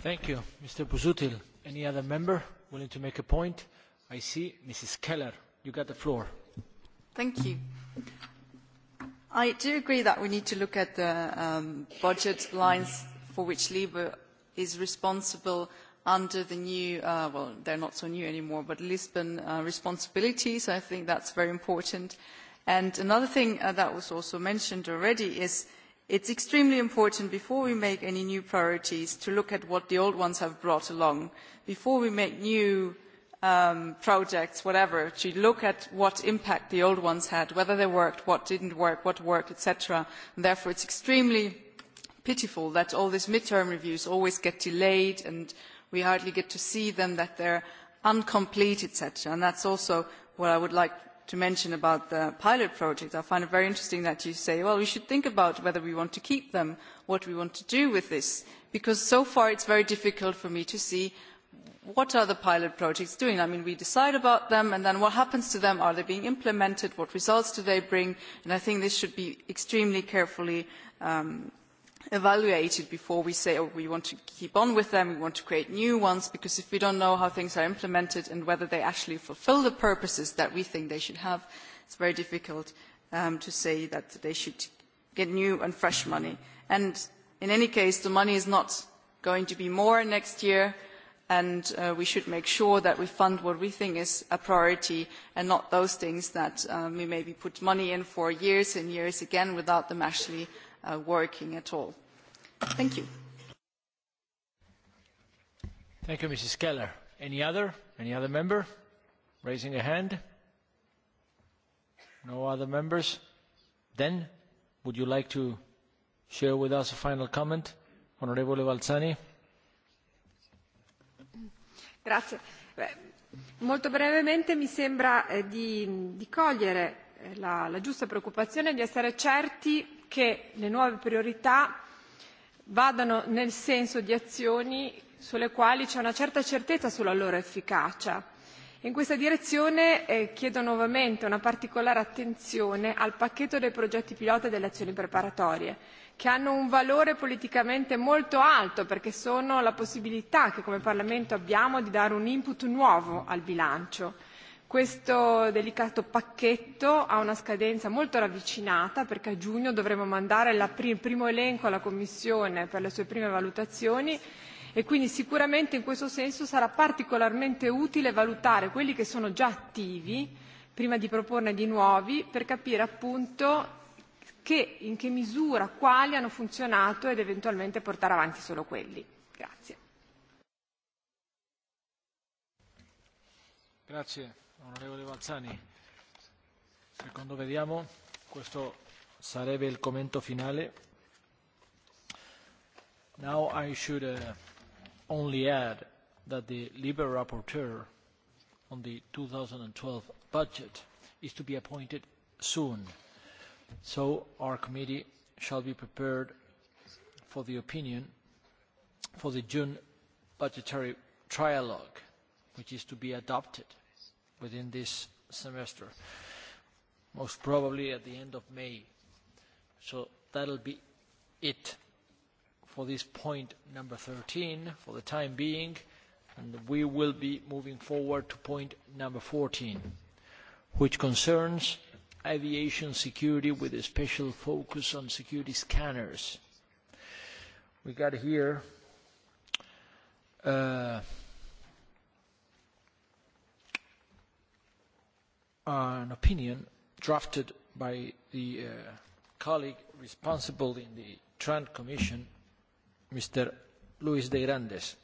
Thank you. Mr. Busutil, any other member willing to make a point? I see. Mrs. Keller, you got the floor. Thank you. I do agree that we need to look at the um, budget lines for which Libre is responsible under the new, uh, well, they're not so new anymore, but Lisbon uh, responsibilities. I think that's very important. And another thing uh, that was also mentioned already is it's extremely important before we make any new priorities to look at what the old ones have brought along. Before we make new um, projects, whatever, to look at what impact the old ones had, whether they worked, what didn't work, what worked, etc. And therefore, it's extremely pitiful that all these midterm reviews always get delayed and we hardly get to see them, that they're incomplete, etc. And that's also what I would like to mention about the pilot project. I find it very interesting that you say, well, we should think about whether we want to keep them, what we want to do with this, because so far it's very difficult for me to see what are the pilot projects doing? I mean, we decide about them, and then what happens to them? Are they being implemented? What results do they bring? And I think this should be extremely carefully um, evaluated before we say, oh, we want to keep on with them, we want to create new ones, because if we don't know how things are implemented and whether they actually fulfill the purposes that we think they should have, it's very difficult um, to say that they should get new and fresh money. And in any case, the money is not going to be more next year and uh, we should make sure that we fund what we think is a priority and not those things that um, we maybe put money in for years and years again without them actually uh, working at all. Thank you. Thank you, Mrs. Keller. Any other? Any other member? Raising a hand? No other members? Then, would you like to share with us a final comment? Honorable Valzani? molto brevemente mi sembra eh, di, cogliere eh, la, giusta preoccupazione di essere certi che le nuove priorità vadano nel senso di azioni sulle quali c'è una certa certezza sulla loro efficacia. e In questa direzione eh, chiedo nuovamente una particolare attenzione al pacchetto dei progetti pilota e delle azioni preparatorie che hanno un valore politicamente molto alto perché sono la possibilità che come Parlamento abbiamo di dare un input nuovo al bilancio. Questo delicato pacchetto ha una scadenza molto ravvicinata perché a giugno dovremo mandare il primo elenco alla Commissione per le sue prime valutazioni e quindi sicuramente in questo senso sarà particolarmente utile valutare quelli che sono già attivi prima di proporne di nuovi per capire appunto che, in che misura, quali hanno funzionato ed eventualmente portare avanti solo quelli. Grazie. Grazie, onorevole Balzani. Secondo vediamo, questo sarebbe il commento finale. Now I should uh, only add that the Liberal Rapporteur on the 2012 budget is to be appointed soon So our committee shall be prepared for the opinion for the June budgetary trialogue, which is to be adopted within this semester, most probably at the end of May. So that will be it for this point number 13 for the time being, and we will be moving forward to point number 14, which concerns aviation security with a special focus on security scanners. We got here uh, an opinion drafted by the uh, colleague responsible in the Trent Commission, Mr. Luis de Grandes,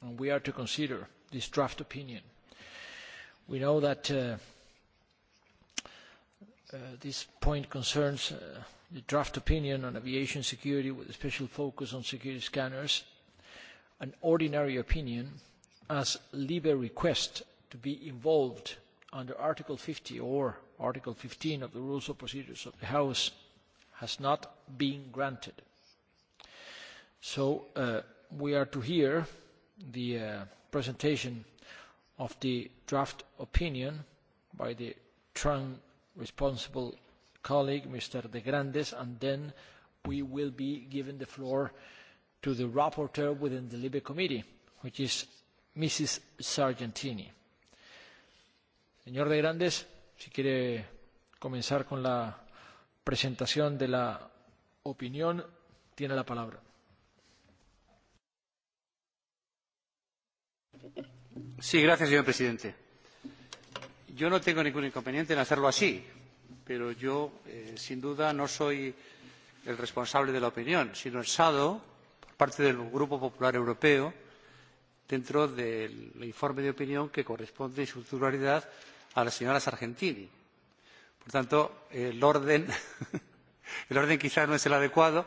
and we are to consider this draft opinion. We know that uh, Uh, this point concerns uh, the draft opinion on aviation security with a special focus on security scanners, an ordinary opinion, as LIBE request to be involved under Article 50 or Article 15 of the Rules of Procedures of the House has not been granted. So uh, we are to hear the uh, presentation of the draft opinion by the TRAN responsible colleague, Mr. De Grandes, and then we will be giving the floor to the rapporteur within the Libe Committee, which is Mrs. Sargentini. Señor De Grandes, si quiere comenzar con la presentación de la opinión, tiene la palabra. Sí, gracias, señor presidente Yo no tengo ningún inconveniente en hacerlo así, pero yo, eh, sin duda, no soy el responsable de la opinión, sino el SADO, por parte del Grupo Popular Europeo, dentro del informe de opinión que corresponde en su titularidad a la señora Sargentini. Por tanto, el orden, el orden quizás no es el adecuado,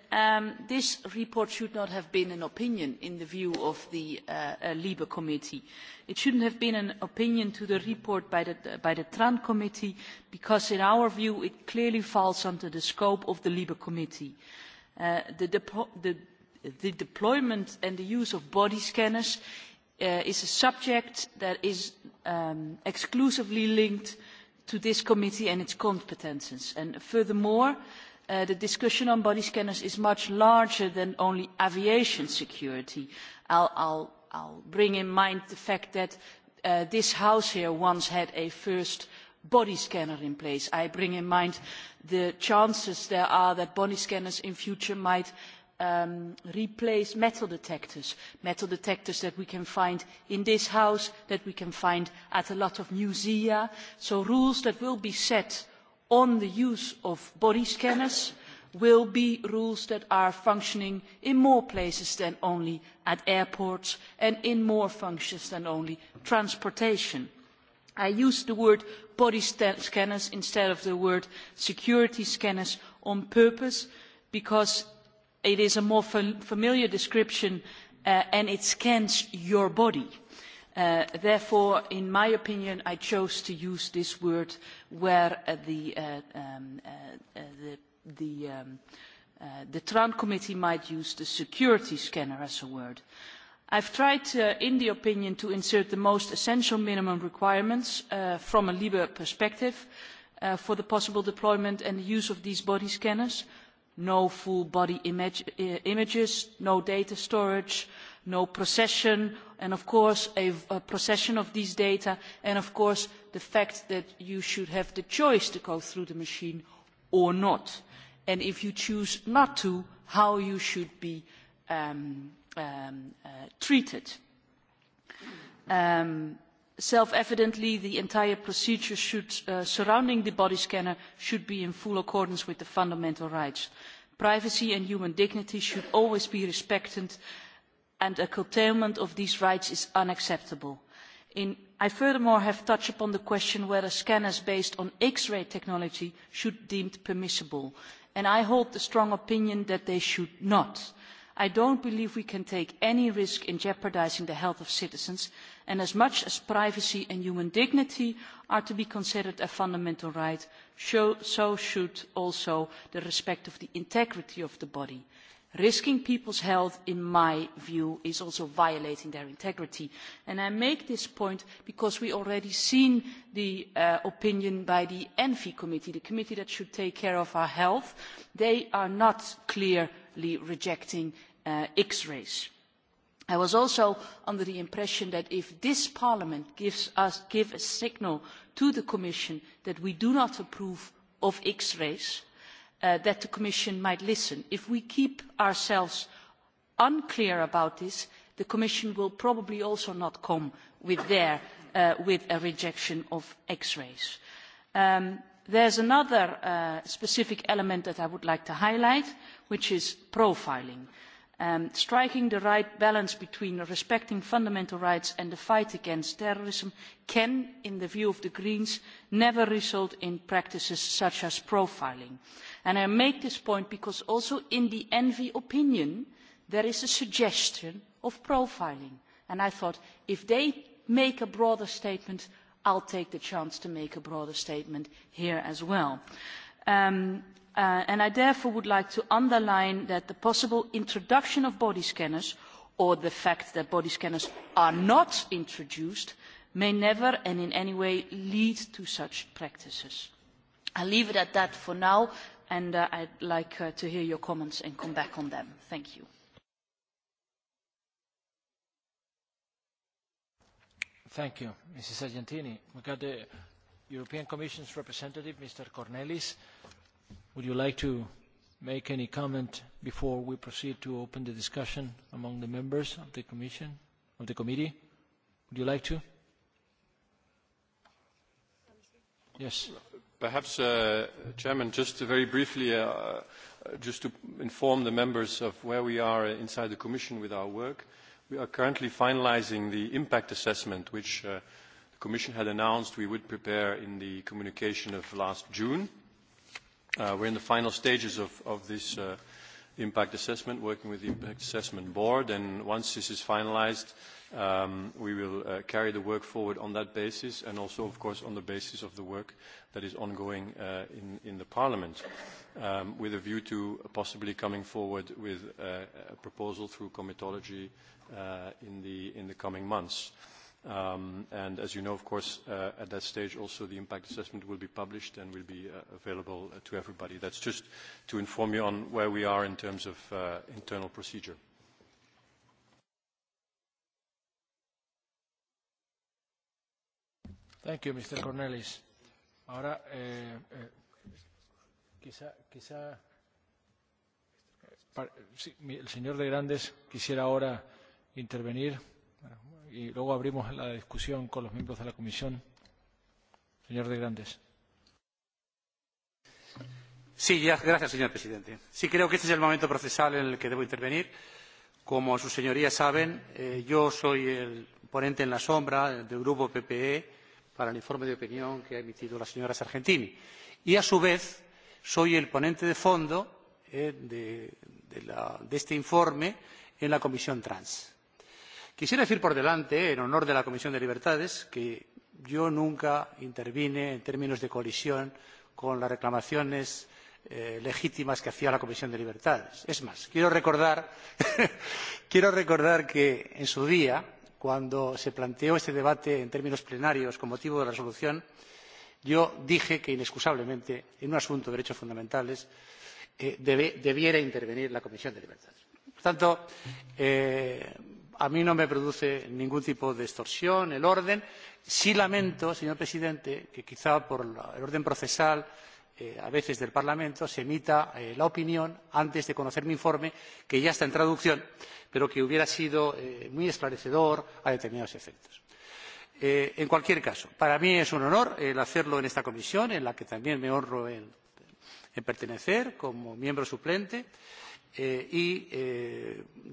Um, this report should not have been an opinion in the view of the uh, uh, libe committee. it should not have been an opinion to the report by the, uh, by the tran committee because in our view it clearly falls under the scope of the libe committee. Uh, the, the, the deployment and the use of body scanners uh, is a subject that is um, exclusively linked to this committee and its competences. And furthermore Uh, the discussion on body scanners is much larger than only aviation security. i will bring to mind the fact that uh, this house here once had a first body scanner in place. I bring to mind the chances there are that body scanners in future might um, replace metal detectors, metal detectors that we can find in this house, that we can find at a lot of museums. So rules that will be set on the use of body scanners will be rules that are functioning in more places than only at airports and in more functions than only transportation. I used the word body scanners instead of the word security scanners on purpose because it is a more familiar description uh, and it scans your body. Uh, therefore, in my opinion, I chose to use this word where uh, the, uh, um, uh, the, the, um, the, TRAN committee might use the security scanner as a word. I've tried in the opinion to insert the most essential minimum requirements from a LIBE perspective for the possible deployment and use of these body scanners. No full body image, images, no data storage, uh, no procession, and of course a, a procession of these data, and of course the fact that you should have the choice to go through the machine or not. And if you choose not to, how you should be um, um, uh, treated. Um, self-evidently the entire procedure should, uh, surrounding the body scanner should be in full accordance with the fundamental rights. Privacy and human dignity should always be respected and a curtailment of these rights is unacceptable. In, I furthermore have touched upon the question whether scanners based on X-ray technology should be deemed permissible, and I hold the strong opinion that they should not. I don't believe we can take any risk in jeopardizing the health of citizens, and as much as privacy and human dignity are to be considered a fundamental right, so should also the respect of the integrity of the body risking people's health in my view is also violating their integrity and i make this point because we have already seen the uh, opinion by the envi committee the committee that should take care of our health they are not clearly rejecting uh, x rays. i was also under the impression that if this parliament gives us give a signal to the commission that we do not approve of x rays Uh, that the Commission might listen. If we keep ourselves unclear about this, the Commission will probably also not come with, uh, a rejection of X-rays. Um, there is another uh, specific element that I would like to highlight, which is profiling. Um, striking the right balance between respecting fundamental rights and the fight against terrorism can in the view of the greens never result in practices such as profiling. And i make this point because also in the envi opinion there is a suggestion of profiling and i thought if they make a broader statement i will take the chance to make a broader statement here as well. Um, Uh, and I therefore would like to underline that the possible introduction of body scanners or the fact that body scanners are not introduced may never and in any way lead to such practices. I leave it at that for now and uh, I'd like uh, to hear your comments and come back on them. Thank you. Thank you, Mrs. Argentini. We got the European Commission's representative, Mr. Cornelis, Would you like to make any comment before we proceed to open the discussion among the members of the commission, of the committee? Would you like to? Yes. Perhaps, uh, Chairman, just very briefly, uh, uh, just to inform the members of where we are inside the Commission with our work. We are currently finalizing the impact assessment, which uh, the Commission had announced we would prepare in the communication of last June. Uh, we're in the final stages of, this uh, impact assessment, working with the Impact Assessment Board, and once this is finalized, um, we will uh, carry the work forward on that basis and also, of course, on the basis of the work that is ongoing in, the Parliament, um, with a view to possibly coming forward with a proposal through comitology in, the, coming months. Um, as you know, of course, uh, at that stage also the impact assessment will be published and will be uh, available to everybody. That's just to inform you on where we are in terms of uh, internal procedure. Thank you, Mr. Cornelis. Ahora, eh, eh, quizá, eh, el señor de Grandes quisiera ahora intervenir y luego abrimos la discusión con los miembros de la comisión. Señor de Grandes. Sí, ya, gracias, señor presidente. Sí, creo que este es el momento procesal en el que debo intervenir. Como sus señorías saben, eh, yo soy el ponente en la sombra del Grupo PPE para el informe de opinión que ha emitido la señora Sargentini. Y, a su vez, soy el ponente de fondo eh, de, de, la, de este informe en la Comisión Trans Eh, Quisiera decir por delante, en honor de la Comisión de Libertades, que yo nunca intervine en términos de colisión con las reclamaciones eh, legítimas que hacía la Comisión de Libertades. Es más, quiero recordar, quiero recordar que en su día, cuando se planteó este debate en términos plenarios con motivo de la resolución, yo dije que inexcusablemente en un asunto de derechos fundamentales eh, debe, debiera intervenir la Comisión de Libertades. Por tanto, eh, a mí no me produce ningún tipo de distorsión el orden. sí lamento señor presidente que quizá por el orden procesal eh, a veces del parlamento se emita eh, la opinión antes de conocer mi informe que ya está en traducción pero que hubiera sido eh, muy esclarecedor a determinados efectos. en cualquier caso para mí es un honor hacerlo en esta comisión a la que también me honro en pertenecer como miembro suplente y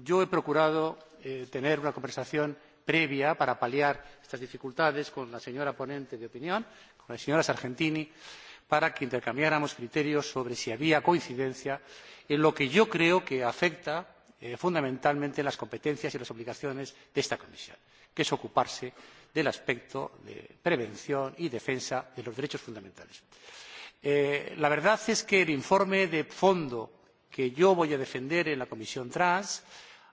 yo he procurado Eh, tener una conversación previa para paliar estas dificultades con la señora ponente de opinión, con la señora Sargentini, para que intercambiáramos criterios sobre si había coincidencia en lo que yo creo que afecta eh, fundamentalmente las competencias y las obligaciones de esta comisión, que es ocuparse del aspecto de prevención y defensa de los derechos fundamentales. Eh, la verdad es que el informe de fondo que yo voy a defender en la comisión trans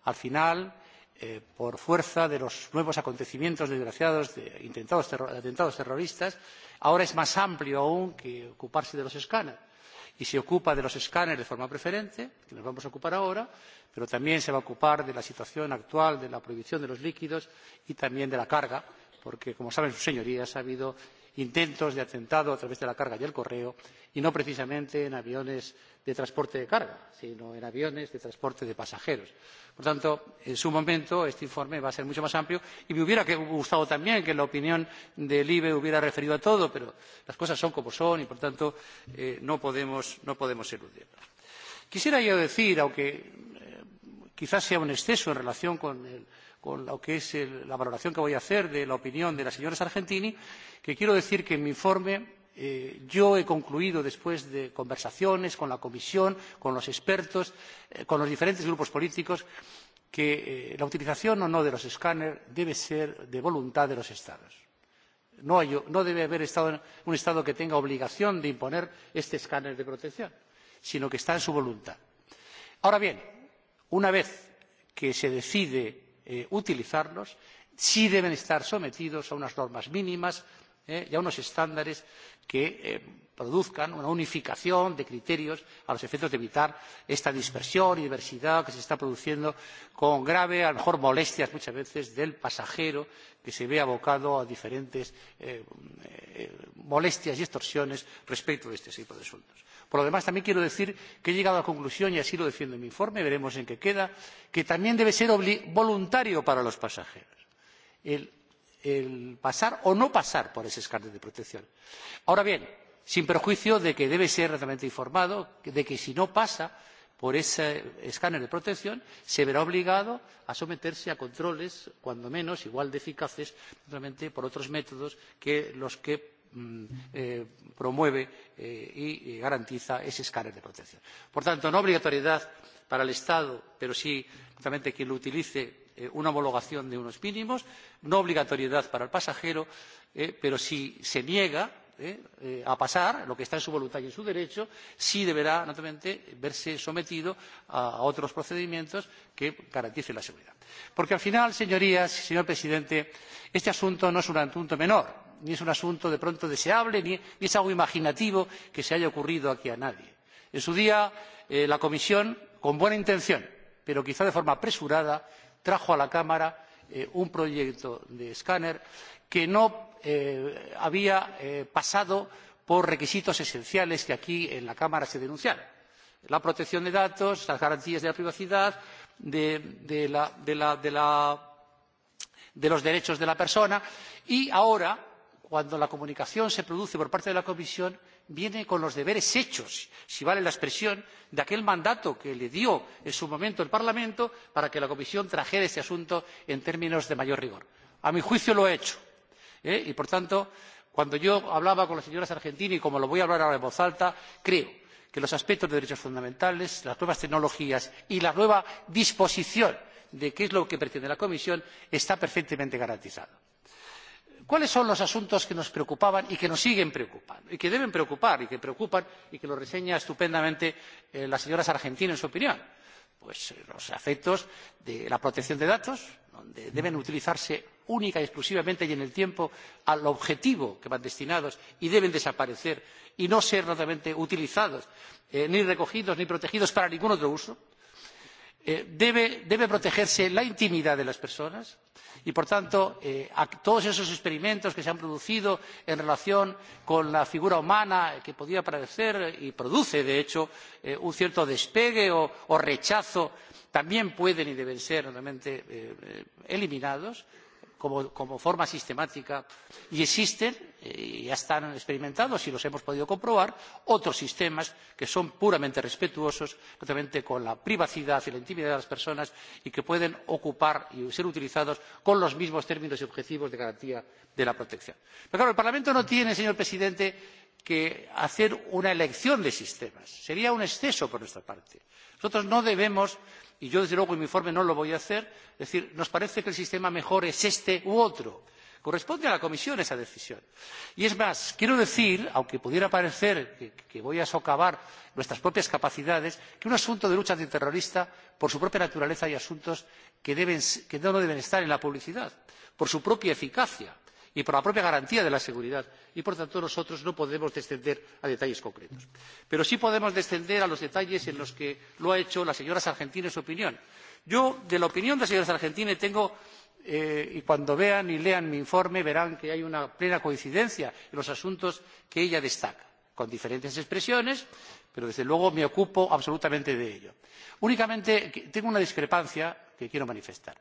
al final Eh, por fuerza de los nuevos acontecimientos desgraciados de intentados atentados terroristas, ahora es más amplio aún que ocuparse de los escáneres. Y se ocupa de los escáneres de forma preferente, que nos vamos a ocupar ahora, pero también se va a ocupar de la situación actual de la prohibición de los líquidos y también de la carga, porque, como saben sus señorías, ha habido intentos de atentado a través de la carga y el correo, y no precisamente en aviones de transporte de carga, sino en aviones de transporte de pasajeros. Por tanto, en su momento este informe va a ser mucho más amplio y me hubiera gustado también que la opinión del IBE hubiera referido a todo, pero las cosas son como son y, por tanto, eh, no, podemos, no eludirlo. Quisiera yo decir, aunque eh, quizás sea un exceso en relación con el con lo que es la valoración que voy a hacer de la opinión de la señora Sargentini, que quiero decir que en mi informe eh, yo he concluido, después de conversaciones con la Comisión, con los expertos, eh, con los diferentes grupos políticos, que eh, la utilización o no de los escáneres debe ser de voluntad de los Estados. No, no debe haber un Estado que tenga obligación de imponer este escáner de protección, sino que está en su voluntad. Ahora bien, una vez que se decide Eh, utilizarlos, sí deben estar sometidos a unas normas mínimas eh, y a unos estándares que eh, produzcan una unificación de criterios a los efectos de evitar esta dispersión y diversidad que se está produciendo con grave a lo mejor molestias muchas veces del pasajero que se ve abocado a diferentes molestias y extorsiones respecto de este tipo de asuntos por lo demás también quiero decir que he llegado a la conclusión y así lo defiendo en mi informe veremos en qué queda de que también debe ser voluntario para los pasajeros el, pasar o no pasar por ese escáner de protección. ahora bien sin perjuicio de que debe ser realmente informado de que si no pasa por ese escáner de protección se verá obligado a someterse a controles cuando menos igual de eficaces por otros métodos que los que Mm, eh, promueve eh, y eh, garantiza ese escáner de protección. Por tanto, no obligatoriedad para el Estado, pero sí, justamente, quien lo utilice, eh, una homologación de unos mínimos, no obligatoriedad para el pasajero, eh, pero si se niega eh, eh, a pasar lo que está en su voluntad y en su derecho, sí deberá, naturalmente, verse sometido a, a otros procedimientos que garanticen la seguridad. Porque al final, señorías, señor presidente, este asunto no es un asunto menor ni es un asunto de pronto deseable ni es algo imaginativo que se haya ocurrido aquí a nadie. en su día eh, la comisión con buena intención pero quizá de forma apresurada trajo a la cámara eh, un proyecto de escáner que no eh, había pasado por requisitos esenciales que aquí en la cámara se denunciaron la protección de datos las garantías de la privacidad de, de, la, de, la, la, de los derechos de la persona y ahora cuando la comunicación se produce por parte de la Comisión, viene con los deberes hechos, si vale la expresión, de aquel mandato que le dio en su momento el Parlamento para que la Comisión trajera este asunto en términos de mayor rigor. A mi juicio lo ha hecho. ¿eh? Y, por tanto, cuando yo hablaba con la señora Sargentini, como lo voy a hablar ahora en voz alta, creo que los aspectos de derechos fundamentales, las nuevas tecnologías y la nueva disposición de qué es lo que pretende la Comisión está perfectamente garantizado ¿Cuáles son los asuntos que nos preocupaban y que nos siguen preocupando y que deben preocupar y que preocupan y que lo reseña estupendamente eh, la señora Sargentini en su opinión? Pues eh, los efectos de la protección de datos, donde deben utilizarse única y exclusivamente y en el tiempo al objetivo que van destinados y deben desaparecer y no ser realmente utilizados, eh, ni recogidos ni protegidos para ningún otro uso Eh, debe, protegerse la intimidad de las personas y por tanto eh, a todos esos experimentos que se han producido en relación con la figura humana que podía parecer y produce de hecho eh, un cierto despegue o, rechazo también pueden y deben ser realmente eliminados como, como forma sistemática y existen y eh, ya están experimentados y los hemos podido comprobar otros sistemas que son puramente respetuosos justamente con la privacidad y la intimidad de las personas y que pueden ocupar y ser utilizados con los mismos términos y objetivos de garantía de la protección. pero claro el parlamento no tiene señor presidente que hacer una elección de sistemas sería un exceso por nuestra parte. Nosotros no debemos, y yo desde luego en mi informe no lo voy a hacer, decir, nos parece que el sistema mejor es este u otro. Corresponde a la Comisión esa decisión. Y es más, quiero decir, aunque pudiera parecer que, que voy a socavar nuestras propias capacidades, que un asunto de lucha antiterrorista, por su propia naturaleza, hay asuntos que, deben, que no deben estar en la publicidad, por su propia eficacia y por la propia garantía de la seguridad y por tanto nosotros no podemos descender a detalles concretos. pero sí podemos descender a los detalles en los que lo ha hecho la señora sargentini en su opinión. yo de la opinión de la señora sargentini tengo eh, y cuando vean y lean mi informe verán que hay una plena coincidencia en los asuntos que ella destaca con diferentes expresiones pero desde luego me ocupo absolutamente de ello. únicamente tengo una discrepancia que quiero manifestar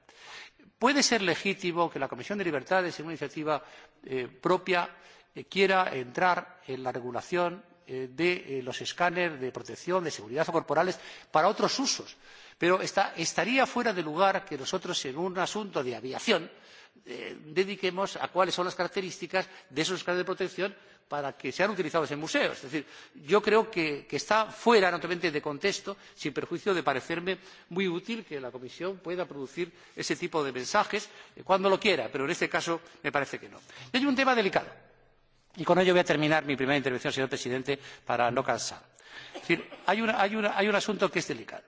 puede ser legítimo que la comisión de libertades en una iniciativa eh, propia eh, quiera entrar en la regulación eh, de eh, los escáneres de protección de seguridad o corporales para otros usos pero está, estaría fuera de lugar que nosotros en un asunto de aviación eh, dediquemos a cuáles son las características de esos escáneres de protección para que sean utilizados en museos. Es decir, yo creo que, que está fuera, naturalmente, de contexto, sin perjuicio de parecerme muy útil que la Comisión pueda producir ese tipo de mensajes eh, cuando lo quiera, pero en este caso me parece que no. Y hay un tema delicado, y con ello voy a terminar mi primera intervención, señor presidente, para no cansar. Es decir, hay, una, hay, una, hay un asunto que es delicado.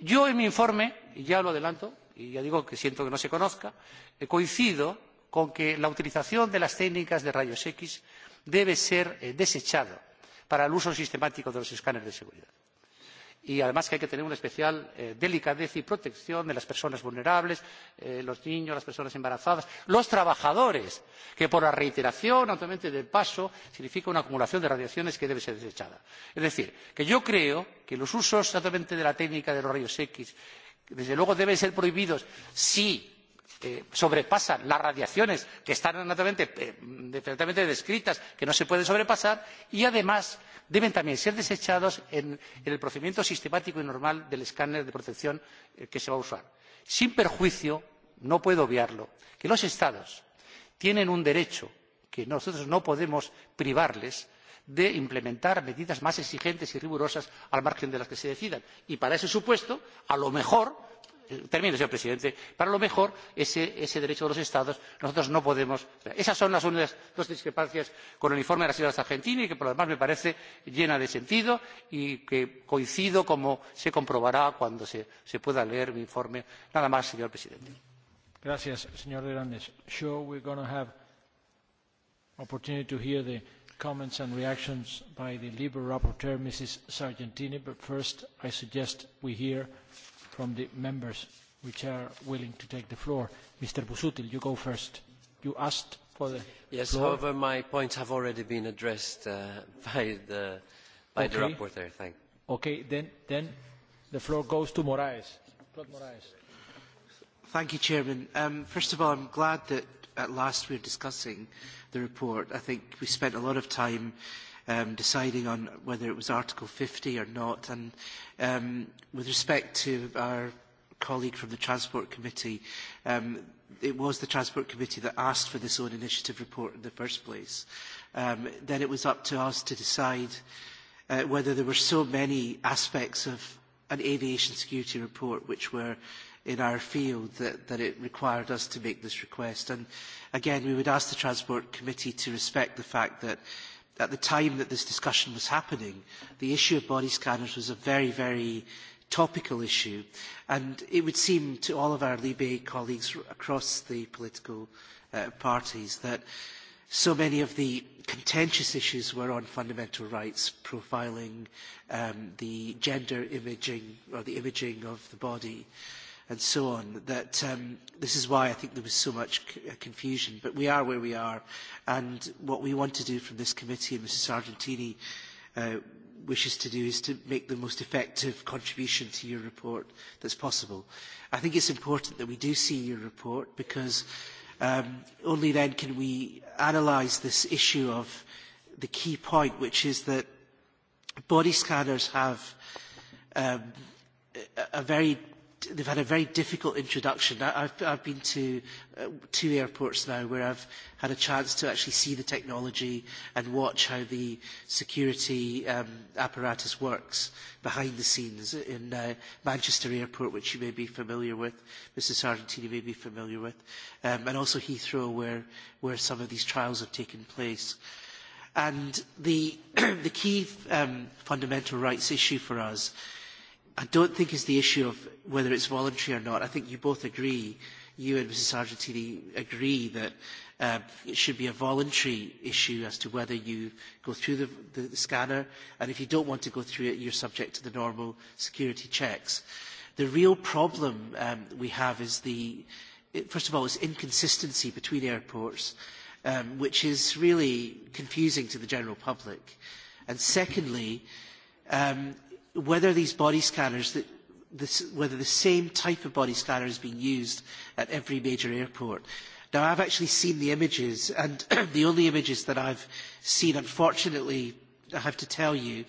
Yo en mi informe, y ya lo adelanto, y ya digo que siento que no se conozca, eh, coincido con que la utilización de las técnicas de rayos X debe ser eh, desechado para el uso sistemático de los escáneres de seguridad. Y además que hay que tener una especial eh, delicadeza y protección de las personas vulnerables, eh, los niños, las personas embarazadas, los trabajadores, que por la reiteración, naturalmente del paso, significa una acumulación de radiaciones que debe ser desechada. Es decir, que yo creo que los usos, de la técnica de los rayos X, desde luego deben ser prohibidos si Eh, sobrepasan las radiaciones que están eh, perfectamente descritas que no se pueden sobrepasar y además deben también ser desechados en, el procedimiento sistemático y normal del escáner de protección eh, que se va a usar. sin perjuicio no puedo obviarlo de que los estados tienen un derecho que nosotros no podemos privarles de implementar medidas más exigentes y rigurosas al margen de las que se decidan y para ese supuesto a lo mejor termino señor presidente para lo mejor ese, derecho de los estados nosotros no podemos esas son las únicas dos discrepancias con el informe de la señora sargentini que por lo demás me parece llena de sentido y que coincido como se comprobará cuando se, pueda leer mi informe. nada más señor presidente from the members which are willing to take the floor. Mr. Busuttil, you go first. You asked for the Yes, floor. however, my points have already been addressed uh, by, the, by okay. the rapporteur. Thank you. Okay, then, then the floor goes to Moraes. Claude Moraes. Thank you, Chairman. Um, first of all, I'm glad that at last we're discussing the report. I think we spent a lot of time uh, um, deciding on whether it was Article 50 or not. And um, with respect to our colleague from the Transport Committee, um, it was the Transport Committee that asked for this own initiative report in the first place. Um, then it was up to us to decide uh, whether there were so many aspects of an aviation security report which were in our field that, that it required us to make this request. And again, we would ask the Transport Committee to respect the fact that at the time that this discussion was happening, the issue of body scanners was a very, very topical issue. And it would seem to all of our Libe colleagues across the political uh, parties that so many of the contentious issues were on fundamental rights, profiling, um, the gender imaging or the imaging of the body. Uh, and so on, that um, this is why I think there was so much uh, confusion. But we are where we are, and what we want to do from this committee, and Mrs Sargentini uh, wishes to do, is to make the most effective contribution to your report that's possible. I think it's important that we do see your report, because um, only then can we analyse this issue of the key point, which is that body scanners have um, a very they've had a very difficult introduction. I, I've, I've been to uh, two airports now where I've had a chance to actually see the technology and watch how the security um, apparatus works behind the scenes in uh, Manchester Airport, which you may be familiar with, Mrs. Sargentini may be familiar with, um, and also Heathrow, where, where some of these trials have taken place. And the, the key um, fundamental rights issue for us I don't think it's the issue of whether it's voluntary or not. I think you both agree, you and Mrs. Sargentini agree that uh, it should be a voluntary issue as to whether you go through the, the, the scanner, and if you don't want to go through it, you're subject to the normal security checks. The real problem um, we have is the, first of all, is inconsistency between airports, um, which is really confusing to the general public. And secondly, um, whether these body scanners, that this, whether the same type of body scanner is being used at every major airport. Now, I've actually seen the images, and the only images that I've seen, unfortunately, I have to tell you,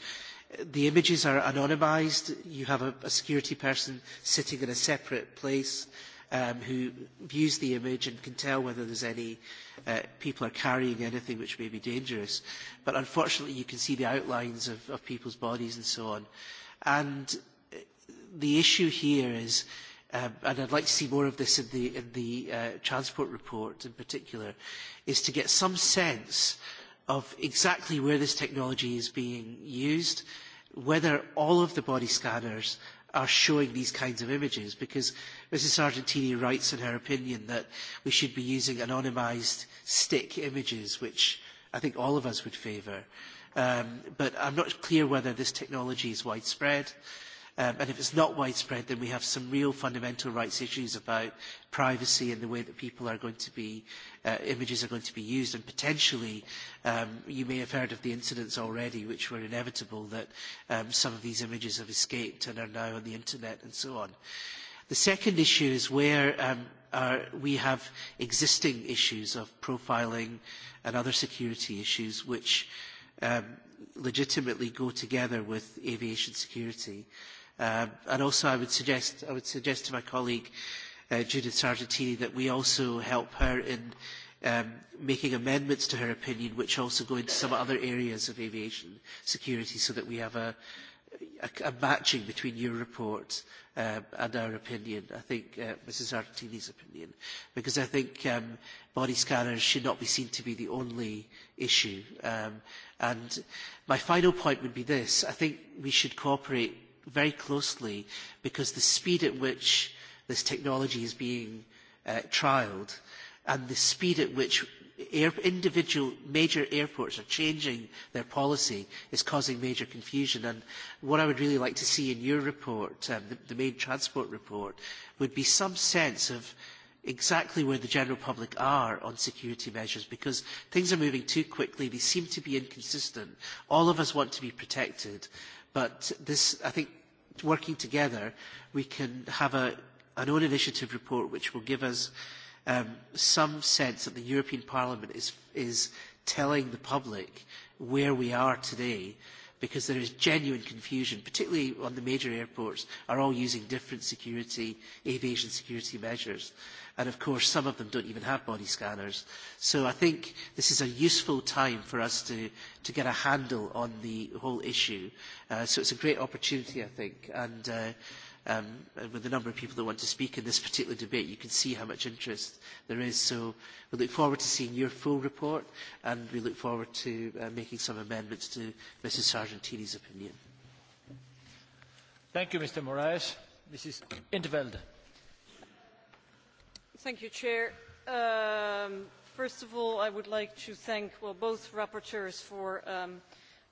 the images are anonymised. You have a, a security person sitting in a separate place um, who views the image and can tell whether there's any uh, people are carrying anything which may be dangerous. But unfortunately, you can see the outlines of, of people's bodies and so on. And uh, the issue here is, um, and I'd like to see more of this in the, in the uh, transport report in particular, is to get some sense of exactly where this technology is being used, whether all of the body scanners are showing these kinds of images because Mrs. Sargentini writes in her opinion that we should be using anonymised stick images, which I think all of us would favour. Um, but I'm not clear whether this technology is widespread. Uh, Um, and if it's not widespread, then we have some real fundamental rights issues about privacy and the way that people are going to be, uh, images are going to be used. And potentially, um, you may have heard of the incidents already, which were inevitable, that um, some of these images have escaped and are now on the internet and so on. The second issue is where um, are, we have existing issues of profiling and other security issues, which um, legitimately go together with aviation security. Uh, and also I would suggest, I would suggest to my colleague uh, Judith Sargentini that we also help her in um, making amendments to her opinion which also go into some other areas of aviation security so that we have a, a, a matching between your report um, and our opinion, I think uh, Mrs Artini's opinion, because I think um, body scanners should not be seen to be the only issue. Um, and my final point would be this, I think we should cooperate very closely because the speed at which this technology is being uh, trialled and the speed at which air, individual major airports are changing their policy is causing major confusion. And what I would really like to see in your report, um, the, the main transport report, would be some sense of exactly where the general public are on security measures because things are moving too quickly. They seem to be inconsistent. All of us want to be protected But this, I think, working together, we can have a, an own initiative report which will give us um, some sense that the European Parliament is, is telling the public where we are today because there is genuine confusion, particularly on the major airports, are all using different security, aviation security measures. And of course, some of them don't even have body scanners. So I think this is a useful time for us to, to get a handle on the whole issue. Uh, so it's a great opportunity, I think. And uh, um, and uh, with the number of people that want to speak in this particular debate, you can see how much interest there is. So we look forward to seeing your full report, and we look forward to uh, making some amendments to Mrs. Sargentini's opinion. Thank you, Mr. Moraes. Mrs. Interveld. Thank you, Chair. Um, first of all, I would like to thank well, both rapporteurs for um, uh,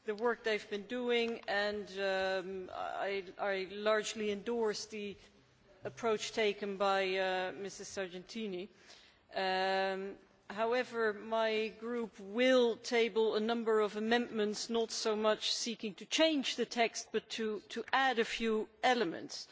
the work they've been doing, and um, I, I largely endorse the approach taken by uh, Mrs. Sargentini. Um, however, my group will table a number of amendments, not so much seeking to change the text, but to, to add a few elements.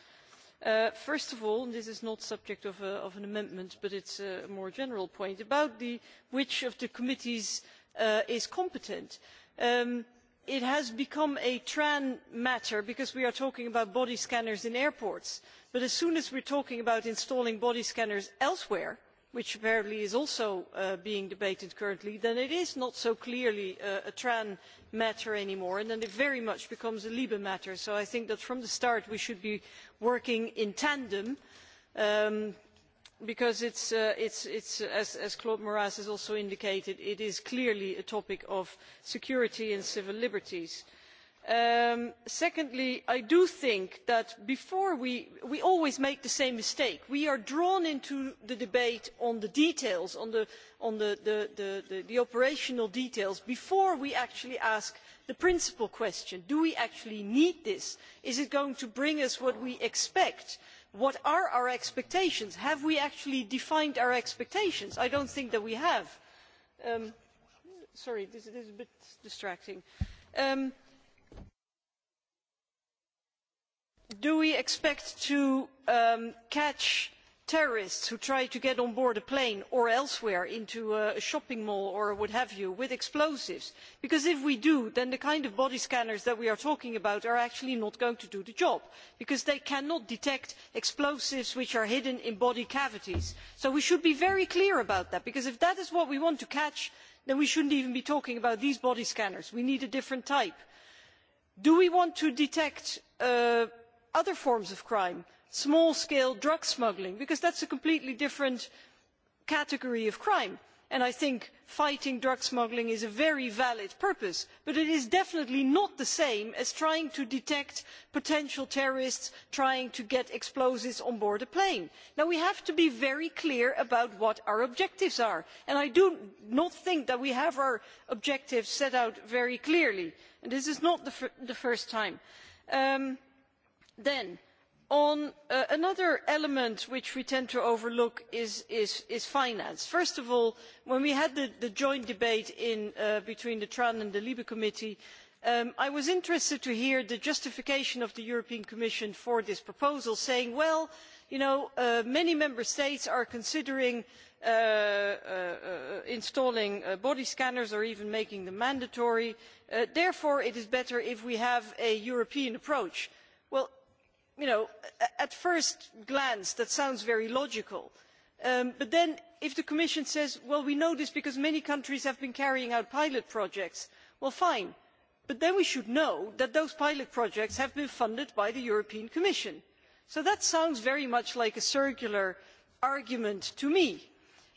Uh, first of all, and this is not subject of, a, of an amendment, but it's a more general point, about the, which of the committees uh, is competent. Um, it has become a tran matter because we are talking about body scanners in airports but as soon as we are talking about installing body scanners elsewhere which apparently is also uh, being debated currently then it is not so clearly uh, a tran matter any more and then it very much becomes a libe matter so i think that from the start we should be working in tandem um, because uh, as, claude moraes has also indicated it is clearly a topic of security and civil liberties. Um, secondly i do think that before we, we always make the same mistake we are drawn into the debate on the details on, the operational details before we actually ask the principal question do we actually need this? is it going to bring us what we expect? what are our expectations? have we actually defined our expectations? i do not think that we have. Um, sorry this, is a bit distracting. Um, do we expect to um, catch terrorists who try to get on board a plane or elsewhere into a shopping mall or what have you with explosives because if we do then the kind of body scanners that we are talking about are actually not going to do the job because they cannot detect explosives which are hidden in body cavities. so we should be very clear about that because if that is what we want to catch then we should not even be talking about these body scanners we need a different type. do we want to detect uh, other forms of crime? small scale drug smuggling because that is a completely different category of crime and i think fighting drug smuggling is a very valid purpose but it is definitely not the same as trying to detect potential terrorists trying to get explosives on board a plane. we have to be very clear about what our objectives are and i do not think that we have our objectives set out very clearly and this is not the first time. Um, then Uh, another element which we tend to overlook is, finance. first of all when we had the, joint debate uh, between the tran and the libe committee um, i was interested to hear the justification of the european commission for this proposal saying well you know uh, many member states are considering installing body scanners or even making them mandatory therefore it is better if we have a european approach. well at first glance that sounds very logical um, but then if the commission says well we know this because many countries have been carrying out pilot projects well fine but then we should know that those pilot projects have been funded by the european commission. so that sounds very much like a circular argument to me.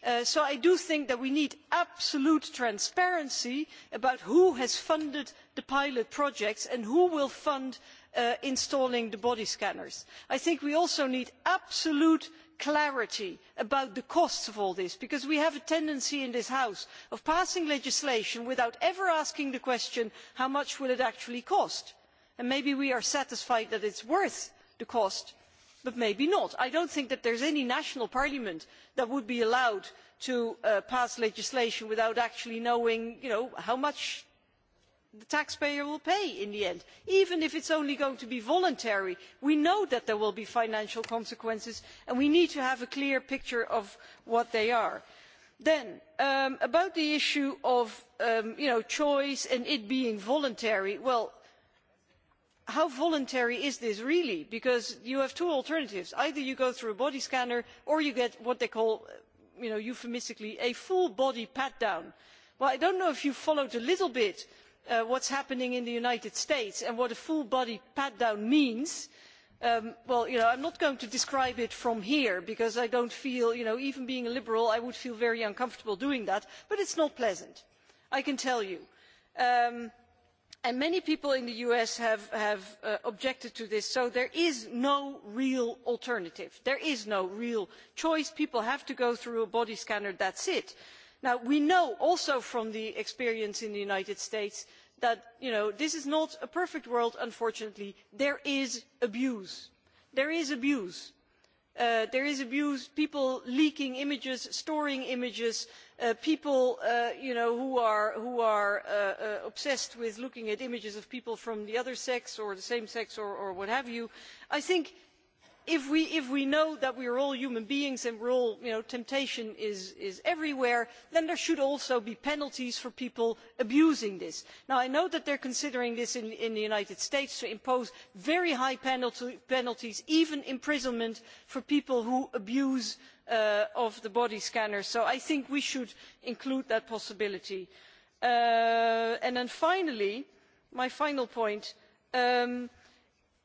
Uh, so i do think that we need absolute transparency about who has funded the pilot projects and who will fund Uh, installing the body scanners. i think we also need absolute clarity about the costs of all this because we have a tendency in this house of passing legislation without ever asking the question how much will it actually cost? And maybe we are satisfied that it is worth the cost but maybe not. i do not think that there is any national parliament that would be allowed to uh, pass legislation without actually knowing how much the taxpayer will pay in the end even if it is only going to be voluntary. we know that there will be financial consequences and we need to have a clear picture of what they are. then um, about the issue of um, choice and it being voluntary well how voluntary is this really because you have two alternatives either you go through a body scanner or you get what they call euphemistically a full body pat down'. well i do not know if you followed a little bit Uh, what is happening in the united states and what a full body pat down means i am um, not going to describe it from here because i do not feel even being a liberal i would feel very uncomfortable doing that but it is not pleasant i can tell you. Um, many people in the us have, uh, objected to this so there is no real alternative there is no real choice people have to go through a body scanner that is it we know also from the experience in the united states that this is not a perfect world unfortunately. there is abuse. there is abuse. Uh, there is abuse people leaking images storing images uh, people uh, who are, obsessed with looking at images of people from the other sex or the same sex or, or what have you. i think if we, know that we are all human beings and temptation is, everywhere, then there should also be penalties for people abusing this. I know that they are considering this in, the United States to impose very high penalties, even imprisonment for people who abuse uh, the body scanner. So I think we should include that possibility. Uh, finally, my final point, um,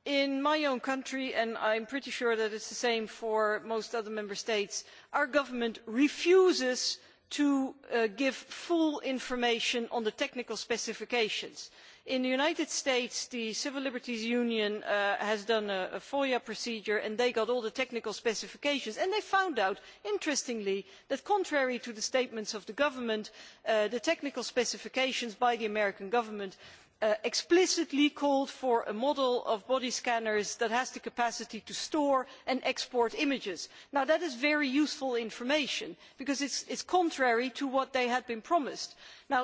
in my own country and i am pretty sure that it is the same for most other member states our government refuses to uh, give full information on the technical specifications. in the united states the civil liberties union uh, has done a, a foia procedure and they got all the technical specifications and they found out interestingly that contrary to the statements of the government uh, the technical specifications by the american government Uh, explicitly called for a model of body scanners that has the capacity to store and export images. that is very useful information because it is contrary to what they had been promised.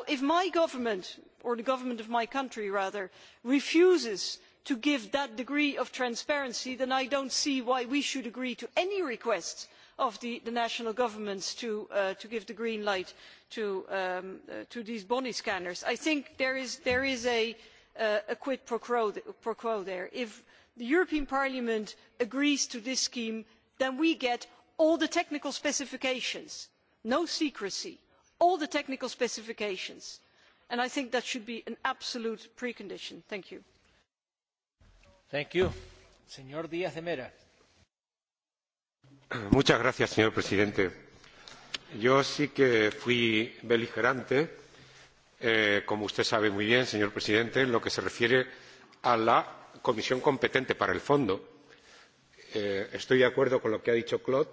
if my government or the government of my country rather refuses to give that degree of transparency then i do not see why we should agree to any requests of the, national governments uh, to, give the green light um, uh, to, these body scanners. i think there is, uh, a, quid pro quo, there. if the european parliament agrees to this scheme then we get all the technical specifications no secrecy all the technical specifications and i think that should be an absolute precondition señor presidente yo sí que fui beligerante eh, como usted sabe muy bien señor presidente en lo que se refiere a la comisión competente para el fondo. Eh, estoy de acuerdo con lo que ha dicho claude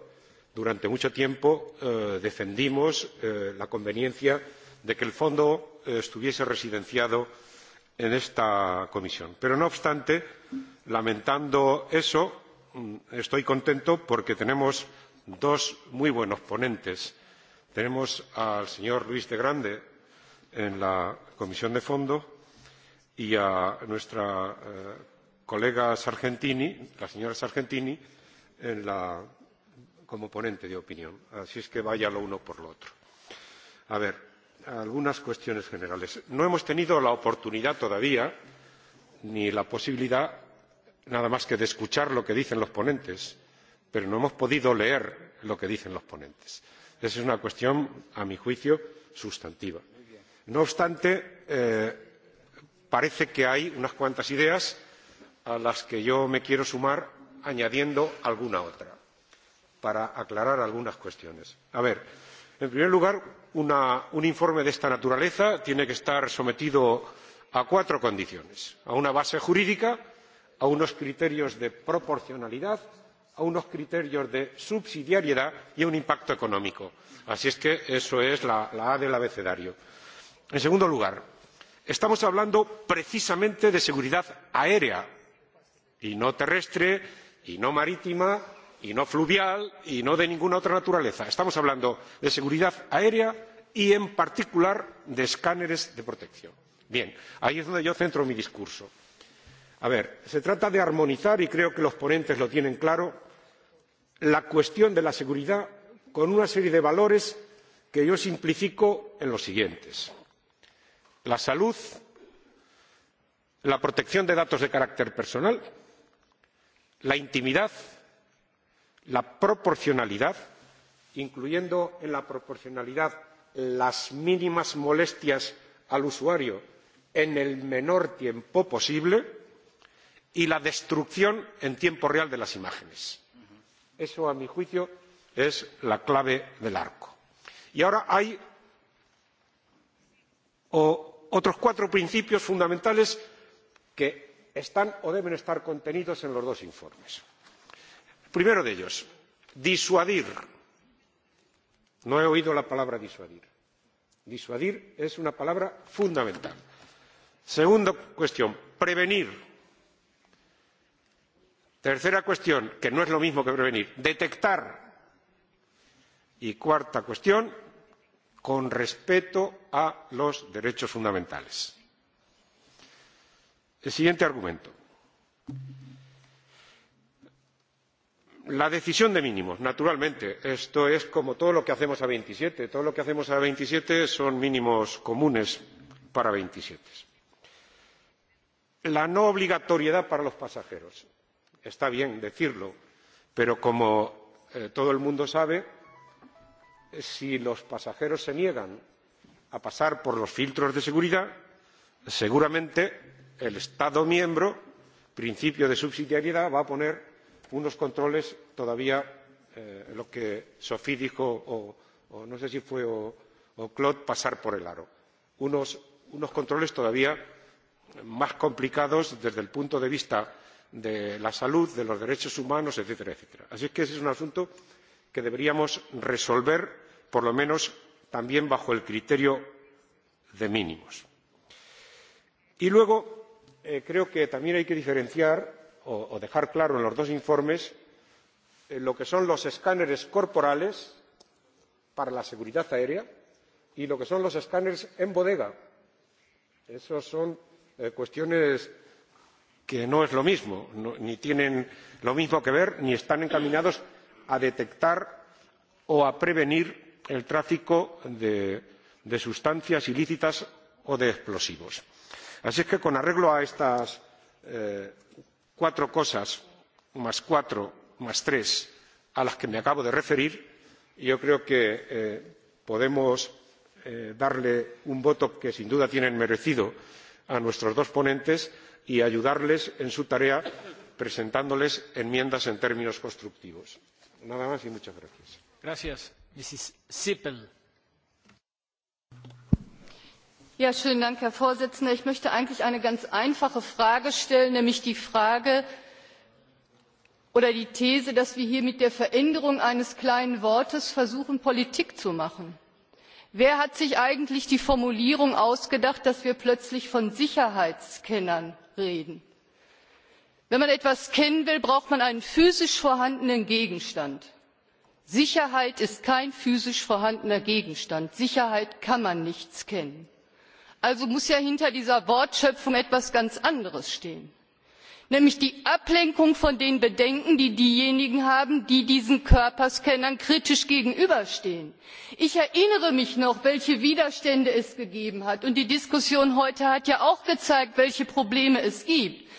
durante mucho tiempo eh, defendimos la conveniencia de que el fondo estuviese residenciado en esta comisión pero no obstante lamentando eso Mm, estoy contento porque tenemos dos muy buenos ponentes tenemos al señor luis de grande en la comisión de fondos y a nuestra eh, colega sargentini la señora sargentini como ponente de opinión así es que vaya lo uno por lo otro. a ver algunas cuestiones generales. no hemos tenido la oportunidad todavía ni la posibilidad nada más que de escuchar lo que dicen los ponentes pero no hemos podido leer lo que dicen los ponentes. esa es una cuestión a mi juicio sustantiva. no obstante eh, parece que hay unas cuantas ideas a las que yo me quiero sumar añadiendo alguna otra para aclarar algunas cuestiones. en primer lugar un informe de esta naturaleza tiene que estar sometido a cuatro condiciones a una base jurídica a unos criterios de proporcionalidad a unos criterios de subsidiariedad y a un impacto económico. así es que eso es la, a del abecedario. en segundo lugar estamos hablando precisamente de seguridad aérea y no terrestre y no marítima y no fluvial y no de ninguna otra naturaleza. estamos hablando de seguridad aérea y en particular de escáneres de protección. bien ahí es donde yo centro mi discurso se trata de armonizar y creo que los ponentes lo tienen claro la cuestión de la seguridad con una serie de valores que yo simplifico en los siguientes la salud la protección de datos de carácter personal la intimidad la proporcionalidad incluyendo en la proporcionalidad las mínimas molestias al usuario en el menor tiempo posible y la destrucción en tiempo real de las imágenes. eso a mi juicio es la clave del arco. y ahora hay otros cuatro principios fundamentales que están o deben estar contenidos en los dos informes. el primero de ellos disuadir no he oído la palabra disuadir. disuadir es una palabra fundamental. segunda cuestión prevenir tercera cuestión que no es lo mismo que prevenir detectar y cuarta cuestión con respeto a los derechos fundamentales. el siguiente argumento la decisión de mínimos naturalmente esto es como todo lo que hacemos a veintisiete todo lo que hacemos a veintisiete son mínimos comunes para veintisiete la no obligatoriedad para los pasajeros está bien decirlo pero como eh, todo el mundo sabe si los pasajeros se niegan a pasar por los filtros de seguridad seguramente el estado miembro principio de subsidiariedad va a poner unos controles todavía eh, lo que sophie dijo o, o no sé si fue o, o claude pasar por el aro unos, unos controles todavía más complicados desde el punto de vista de la salud de los derechos humanos etcétera etcétera. así que ese es un asunto que deberíamos resolver por lo menos también bajo el criterio de mínimos. y luego eh, creo que también hay que diferenciar o, dejar claro en los dos informes eh, lo que son los escáneres corporales para la seguridad aérea y lo que son los escáneres en bodega. esas son eh, cuestiones que no es lo mismo no, ni tienen lo mismo que ver ni están encaminados a detectar o a prevenir el tráfico de, sustancias ilícitas o de explosivos. así es que con arreglo a estas eh, cuatro cosas más cuatro más tres a las que me acabo de referir yo creo que eh, podemos eh, darle un voto que sin duda tienen merecido a nuestros dos ponentes y ayudarles en su tarea presentándoles enmiendas en términos constructivos. nada más y muchas gracias. herr präsident! ich möchte eigentlich eine ganz einfache frage stellen nämlich die frage oder die these dass wir hier mit der veränderung eines kleinen wortes versuchen politik zu machen. wer hat sich eigentlich die formulierung ausgedacht dass wir plötzlich von sicherheitsscannern reden. wenn man etwas kennen will braucht man einen physisch vorhandenen gegenstand. sicherheit ist kein physisch vorhandener gegenstand. sicherheit kann man nicht scannen. also muss ja hinter dieser wortschöpfung etwas ganz anderes stehen nämlich die ablenkung von den bedenken die diejenigen haben die diesen körperscannern kritisch gegenüberstehen. ich erinnere mich noch welche widerstände es gegeben hat und die diskussion heute hat ja auch gezeigt welche probleme es gibt.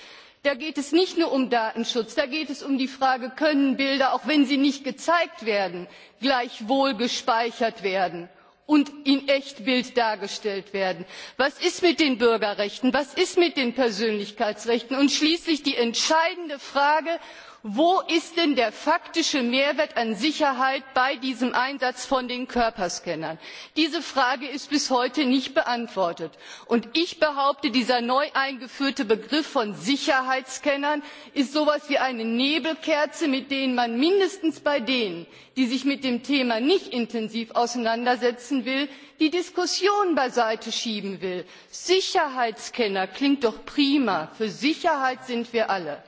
da geht es nicht nur um datenschutz da geht es um die frage können bilder auch wenn sie nicht gezeigt werden gleichwohl gespeichert werden? und in echtbild dargestellt werden. was ist mit den bürgerrechten was ist mit den persönlichkeitsrechten? und schließlich die entscheidende frage wo ist denn der faktische mehrwert an sicherheit bei diesem einsatz von körperscannern? diese frage ist bis heute nicht beantwortet. und ich behaupte dieser neu eingeführte begriff von sicherheitsscannern ist so etwas wie eine nebelkerze mit der man mindestens bei denen die sich mit dem thema nicht intensiv auseinandersetzen wollen die diskussion beiseite schieben will. sicherheitsscanner klingt doch prima für sicherheit sind wir alle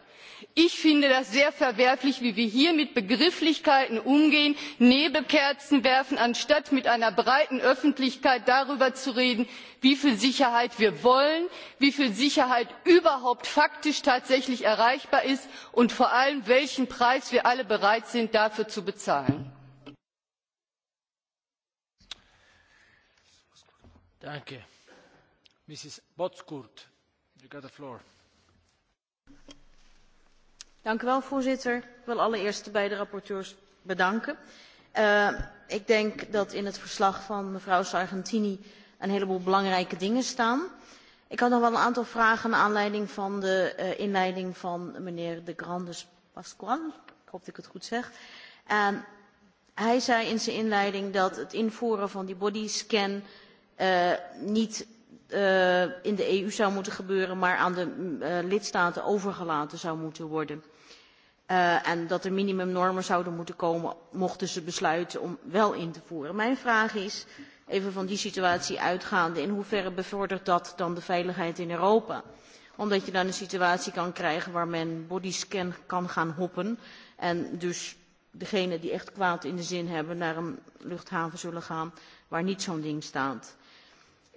ich finde das sehr verwerflich wie wir hier mit begrifflichkeiten umgehen nebelkerzen werfen anstatt mit einer breiten öffentlichkeit darüber zu reden wie viel sicherheit wir wollen wie viel sicherheit überhaupt faktisch tatsächlich erreichbar ist und vor allem welchen preis wir alle bereit sind dafür zu bezahlen voorzitter ik wil allereerst de beide rapporteurs bedanken. Eh, ik denk dat in het verslag van mevrouw sargentini een heleboel belangrijke dingen staan. ik had nog wel een aantal vragen naar aanleiding van de eh, inleiding van mijnheer de grandes pascual. ik hoop dat ik het goed zeg. Ehm, hij zei in zijn inleiding dat het invoeren van die bodyscan eh, niet in de eu zou moeten gebeuren maar aan de mm, lidstaten overgelaten zou moeten worden. Eh, en dat er minimumnormen zouden moeten komen mochten ze besluiten om wel in te voeren. Mijn vraag is, even van die situatie uitgaande, in hoeverre bevordert dat dan de veiligheid in Europa? Omdat je dan een situatie kan krijgen waar men bodyscan kan gaan hoppen en dus degenen die echt kwaad in de zin hebben naar een luchthaven zullen gaan waar niet zo'n ding staat.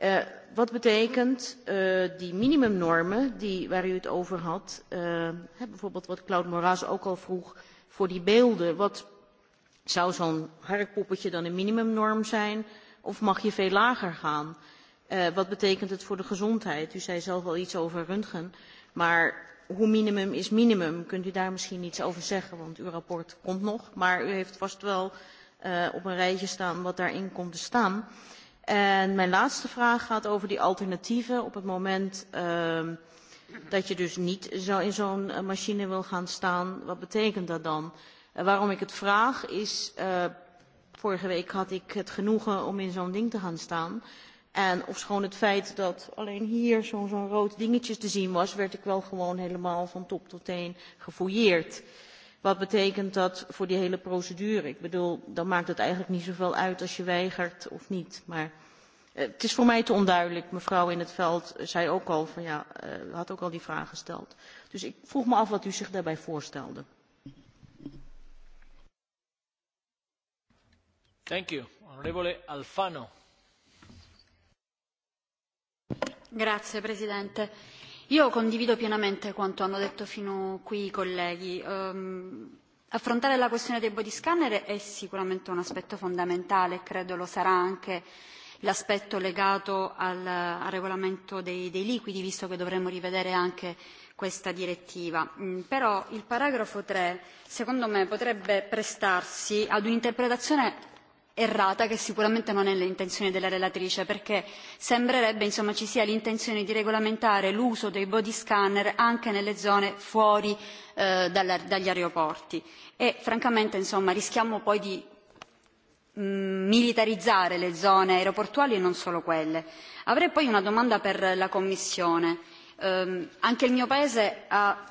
Eh, wat betekent eh, die minimumnormen waar u het over had, eh, bijvoorbeeld wat Claude moraes ook al vroeg, voor die beelden, wat zou zo'n harkpoppetje dan een minimumnorm zijn of mag je veel lager gaan? wat betekent het voor de gezondheid? U zei zelf al iets over röntgen, maar hoe minimum is minimum? Kunt u daar misschien iets over zeggen? Want uw rapport komt nog, maar u heeft vast wel uh, op een rijtje staan wat daarin komt te staan. Uh, en mijn laatste vraag gaat over die alternatieven op het moment uh, dat je dus niet zo in zo'n eh, machine wil gaan staan. Wat betekent dat dan? Uh, waarom ik het vraag is, uh, vorige week had ik het genoegen om in zo'n ding te gaan staan. En ofschoon het feit dat alleen hier zo'n zo, rood dingetje te zien was, werd ik wel gewoon helemaal van top tot teen gefouilleerd. Uh, Wat betekent dat voor die hele procedure? Ik bedoel, dan maakt het eigenlijk niet zoveel uit als je weigert of niet. Maar eh, het is voor mij te onduidelijk. Mevrouw in het veld eh, zei ook al van ja, eh, had ook al die vraag gesteld. Dus ik vroeg me af wat u zich daarbij voorstelde. Thank you. Onorevole Alfano. Grazie, presidente Io condivido pienamente quanto hanno detto fino qui i colleghi. Um, affrontare la questione dei body scanner è sicuramente un aspetto fondamentale e credo lo sarà anche l'aspetto legato al, al regolamento dei, dei liquidi, visto che dovremmo rivedere anche questa direttiva. Mm, però il paragrafo 3, secondo me, potrebbe prestarsi ad un'interpretazione errata che sicuramente non è l'intenzione della relatrice perché sembrerebbe insomma ci sia l'intenzione di regolamentare l'uso dei body scanner anche nelle zone fuori eh, dalla, dagli aeroporti e francamente insomma rischiamo poi di mm, militarizzare le zone aeroportuali e non solo quelle. Avrei poi una domanda per la Commissione. Eh, anche il mio Paese ha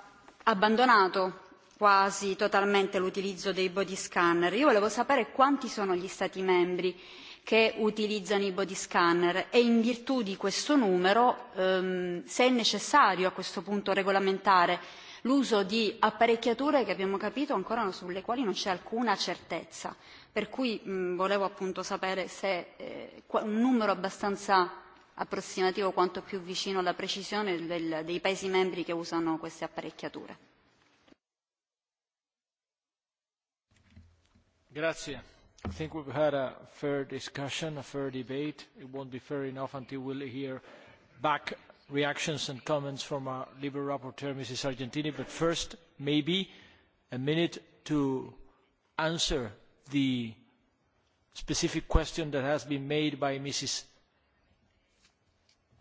abbandonato quasi totalmente l'utilizzo dei body scanner. Io volevo sapere quanti sono gli Stati membri che utilizzano i body scanner e in virtù di questo numero ehm, se è necessario a questo punto regolamentare l'uso di apparecchiature che abbiamo capito ancora sulle quali non c'è alcuna certezza. Per cui mh, volevo appunto sapere se eh, un numero abbastanza approssimativo quanto più vicino alla precisione del, dei Paesi membri che usano queste apparecchiature. Grazie. I think we've had a fair discussion, a fair debate. It won't be fair enough until we'll hear back reactions and comments from our Liberal Rapporteur, Mrs. Sargentini. But first, maybe a minute to answer the specific question that has been made by Mrs.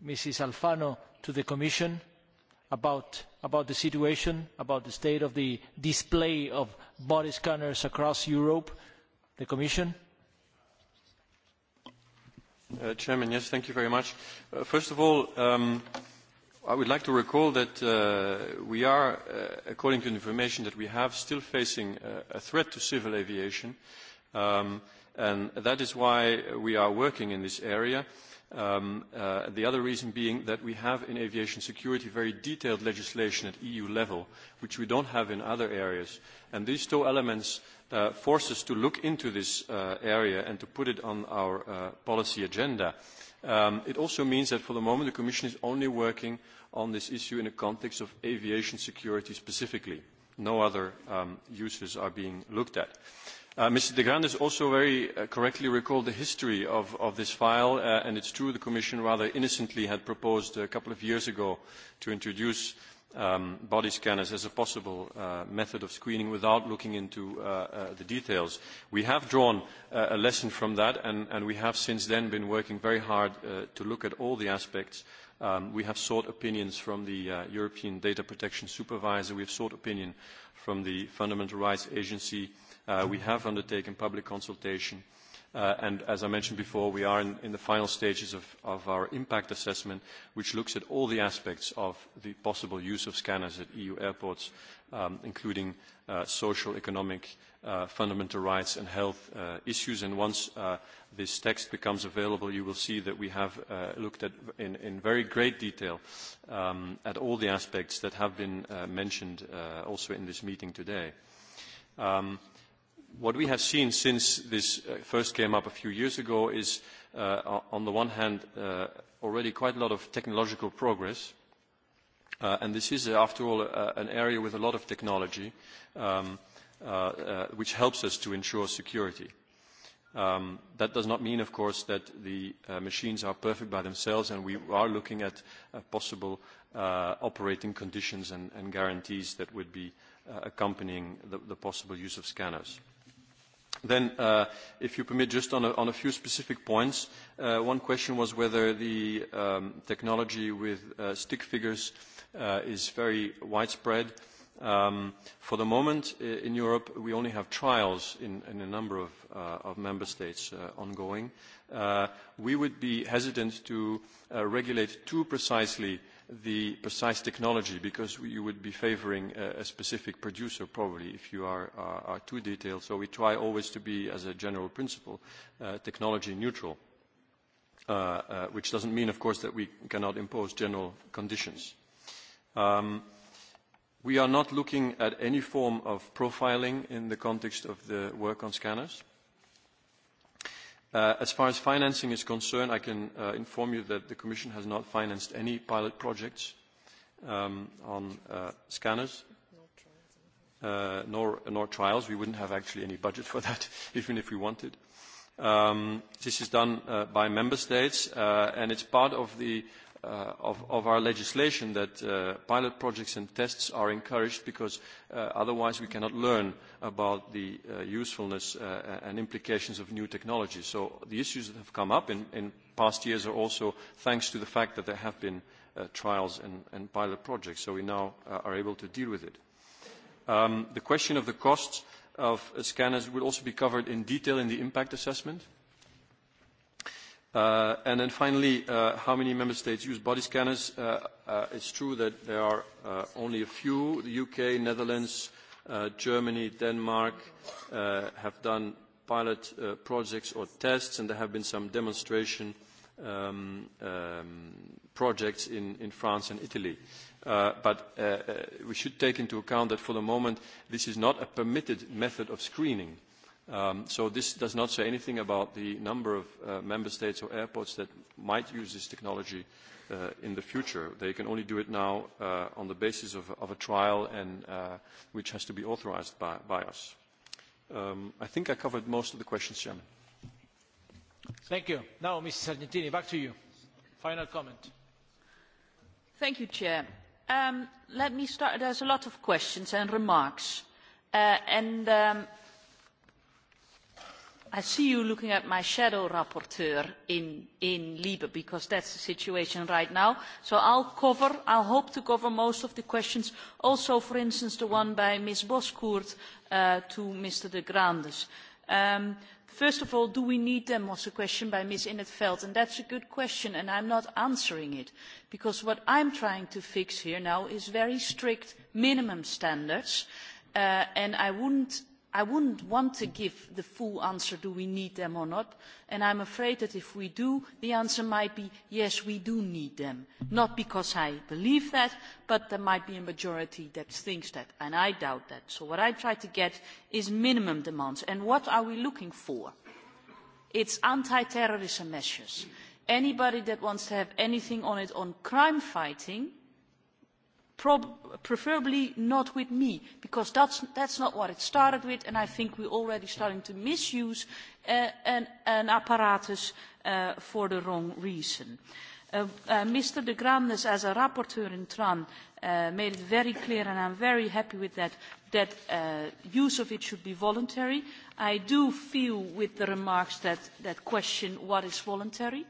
Mrs. Alfano to the Commission about, the situation, about the state of the display of body scanners across Europe? The Commission? Uh, Chairman, yes, thank you very much. Uh, first of all, um, I would like to recall that uh, we are, uh, according to the information that we have, still facing uh, a threat to civil aviation, um, and that is why we are working in this area. Um, uh, the other reason being that we have in aviation security very detailed legislation at EU level, which we don't have in other areas. And these two elements uh, force us to look into this uh, area and to put it on our uh, policy agenda. Um, it also means that for the moment the Commission is only working on this issue in the context of aviation security specifically. No other um, uses are being looked at. Uh, Mr. De Grandes also very uh, correctly recalled the history of, of this file, uh, and it's true the Commission rather innocently had proposed uh, a couple of years ago to introduce um, body scanners as a possible uh, method of screening without looking into uh, uh, the details. We have drawn uh, a lesson from that, and, and we have since then been working very hard uh, to look at all the aspects Um, we have sought opinions from the uh, European Data Protection Supervisor. We have sought opinion from the Fundamental Rights Agency, uh, Uh, we have undertaken public consultation. Uh, as I mentioned before, we are in, the final stages of, our impact assessment, which looks at all the aspects of the possible use of scanners at EU airports, um, including uh, social, economic, fundamental rights and health issues. once this text becomes available, you will see that we have looked at in, very great detail um, at all the aspects that have been mentioned also in this meeting today. Um, what we have seen since this uh, first came up a few years ago is, uh, on the one hand, uh, already quite a lot of technological progress. Uh, and this is, uh, after all, uh, an area with a lot of technology, um, uh, uh, which helps us to ensure security. Um, that does not mean, of course, that the uh, machines are perfect by themselves, and we are looking at uh, possible uh, operating conditions and, and guarantees that would be uh, accompanying the, the possible use of scanners. Then, uh, if you permit, just on a, on a few specific points. Uh, one question was whether the um, technology with uh, stick figures uh, is very widespread. Um, for the moment, in Europe, we only have trials in, in a number of, uh, of member states uh, ongoing. We would be hesitant to regulate too precisely the precise technology because you would be favoring a, a specific producer probably if you are, are, are too detailed. So we try always to be, as a general principle, uh, technology neutral, uh, uh, which doesn't mean, of course, that we cannot impose general conditions. Um, we are not looking at any form of profiling in the context of the work on scanners. Uh, as far as financing is concerned, I can uh, inform you that the Commission has not financed any pilot projects um, on uh, scanners, uh, nor, nor trials. We wouldn't have actually any budget for that, even if we wanted. Um, this is done uh, by member states, uh, and it's part of the uh, of, of our legislation that uh, pilot projects and tests are encouraged because uh, otherwise we cannot learn about the uh, usefulness uh, and implications of new technology. So the issues that have come up in, in past years are also thanks to the fact that there have been uh, trials and, and pilot projects, so we now uh, are able to deal with it. Um, the question of the costs of uh, scanners will also be covered in detail in the impact assessment. Uh, and then finally, uh, how many member states use body scanners? Uh, uh, it's true that there are uh, only a few. The UK, Netherlands, uh, Germany, Denmark uh, have done pilot uh, projects or tests, and there have been some demonstration um, um, projects in, in France and Italy. Uh, but uh, uh, we should take into account that for the moment, this is not a permitted method of screening. Um, so this does not say anything about the number of uh, member states or airports that might use this technology uh, in the future. They can only do it now uh, on the basis of, of a trial and uh, which has to be authorized by, by us. Um, I think I covered most of the questions, Chairman. Thank you. Now, Mrs. Sargentini, back to you. Final comment. Thank you, Chair. Um, let me start. There's a lot of questions and remarks. Uh, and um, I see you looking at my shadow rapporteur in, in LIBE because that's the situation right now. So I'll cover, I'll hope to cover most of the questions, also for instance the one by Ms. Boskoert uh, to Mr. de Grandes. Um, first of all, do we need them was a question by Ms. Innetveld, and that's a good question, and I'm not answering it, because what I'm trying to fix here now is very strict minimum standards, uh, and I wouldn't I would not want to give the full answer, do we need them or not? And i am afraid that if we do, the answer might be, yes, we do need them. Not because I believe that, but there might be a majority that thinks that, and I doubt that. So what I try to get is minimum demands. And what are we looking for? It's anti-terrorism measures. Anybody that wants to have anything on it on crime fighting, preferably not with me, because that's, that's not what it started with, and I think we're already starting to misuse uh, an, an apparatus uh, for the wrong reason. Uh, uh, Mr. de Grandes, as a rapporteur in TRAN, uh, made it very clear, and I'm very happy with that, that uh, use of it should be voluntary. I do feel with the remarks that, that question what is voluntary,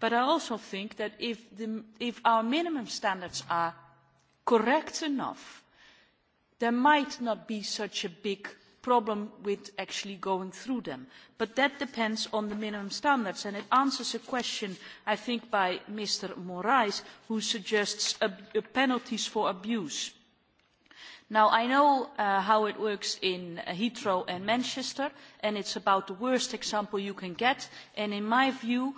but I also think that if, the, if our minimum standards are correct enough, there might not be such a big problem with actually going through them. But that depends on the minimum standards, and it answers a question, I think, by Mr. Moraes, who suggests uh, penalties for abuse. Now, I know uh, how it works in Heathrow and Manchester, and it's about the worst example you can get, and in my view,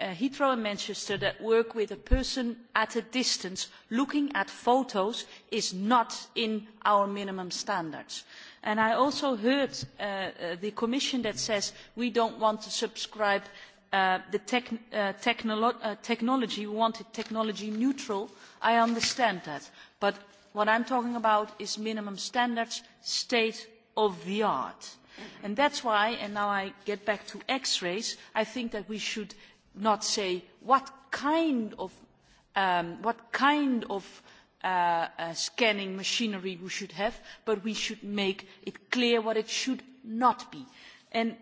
Uh, Heathrow and Manchester that work with a person at a distance looking at photos is not in our minimum standards. And I also heard uh, uh, the Commission that says we don't want to subscribe uh, the tech, uh, technolo uh, technology, we want it technology neutral. I understand that. But what I'm talking about is minimum standards, state of the art. And that's why, and now I get back to x-rays, I think that we should not say what kind of, um, what kind of uh, uh, scanning machinery we should have, but we should make it clear what it should not be. And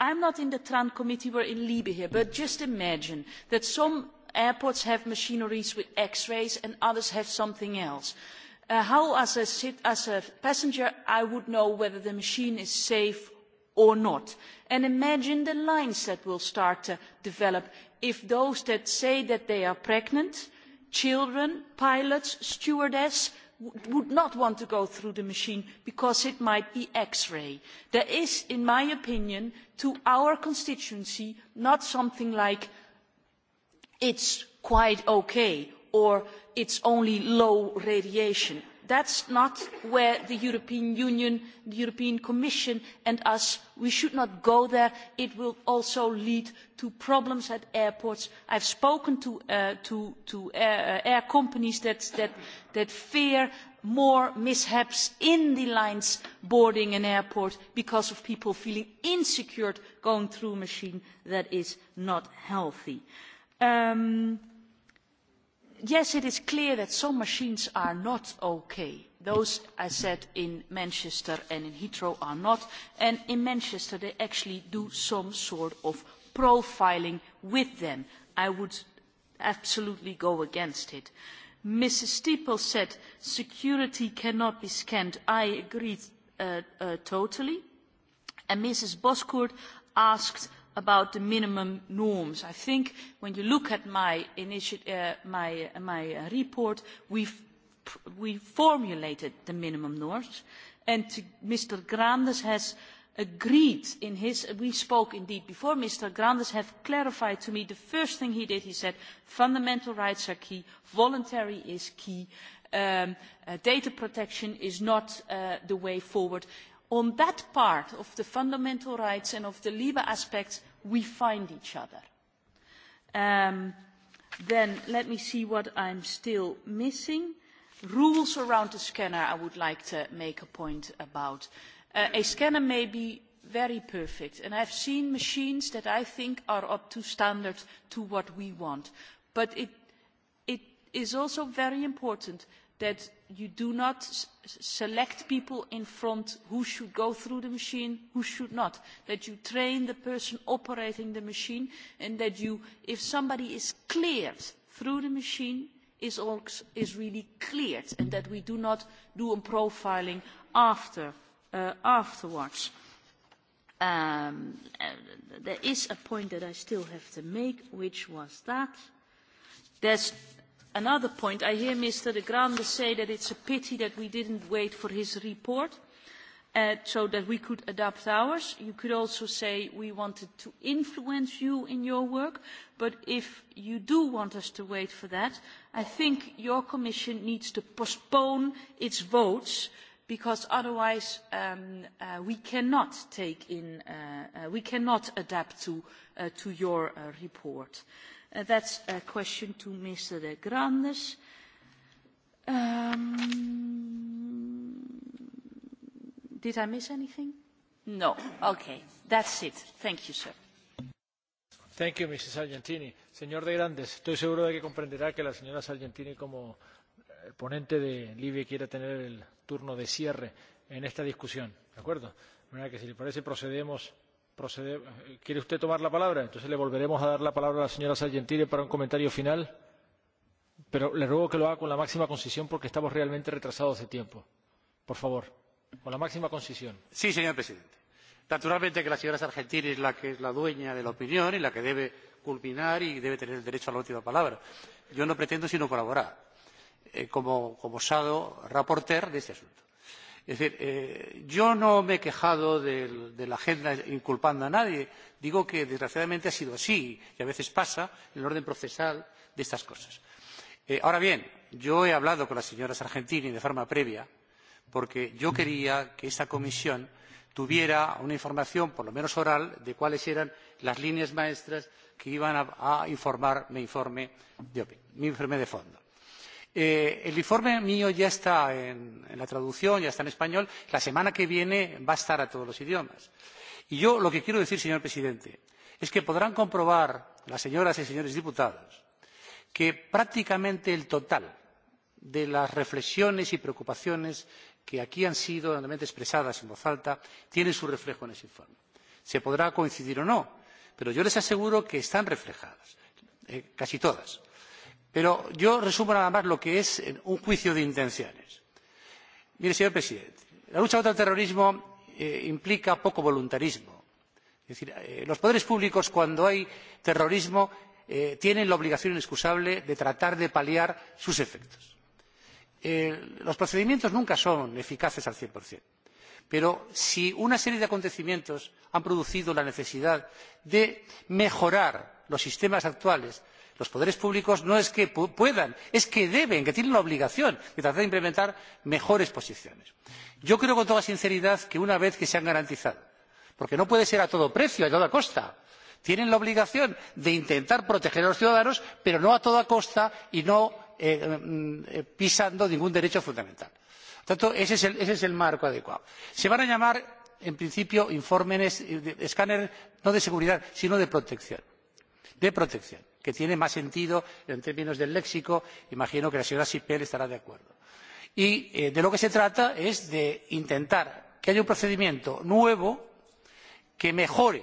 I'm not in the Tran committee, we're in Libe here, but just imagine that some airports have machineries with X-rays and others have something else. Uh, how, as a, sit, as a passenger, I would know whether the machine is safe or not. And imagine the lines that will start to develop if those that say that they are pregnant, children, pilots, stewardess, would not want to go through the machine because it might be x-ray. There is, in my opinion, to our constituency, not something like it's quite okay or it's only low radiation that is not where the european union the european commission and us we should not go there it will also lead to problems at airports i have spoken to, uh, uh, uh, air, companies that, fear more mishaps in the lines boarding an airport because of people feeling insecure going through a machine that is not healthy. Um, yes, it is clear that some machines are not okay. Those I said in Manchester and in Heathrow are not. And in Manchester, they actually do some sort of profiling with them. I would absolutely go against it. Mrs. Steeple said security cannot be scanned. I agree uh, uh, totally. And Mrs. Boscourt asked about the minimum norms. I think when you look at my, uh, my, uh, my uh, report, we've, we formulated the minimum norms, and to, Mr. Grandes has agreed in his, we spoke indeed before, Mr. Grandes have clarified to me the first thing he did, he said fundamental rights are key, voluntary is key, um, uh, data protection is not uh, the way forward on that part of the fundamental rights and of the Liba aspects we find each other. Um, then let me see what I'm still missing. Rules around the scanner, I would like to make a point about. Uh, a scanner may be very perfect, and I've seen machines that I think are up to standard to what we want. But it, it is also very important that you do not select people in front who should go through the machine, who should not. That you train the person operating the machine and that you, if somebody is cleared through the machine, is, is really cleared and that we do not do a profiling after, uh, afterwards. Um, uh, there is a point that I still have to make, which was that there's another point i hear mr de grandes say that it is a pity that we did not wait for his report uh, so that we could adapt ours. you could also say we wanted to influence you in your work but if you do want us to wait for that i think your commission needs to postpone its votes because otherwise um, uh, we cannot take in uh, we cannot adapt to your report. Uh, that's a question to Mr. De Grandes. Um, did I miss anything? No. Okay. That's it. Thank you, sir. Thank you, Mrs. Sargentini. Señor De Grandes, estoy seguro de que comprenderá que la señora Sargentini, como eh, ponente de Libia, quiera tener el turno de cierre en esta discusión. ¿De acuerdo? De manera que, si le parece, procedemos ¿Quiere usted tomar la palabra? Entonces le volveremos a dar la palabra a la señora Sargentini para un comentario final. Pero le ruego que lo haga con la máxima concisión porque estamos realmente retrasados de tiempo. Por favor, con la máxima concisión. Sí, señor presidente. Naturalmente que la señora Sargentini es la que es la dueña de la opinión y la que debe culminar y debe tener el derecho a la última palabra. Yo no pretendo sino colaborar eh, como, como sado raporter de este asunto Es decir, eh, yo no me he quejado de, de la agenda inculpando a nadie. Digo que desgraciadamente ha sido así y a veces pasa en el orden procesal de estas cosas. Eh, ahora bien, yo he hablado con la señora Sargentini de forma previa porque yo quería que esta comisión tuviera una información, por lo menos oral, de cuáles eran las líneas maestras que iban a, a informar mi informe de, mi informe de fondo Eh, el informe mío ya está en, en la traducción, ya está en español. La semana que viene va a estar a todos los idiomas. Y yo lo que quiero decir, señor presidente, es que podrán comprobar las señoras y señores diputados que prácticamente el total de las reflexiones y preocupaciones que aquí han sido realmente expresadas en voz alta tienen su reflejo en ese informe. Se podrá coincidir o no, pero yo les aseguro que están reflejadas, eh, casi todas pero yo resumo nada más lo que es eh, un juicio de intenciones. mire señor presidente la lucha contra el terrorismo eh, implica poco voluntarismo. es decir eh, los poderes públicos cuando hay terrorismo tienen la obligación inexcusable de tratar de paliar sus efectos. los procedimientos nunca son eficaces al cien por cien pero si una serie de acontecimientos han producido la necesidad de mejorar los sistemas actuales los poderes públicos no es que puedan es que deben que tienen la obligación de tratar de implementar mejores posiciones. yo creo con toda sinceridad que una vez que se han garantizado porque no puede ser a todo precio a toda costa tienen la obligación de intentar proteger a los ciudadanos pero no a toda costa y no eh, mm, eh pisando ningún derecho fundamental. por tanto ese es, el, ese es el marco adecuado. se van a llamar en principio informes escáneres no de seguridad sino de protección de protección que tiene más sentido en términos del léxico imagino que la señora sippel estará de acuerdo. y eh, de lo que se trata es de intentar que haya un procedimiento nuevo que mejore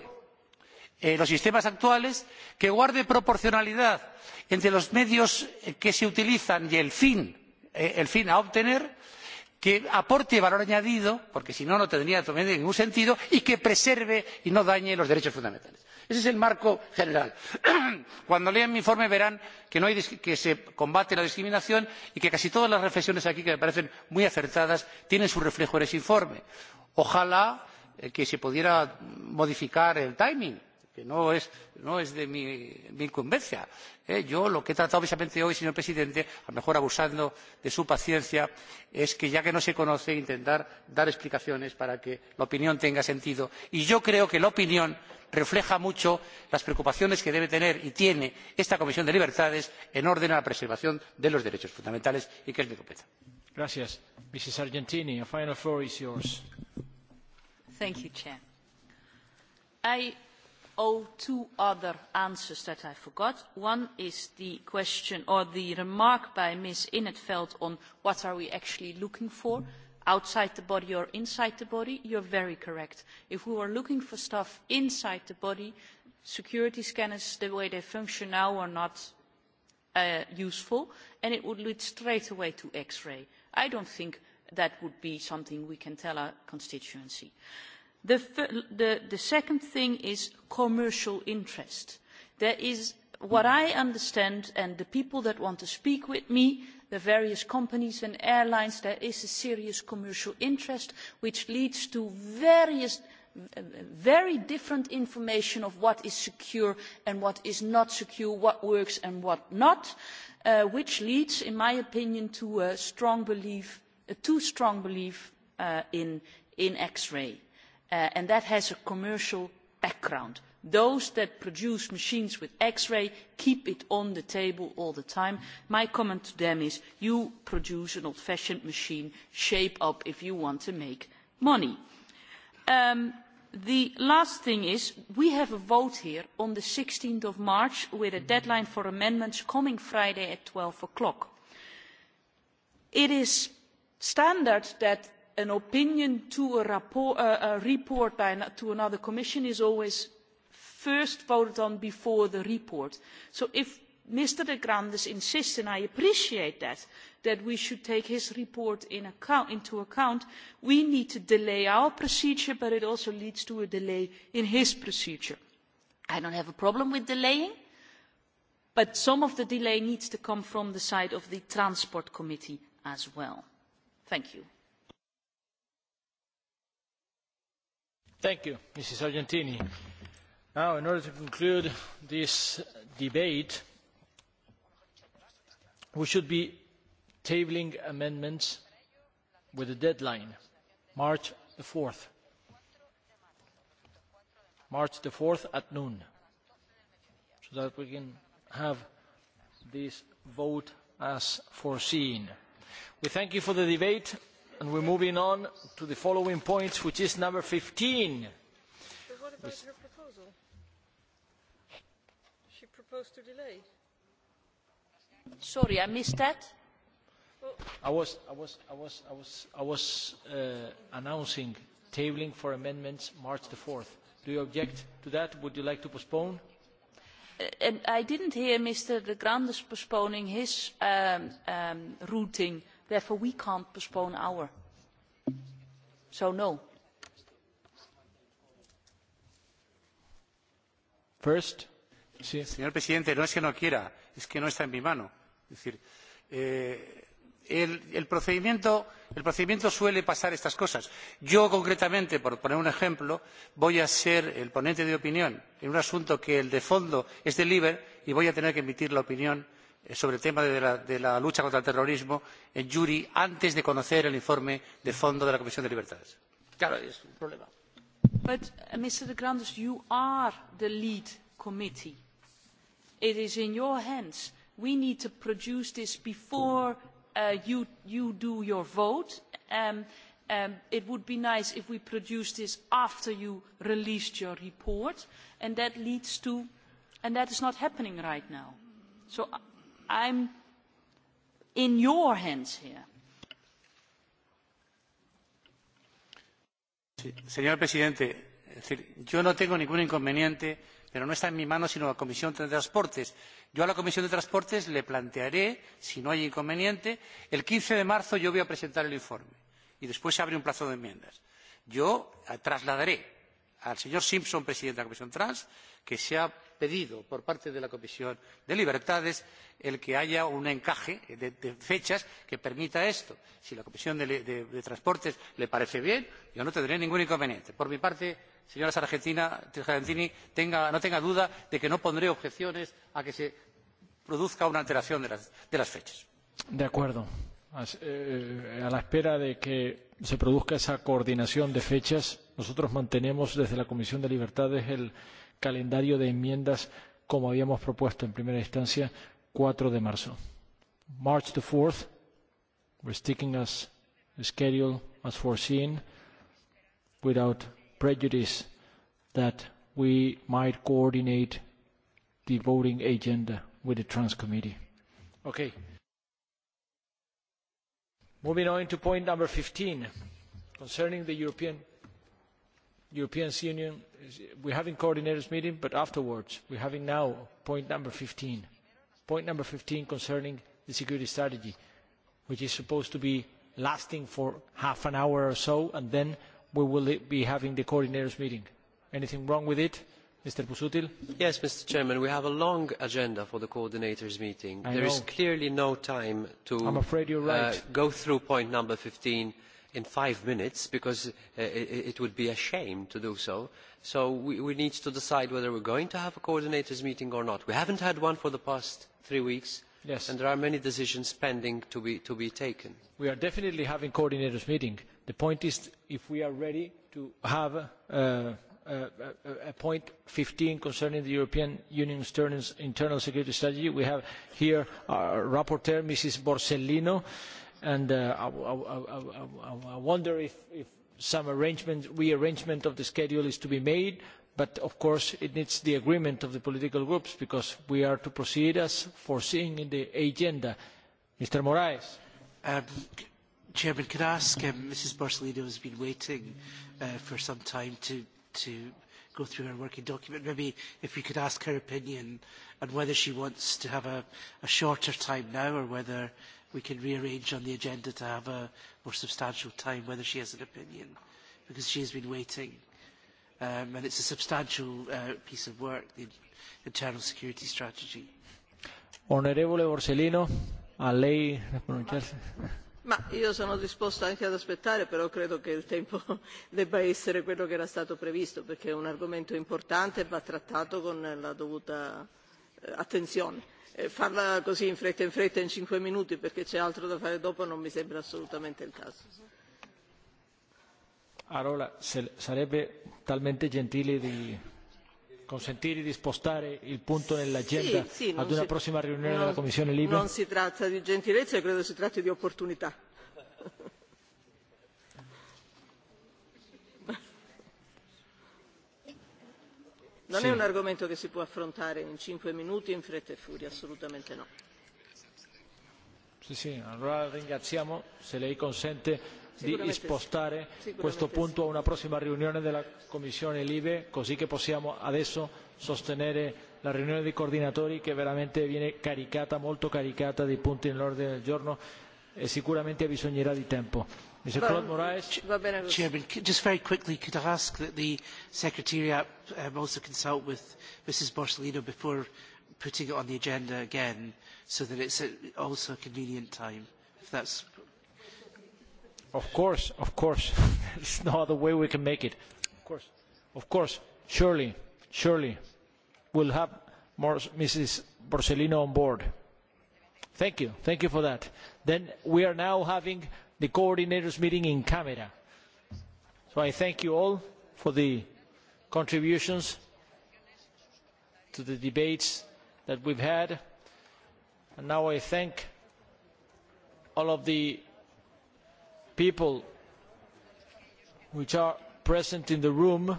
eh, los sistemas actuales que guarde proporcionalidad entre los medios eh, que se utilizan y el fin, eh, el fin a obtener y que aporte valor añadido porque si no no tendría ningún sentido y que preserve y no dañe los derechos fundamentales. ese es el marco general. cuando lean mi informe verán no que se combate la discriminación y que casi todas las reflexiones aquí que me parecen muy acertadas tienen su reflejo en ese informe. ojalá eh, se pudiera modificar el timing que no es, no es de mi, mi incumbencia. ¿eh? Yo lo que he tratado precisamente hoy, señor presidente, a lo mejor abusando de su paciencia, es que ya que no se conoce, intentar dar explicaciones para que la opinión tenga sentido. Y yo creo que la opinión refleja mucho las preocupaciones que debe tener y tiene esta Comisión de Libertades en orden a la preservación de los derechos fundamentales y que es mi competencia. Gracias. Mrs. Argentini, a final floor is yours. Thank you, Chair. I owe two other answers that I forgot. One is the question or the remark by Ms. Innetveld on what are we actually looking for, outside the body or inside the body. You're very correct. If we were looking for stuff inside the body, security scanners, the way they function now, are not uh, useful, and it would lead straight away to X-ray. I don't think that would be something we can tell our constituency. Uh, The, the, the second thing is commercial interest. There is what I understand, and the people that want to speak with me, the various companies and airlines, there is a serious commercial interest which leads to various very different information of what is secure and what is not secure, what works and what not, uh, which leads, in my opinion, to a strong belief, a too strong belief uh, in, in X-ray Uh, and that has a commercial background. Those that produce machines with X-ray keep it on the table all the time. My comment to them is, you produce an old-fashioned machine, shape up if you want to make money. Um, the last thing is we have a vote here on sixteen march with a deadline for amendments coming friday at twelve o'clock. it is standard that an opinion to a, report by another commission is always first voted on before the report. So if Mr de Grandes insists, and I appreciate that, that we should take his report into account, we need to delay our procedure, but it also leads to a delay in his procedure. I do not have a problem with delaying, but some of the delay needs to come from the side of the Transport Committee as well. Thank you. Thank you, Now, in order to conclude this debate, we should be tabling amendments with a deadline, March the March the at noon, so that we can have this vote as foreseen. We thank you for the debate and are moving on to the following point which is number fifteen. But what about her proposal? She proposed to delay. Sorry, I missed that. I was, I was, I was, I was, I was uh, announcing tabling for amendments March the 4th. Do you object to that? Would you like to postpone? Uh, and I didn't hear Mr. de Grandes postponing his um, um, routing therefore we cannot postpone ours so no. First. señor presidente no es que no quiera es que no está en mi mano. Es decir, eh, el, procedimiento, el suele pasar estas cosas. yo concretamente por poner un ejemplo voy a ser el ponente de opinión en un asunto que el de fondo es del libe y voy a tener que emitir la opinión Eh, sobre el tema de la, lucha contra el terrorismo en juri antes de conocer el informe de fondo de la comisión de libertades claro es un problema uh, de grandes you are the lead committee it is in your hands we need to produce this before uh, you, you do your vote um, um, it would be nice if we produced this after you i am in your hands here. señor presidente, yo no tengo ningún inconveniente, pero no está en mi mano sino en la Comisión de Transportes. Yo a la Comisión de Transportes le plantearé, si no hay inconveniente, el quince de marzo yo voy a presentar el informe y después se abre un plazo de enmiendas. Yo trasladaré al señor Simpson, presidente de la Comisión de Trans, que se ha pedido por parte de la comisión de libertades el que haya un encaje de, fechas que permita esto. si a la comisión de, de, de transportes le parece bien yo no tendré ningún inconveniente. por mi parte señora sargentini no tenga duda de que no pondré objeciones a que se produzca una alteración de las, fechas. de acuerdo. Eh, a la espera de que se produzca esa coordinación de fechas nosotros mantenemos desde la comisión de libertades civiles calendario de enmiendas como habíamos propuesto en primera instancia, 4 de marzo. March the 4th, we're sticking as the schedule as foreseen, without prejudice that we might coordinate the voting agenda with the Trans Committee. Okay. Moving on to point number 15, concerning the European European Union, we're having coordinators meeting, but afterwards, we're having now point number 15. Point number 15 concerning the security strategy, which is supposed to be lasting for half an hour or so, and then we will be having the coordinators meeting. Anything wrong with it? Mr. Busuttil? Yes, Mr. Chairman, we have a long agenda for the coordinators meeting. I there know. is clearly no time to I'm afraid you're uh, right. Uh, go through point number 15 in five minutes because uh, it would be a shame to do so. So we, need to decide whether we are going to have a coordinators meeting or not. We haven't had one for the past three weeks. And there are many decisions pending to be, taken. We are definitely having a coordinators meeting. The point is if we are ready to have a point 15 concerning the European Union's internal security strategy. We have here our rapporteur, Mrs. Borsellino and I, wonder if, some arrangement, rearrangement of the schedule is to be made, but of course it needs the agreement of the political groups because we are to proceed as foreseen in the agenda. Mr. Moraes. could um, Chairman, I ask, ms Mrs. who has been waiting uh, for some time to, to go through her working document. Maybe if we could ask her opinion on whether she wants to have a, a shorter time now or whether we can rearrange on the agenda to have a more substantial time whether she has an opinion, because she has been waiting. Um, and it's a substantial uh, piece of work, the internal security strategy. Onorevole Borsellino, a lei la pronunciarsi. Ma io sono disposta anche ad aspettare, però credo che il tempo debba essere quello che era stato previsto, perché è un argomento importante e va trattato con la dovuta eh, attenzione Eh, farla così in fretta in fretta in cinque minuti perché c'è altro da fare dopo non mi sembra assolutamente il caso. Allora sarebbe talmente gentile di consentire di spostare il punto nell'agenda sì, sì, ad una si, prossima riunione non, della Commissione Libre? Non si tratta di gentilezza, credo si tratti di opportunità. Non sì. è un argomento che si può affrontare in cinque minuti in fretta e furia, assolutamente no. Sì, sì, allora ringraziamo, se lei consente, di spostare sì. questo punto sì. a una prossima riunione della Commissione Libe, così che possiamo adesso sostenere la riunione dei coordinatori che veramente viene caricata, molto caricata di punti nell'ordine del giorno e sicuramente bisognerà di tempo just very quickly, could I ask that the Secretariat um, also consult with Mrs. Borsellino before putting it on the agenda again, so that it is also a convenient time, Of course, of course. there is no other way we can make it. Of course. surely surely, we will have more Mrs. Borsellino on board. Thank you. Thank you for that. Then we are now having the coordinators' meeting in camera. So I thank you all for the contributions to the debates that we have had. And now I thank all of the people who are present in the room.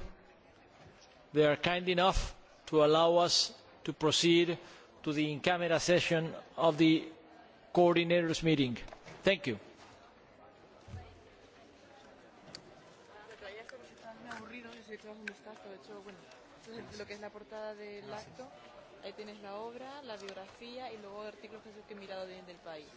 They are kind enough to allow us to proceed to the in-camera session of the coordinators' meeting. Thank you. caso. De hecho, bueno, lo que es la portada del ah, acto, ahí tienes la obra, la biografía y luego artículos que he mirado bien del país.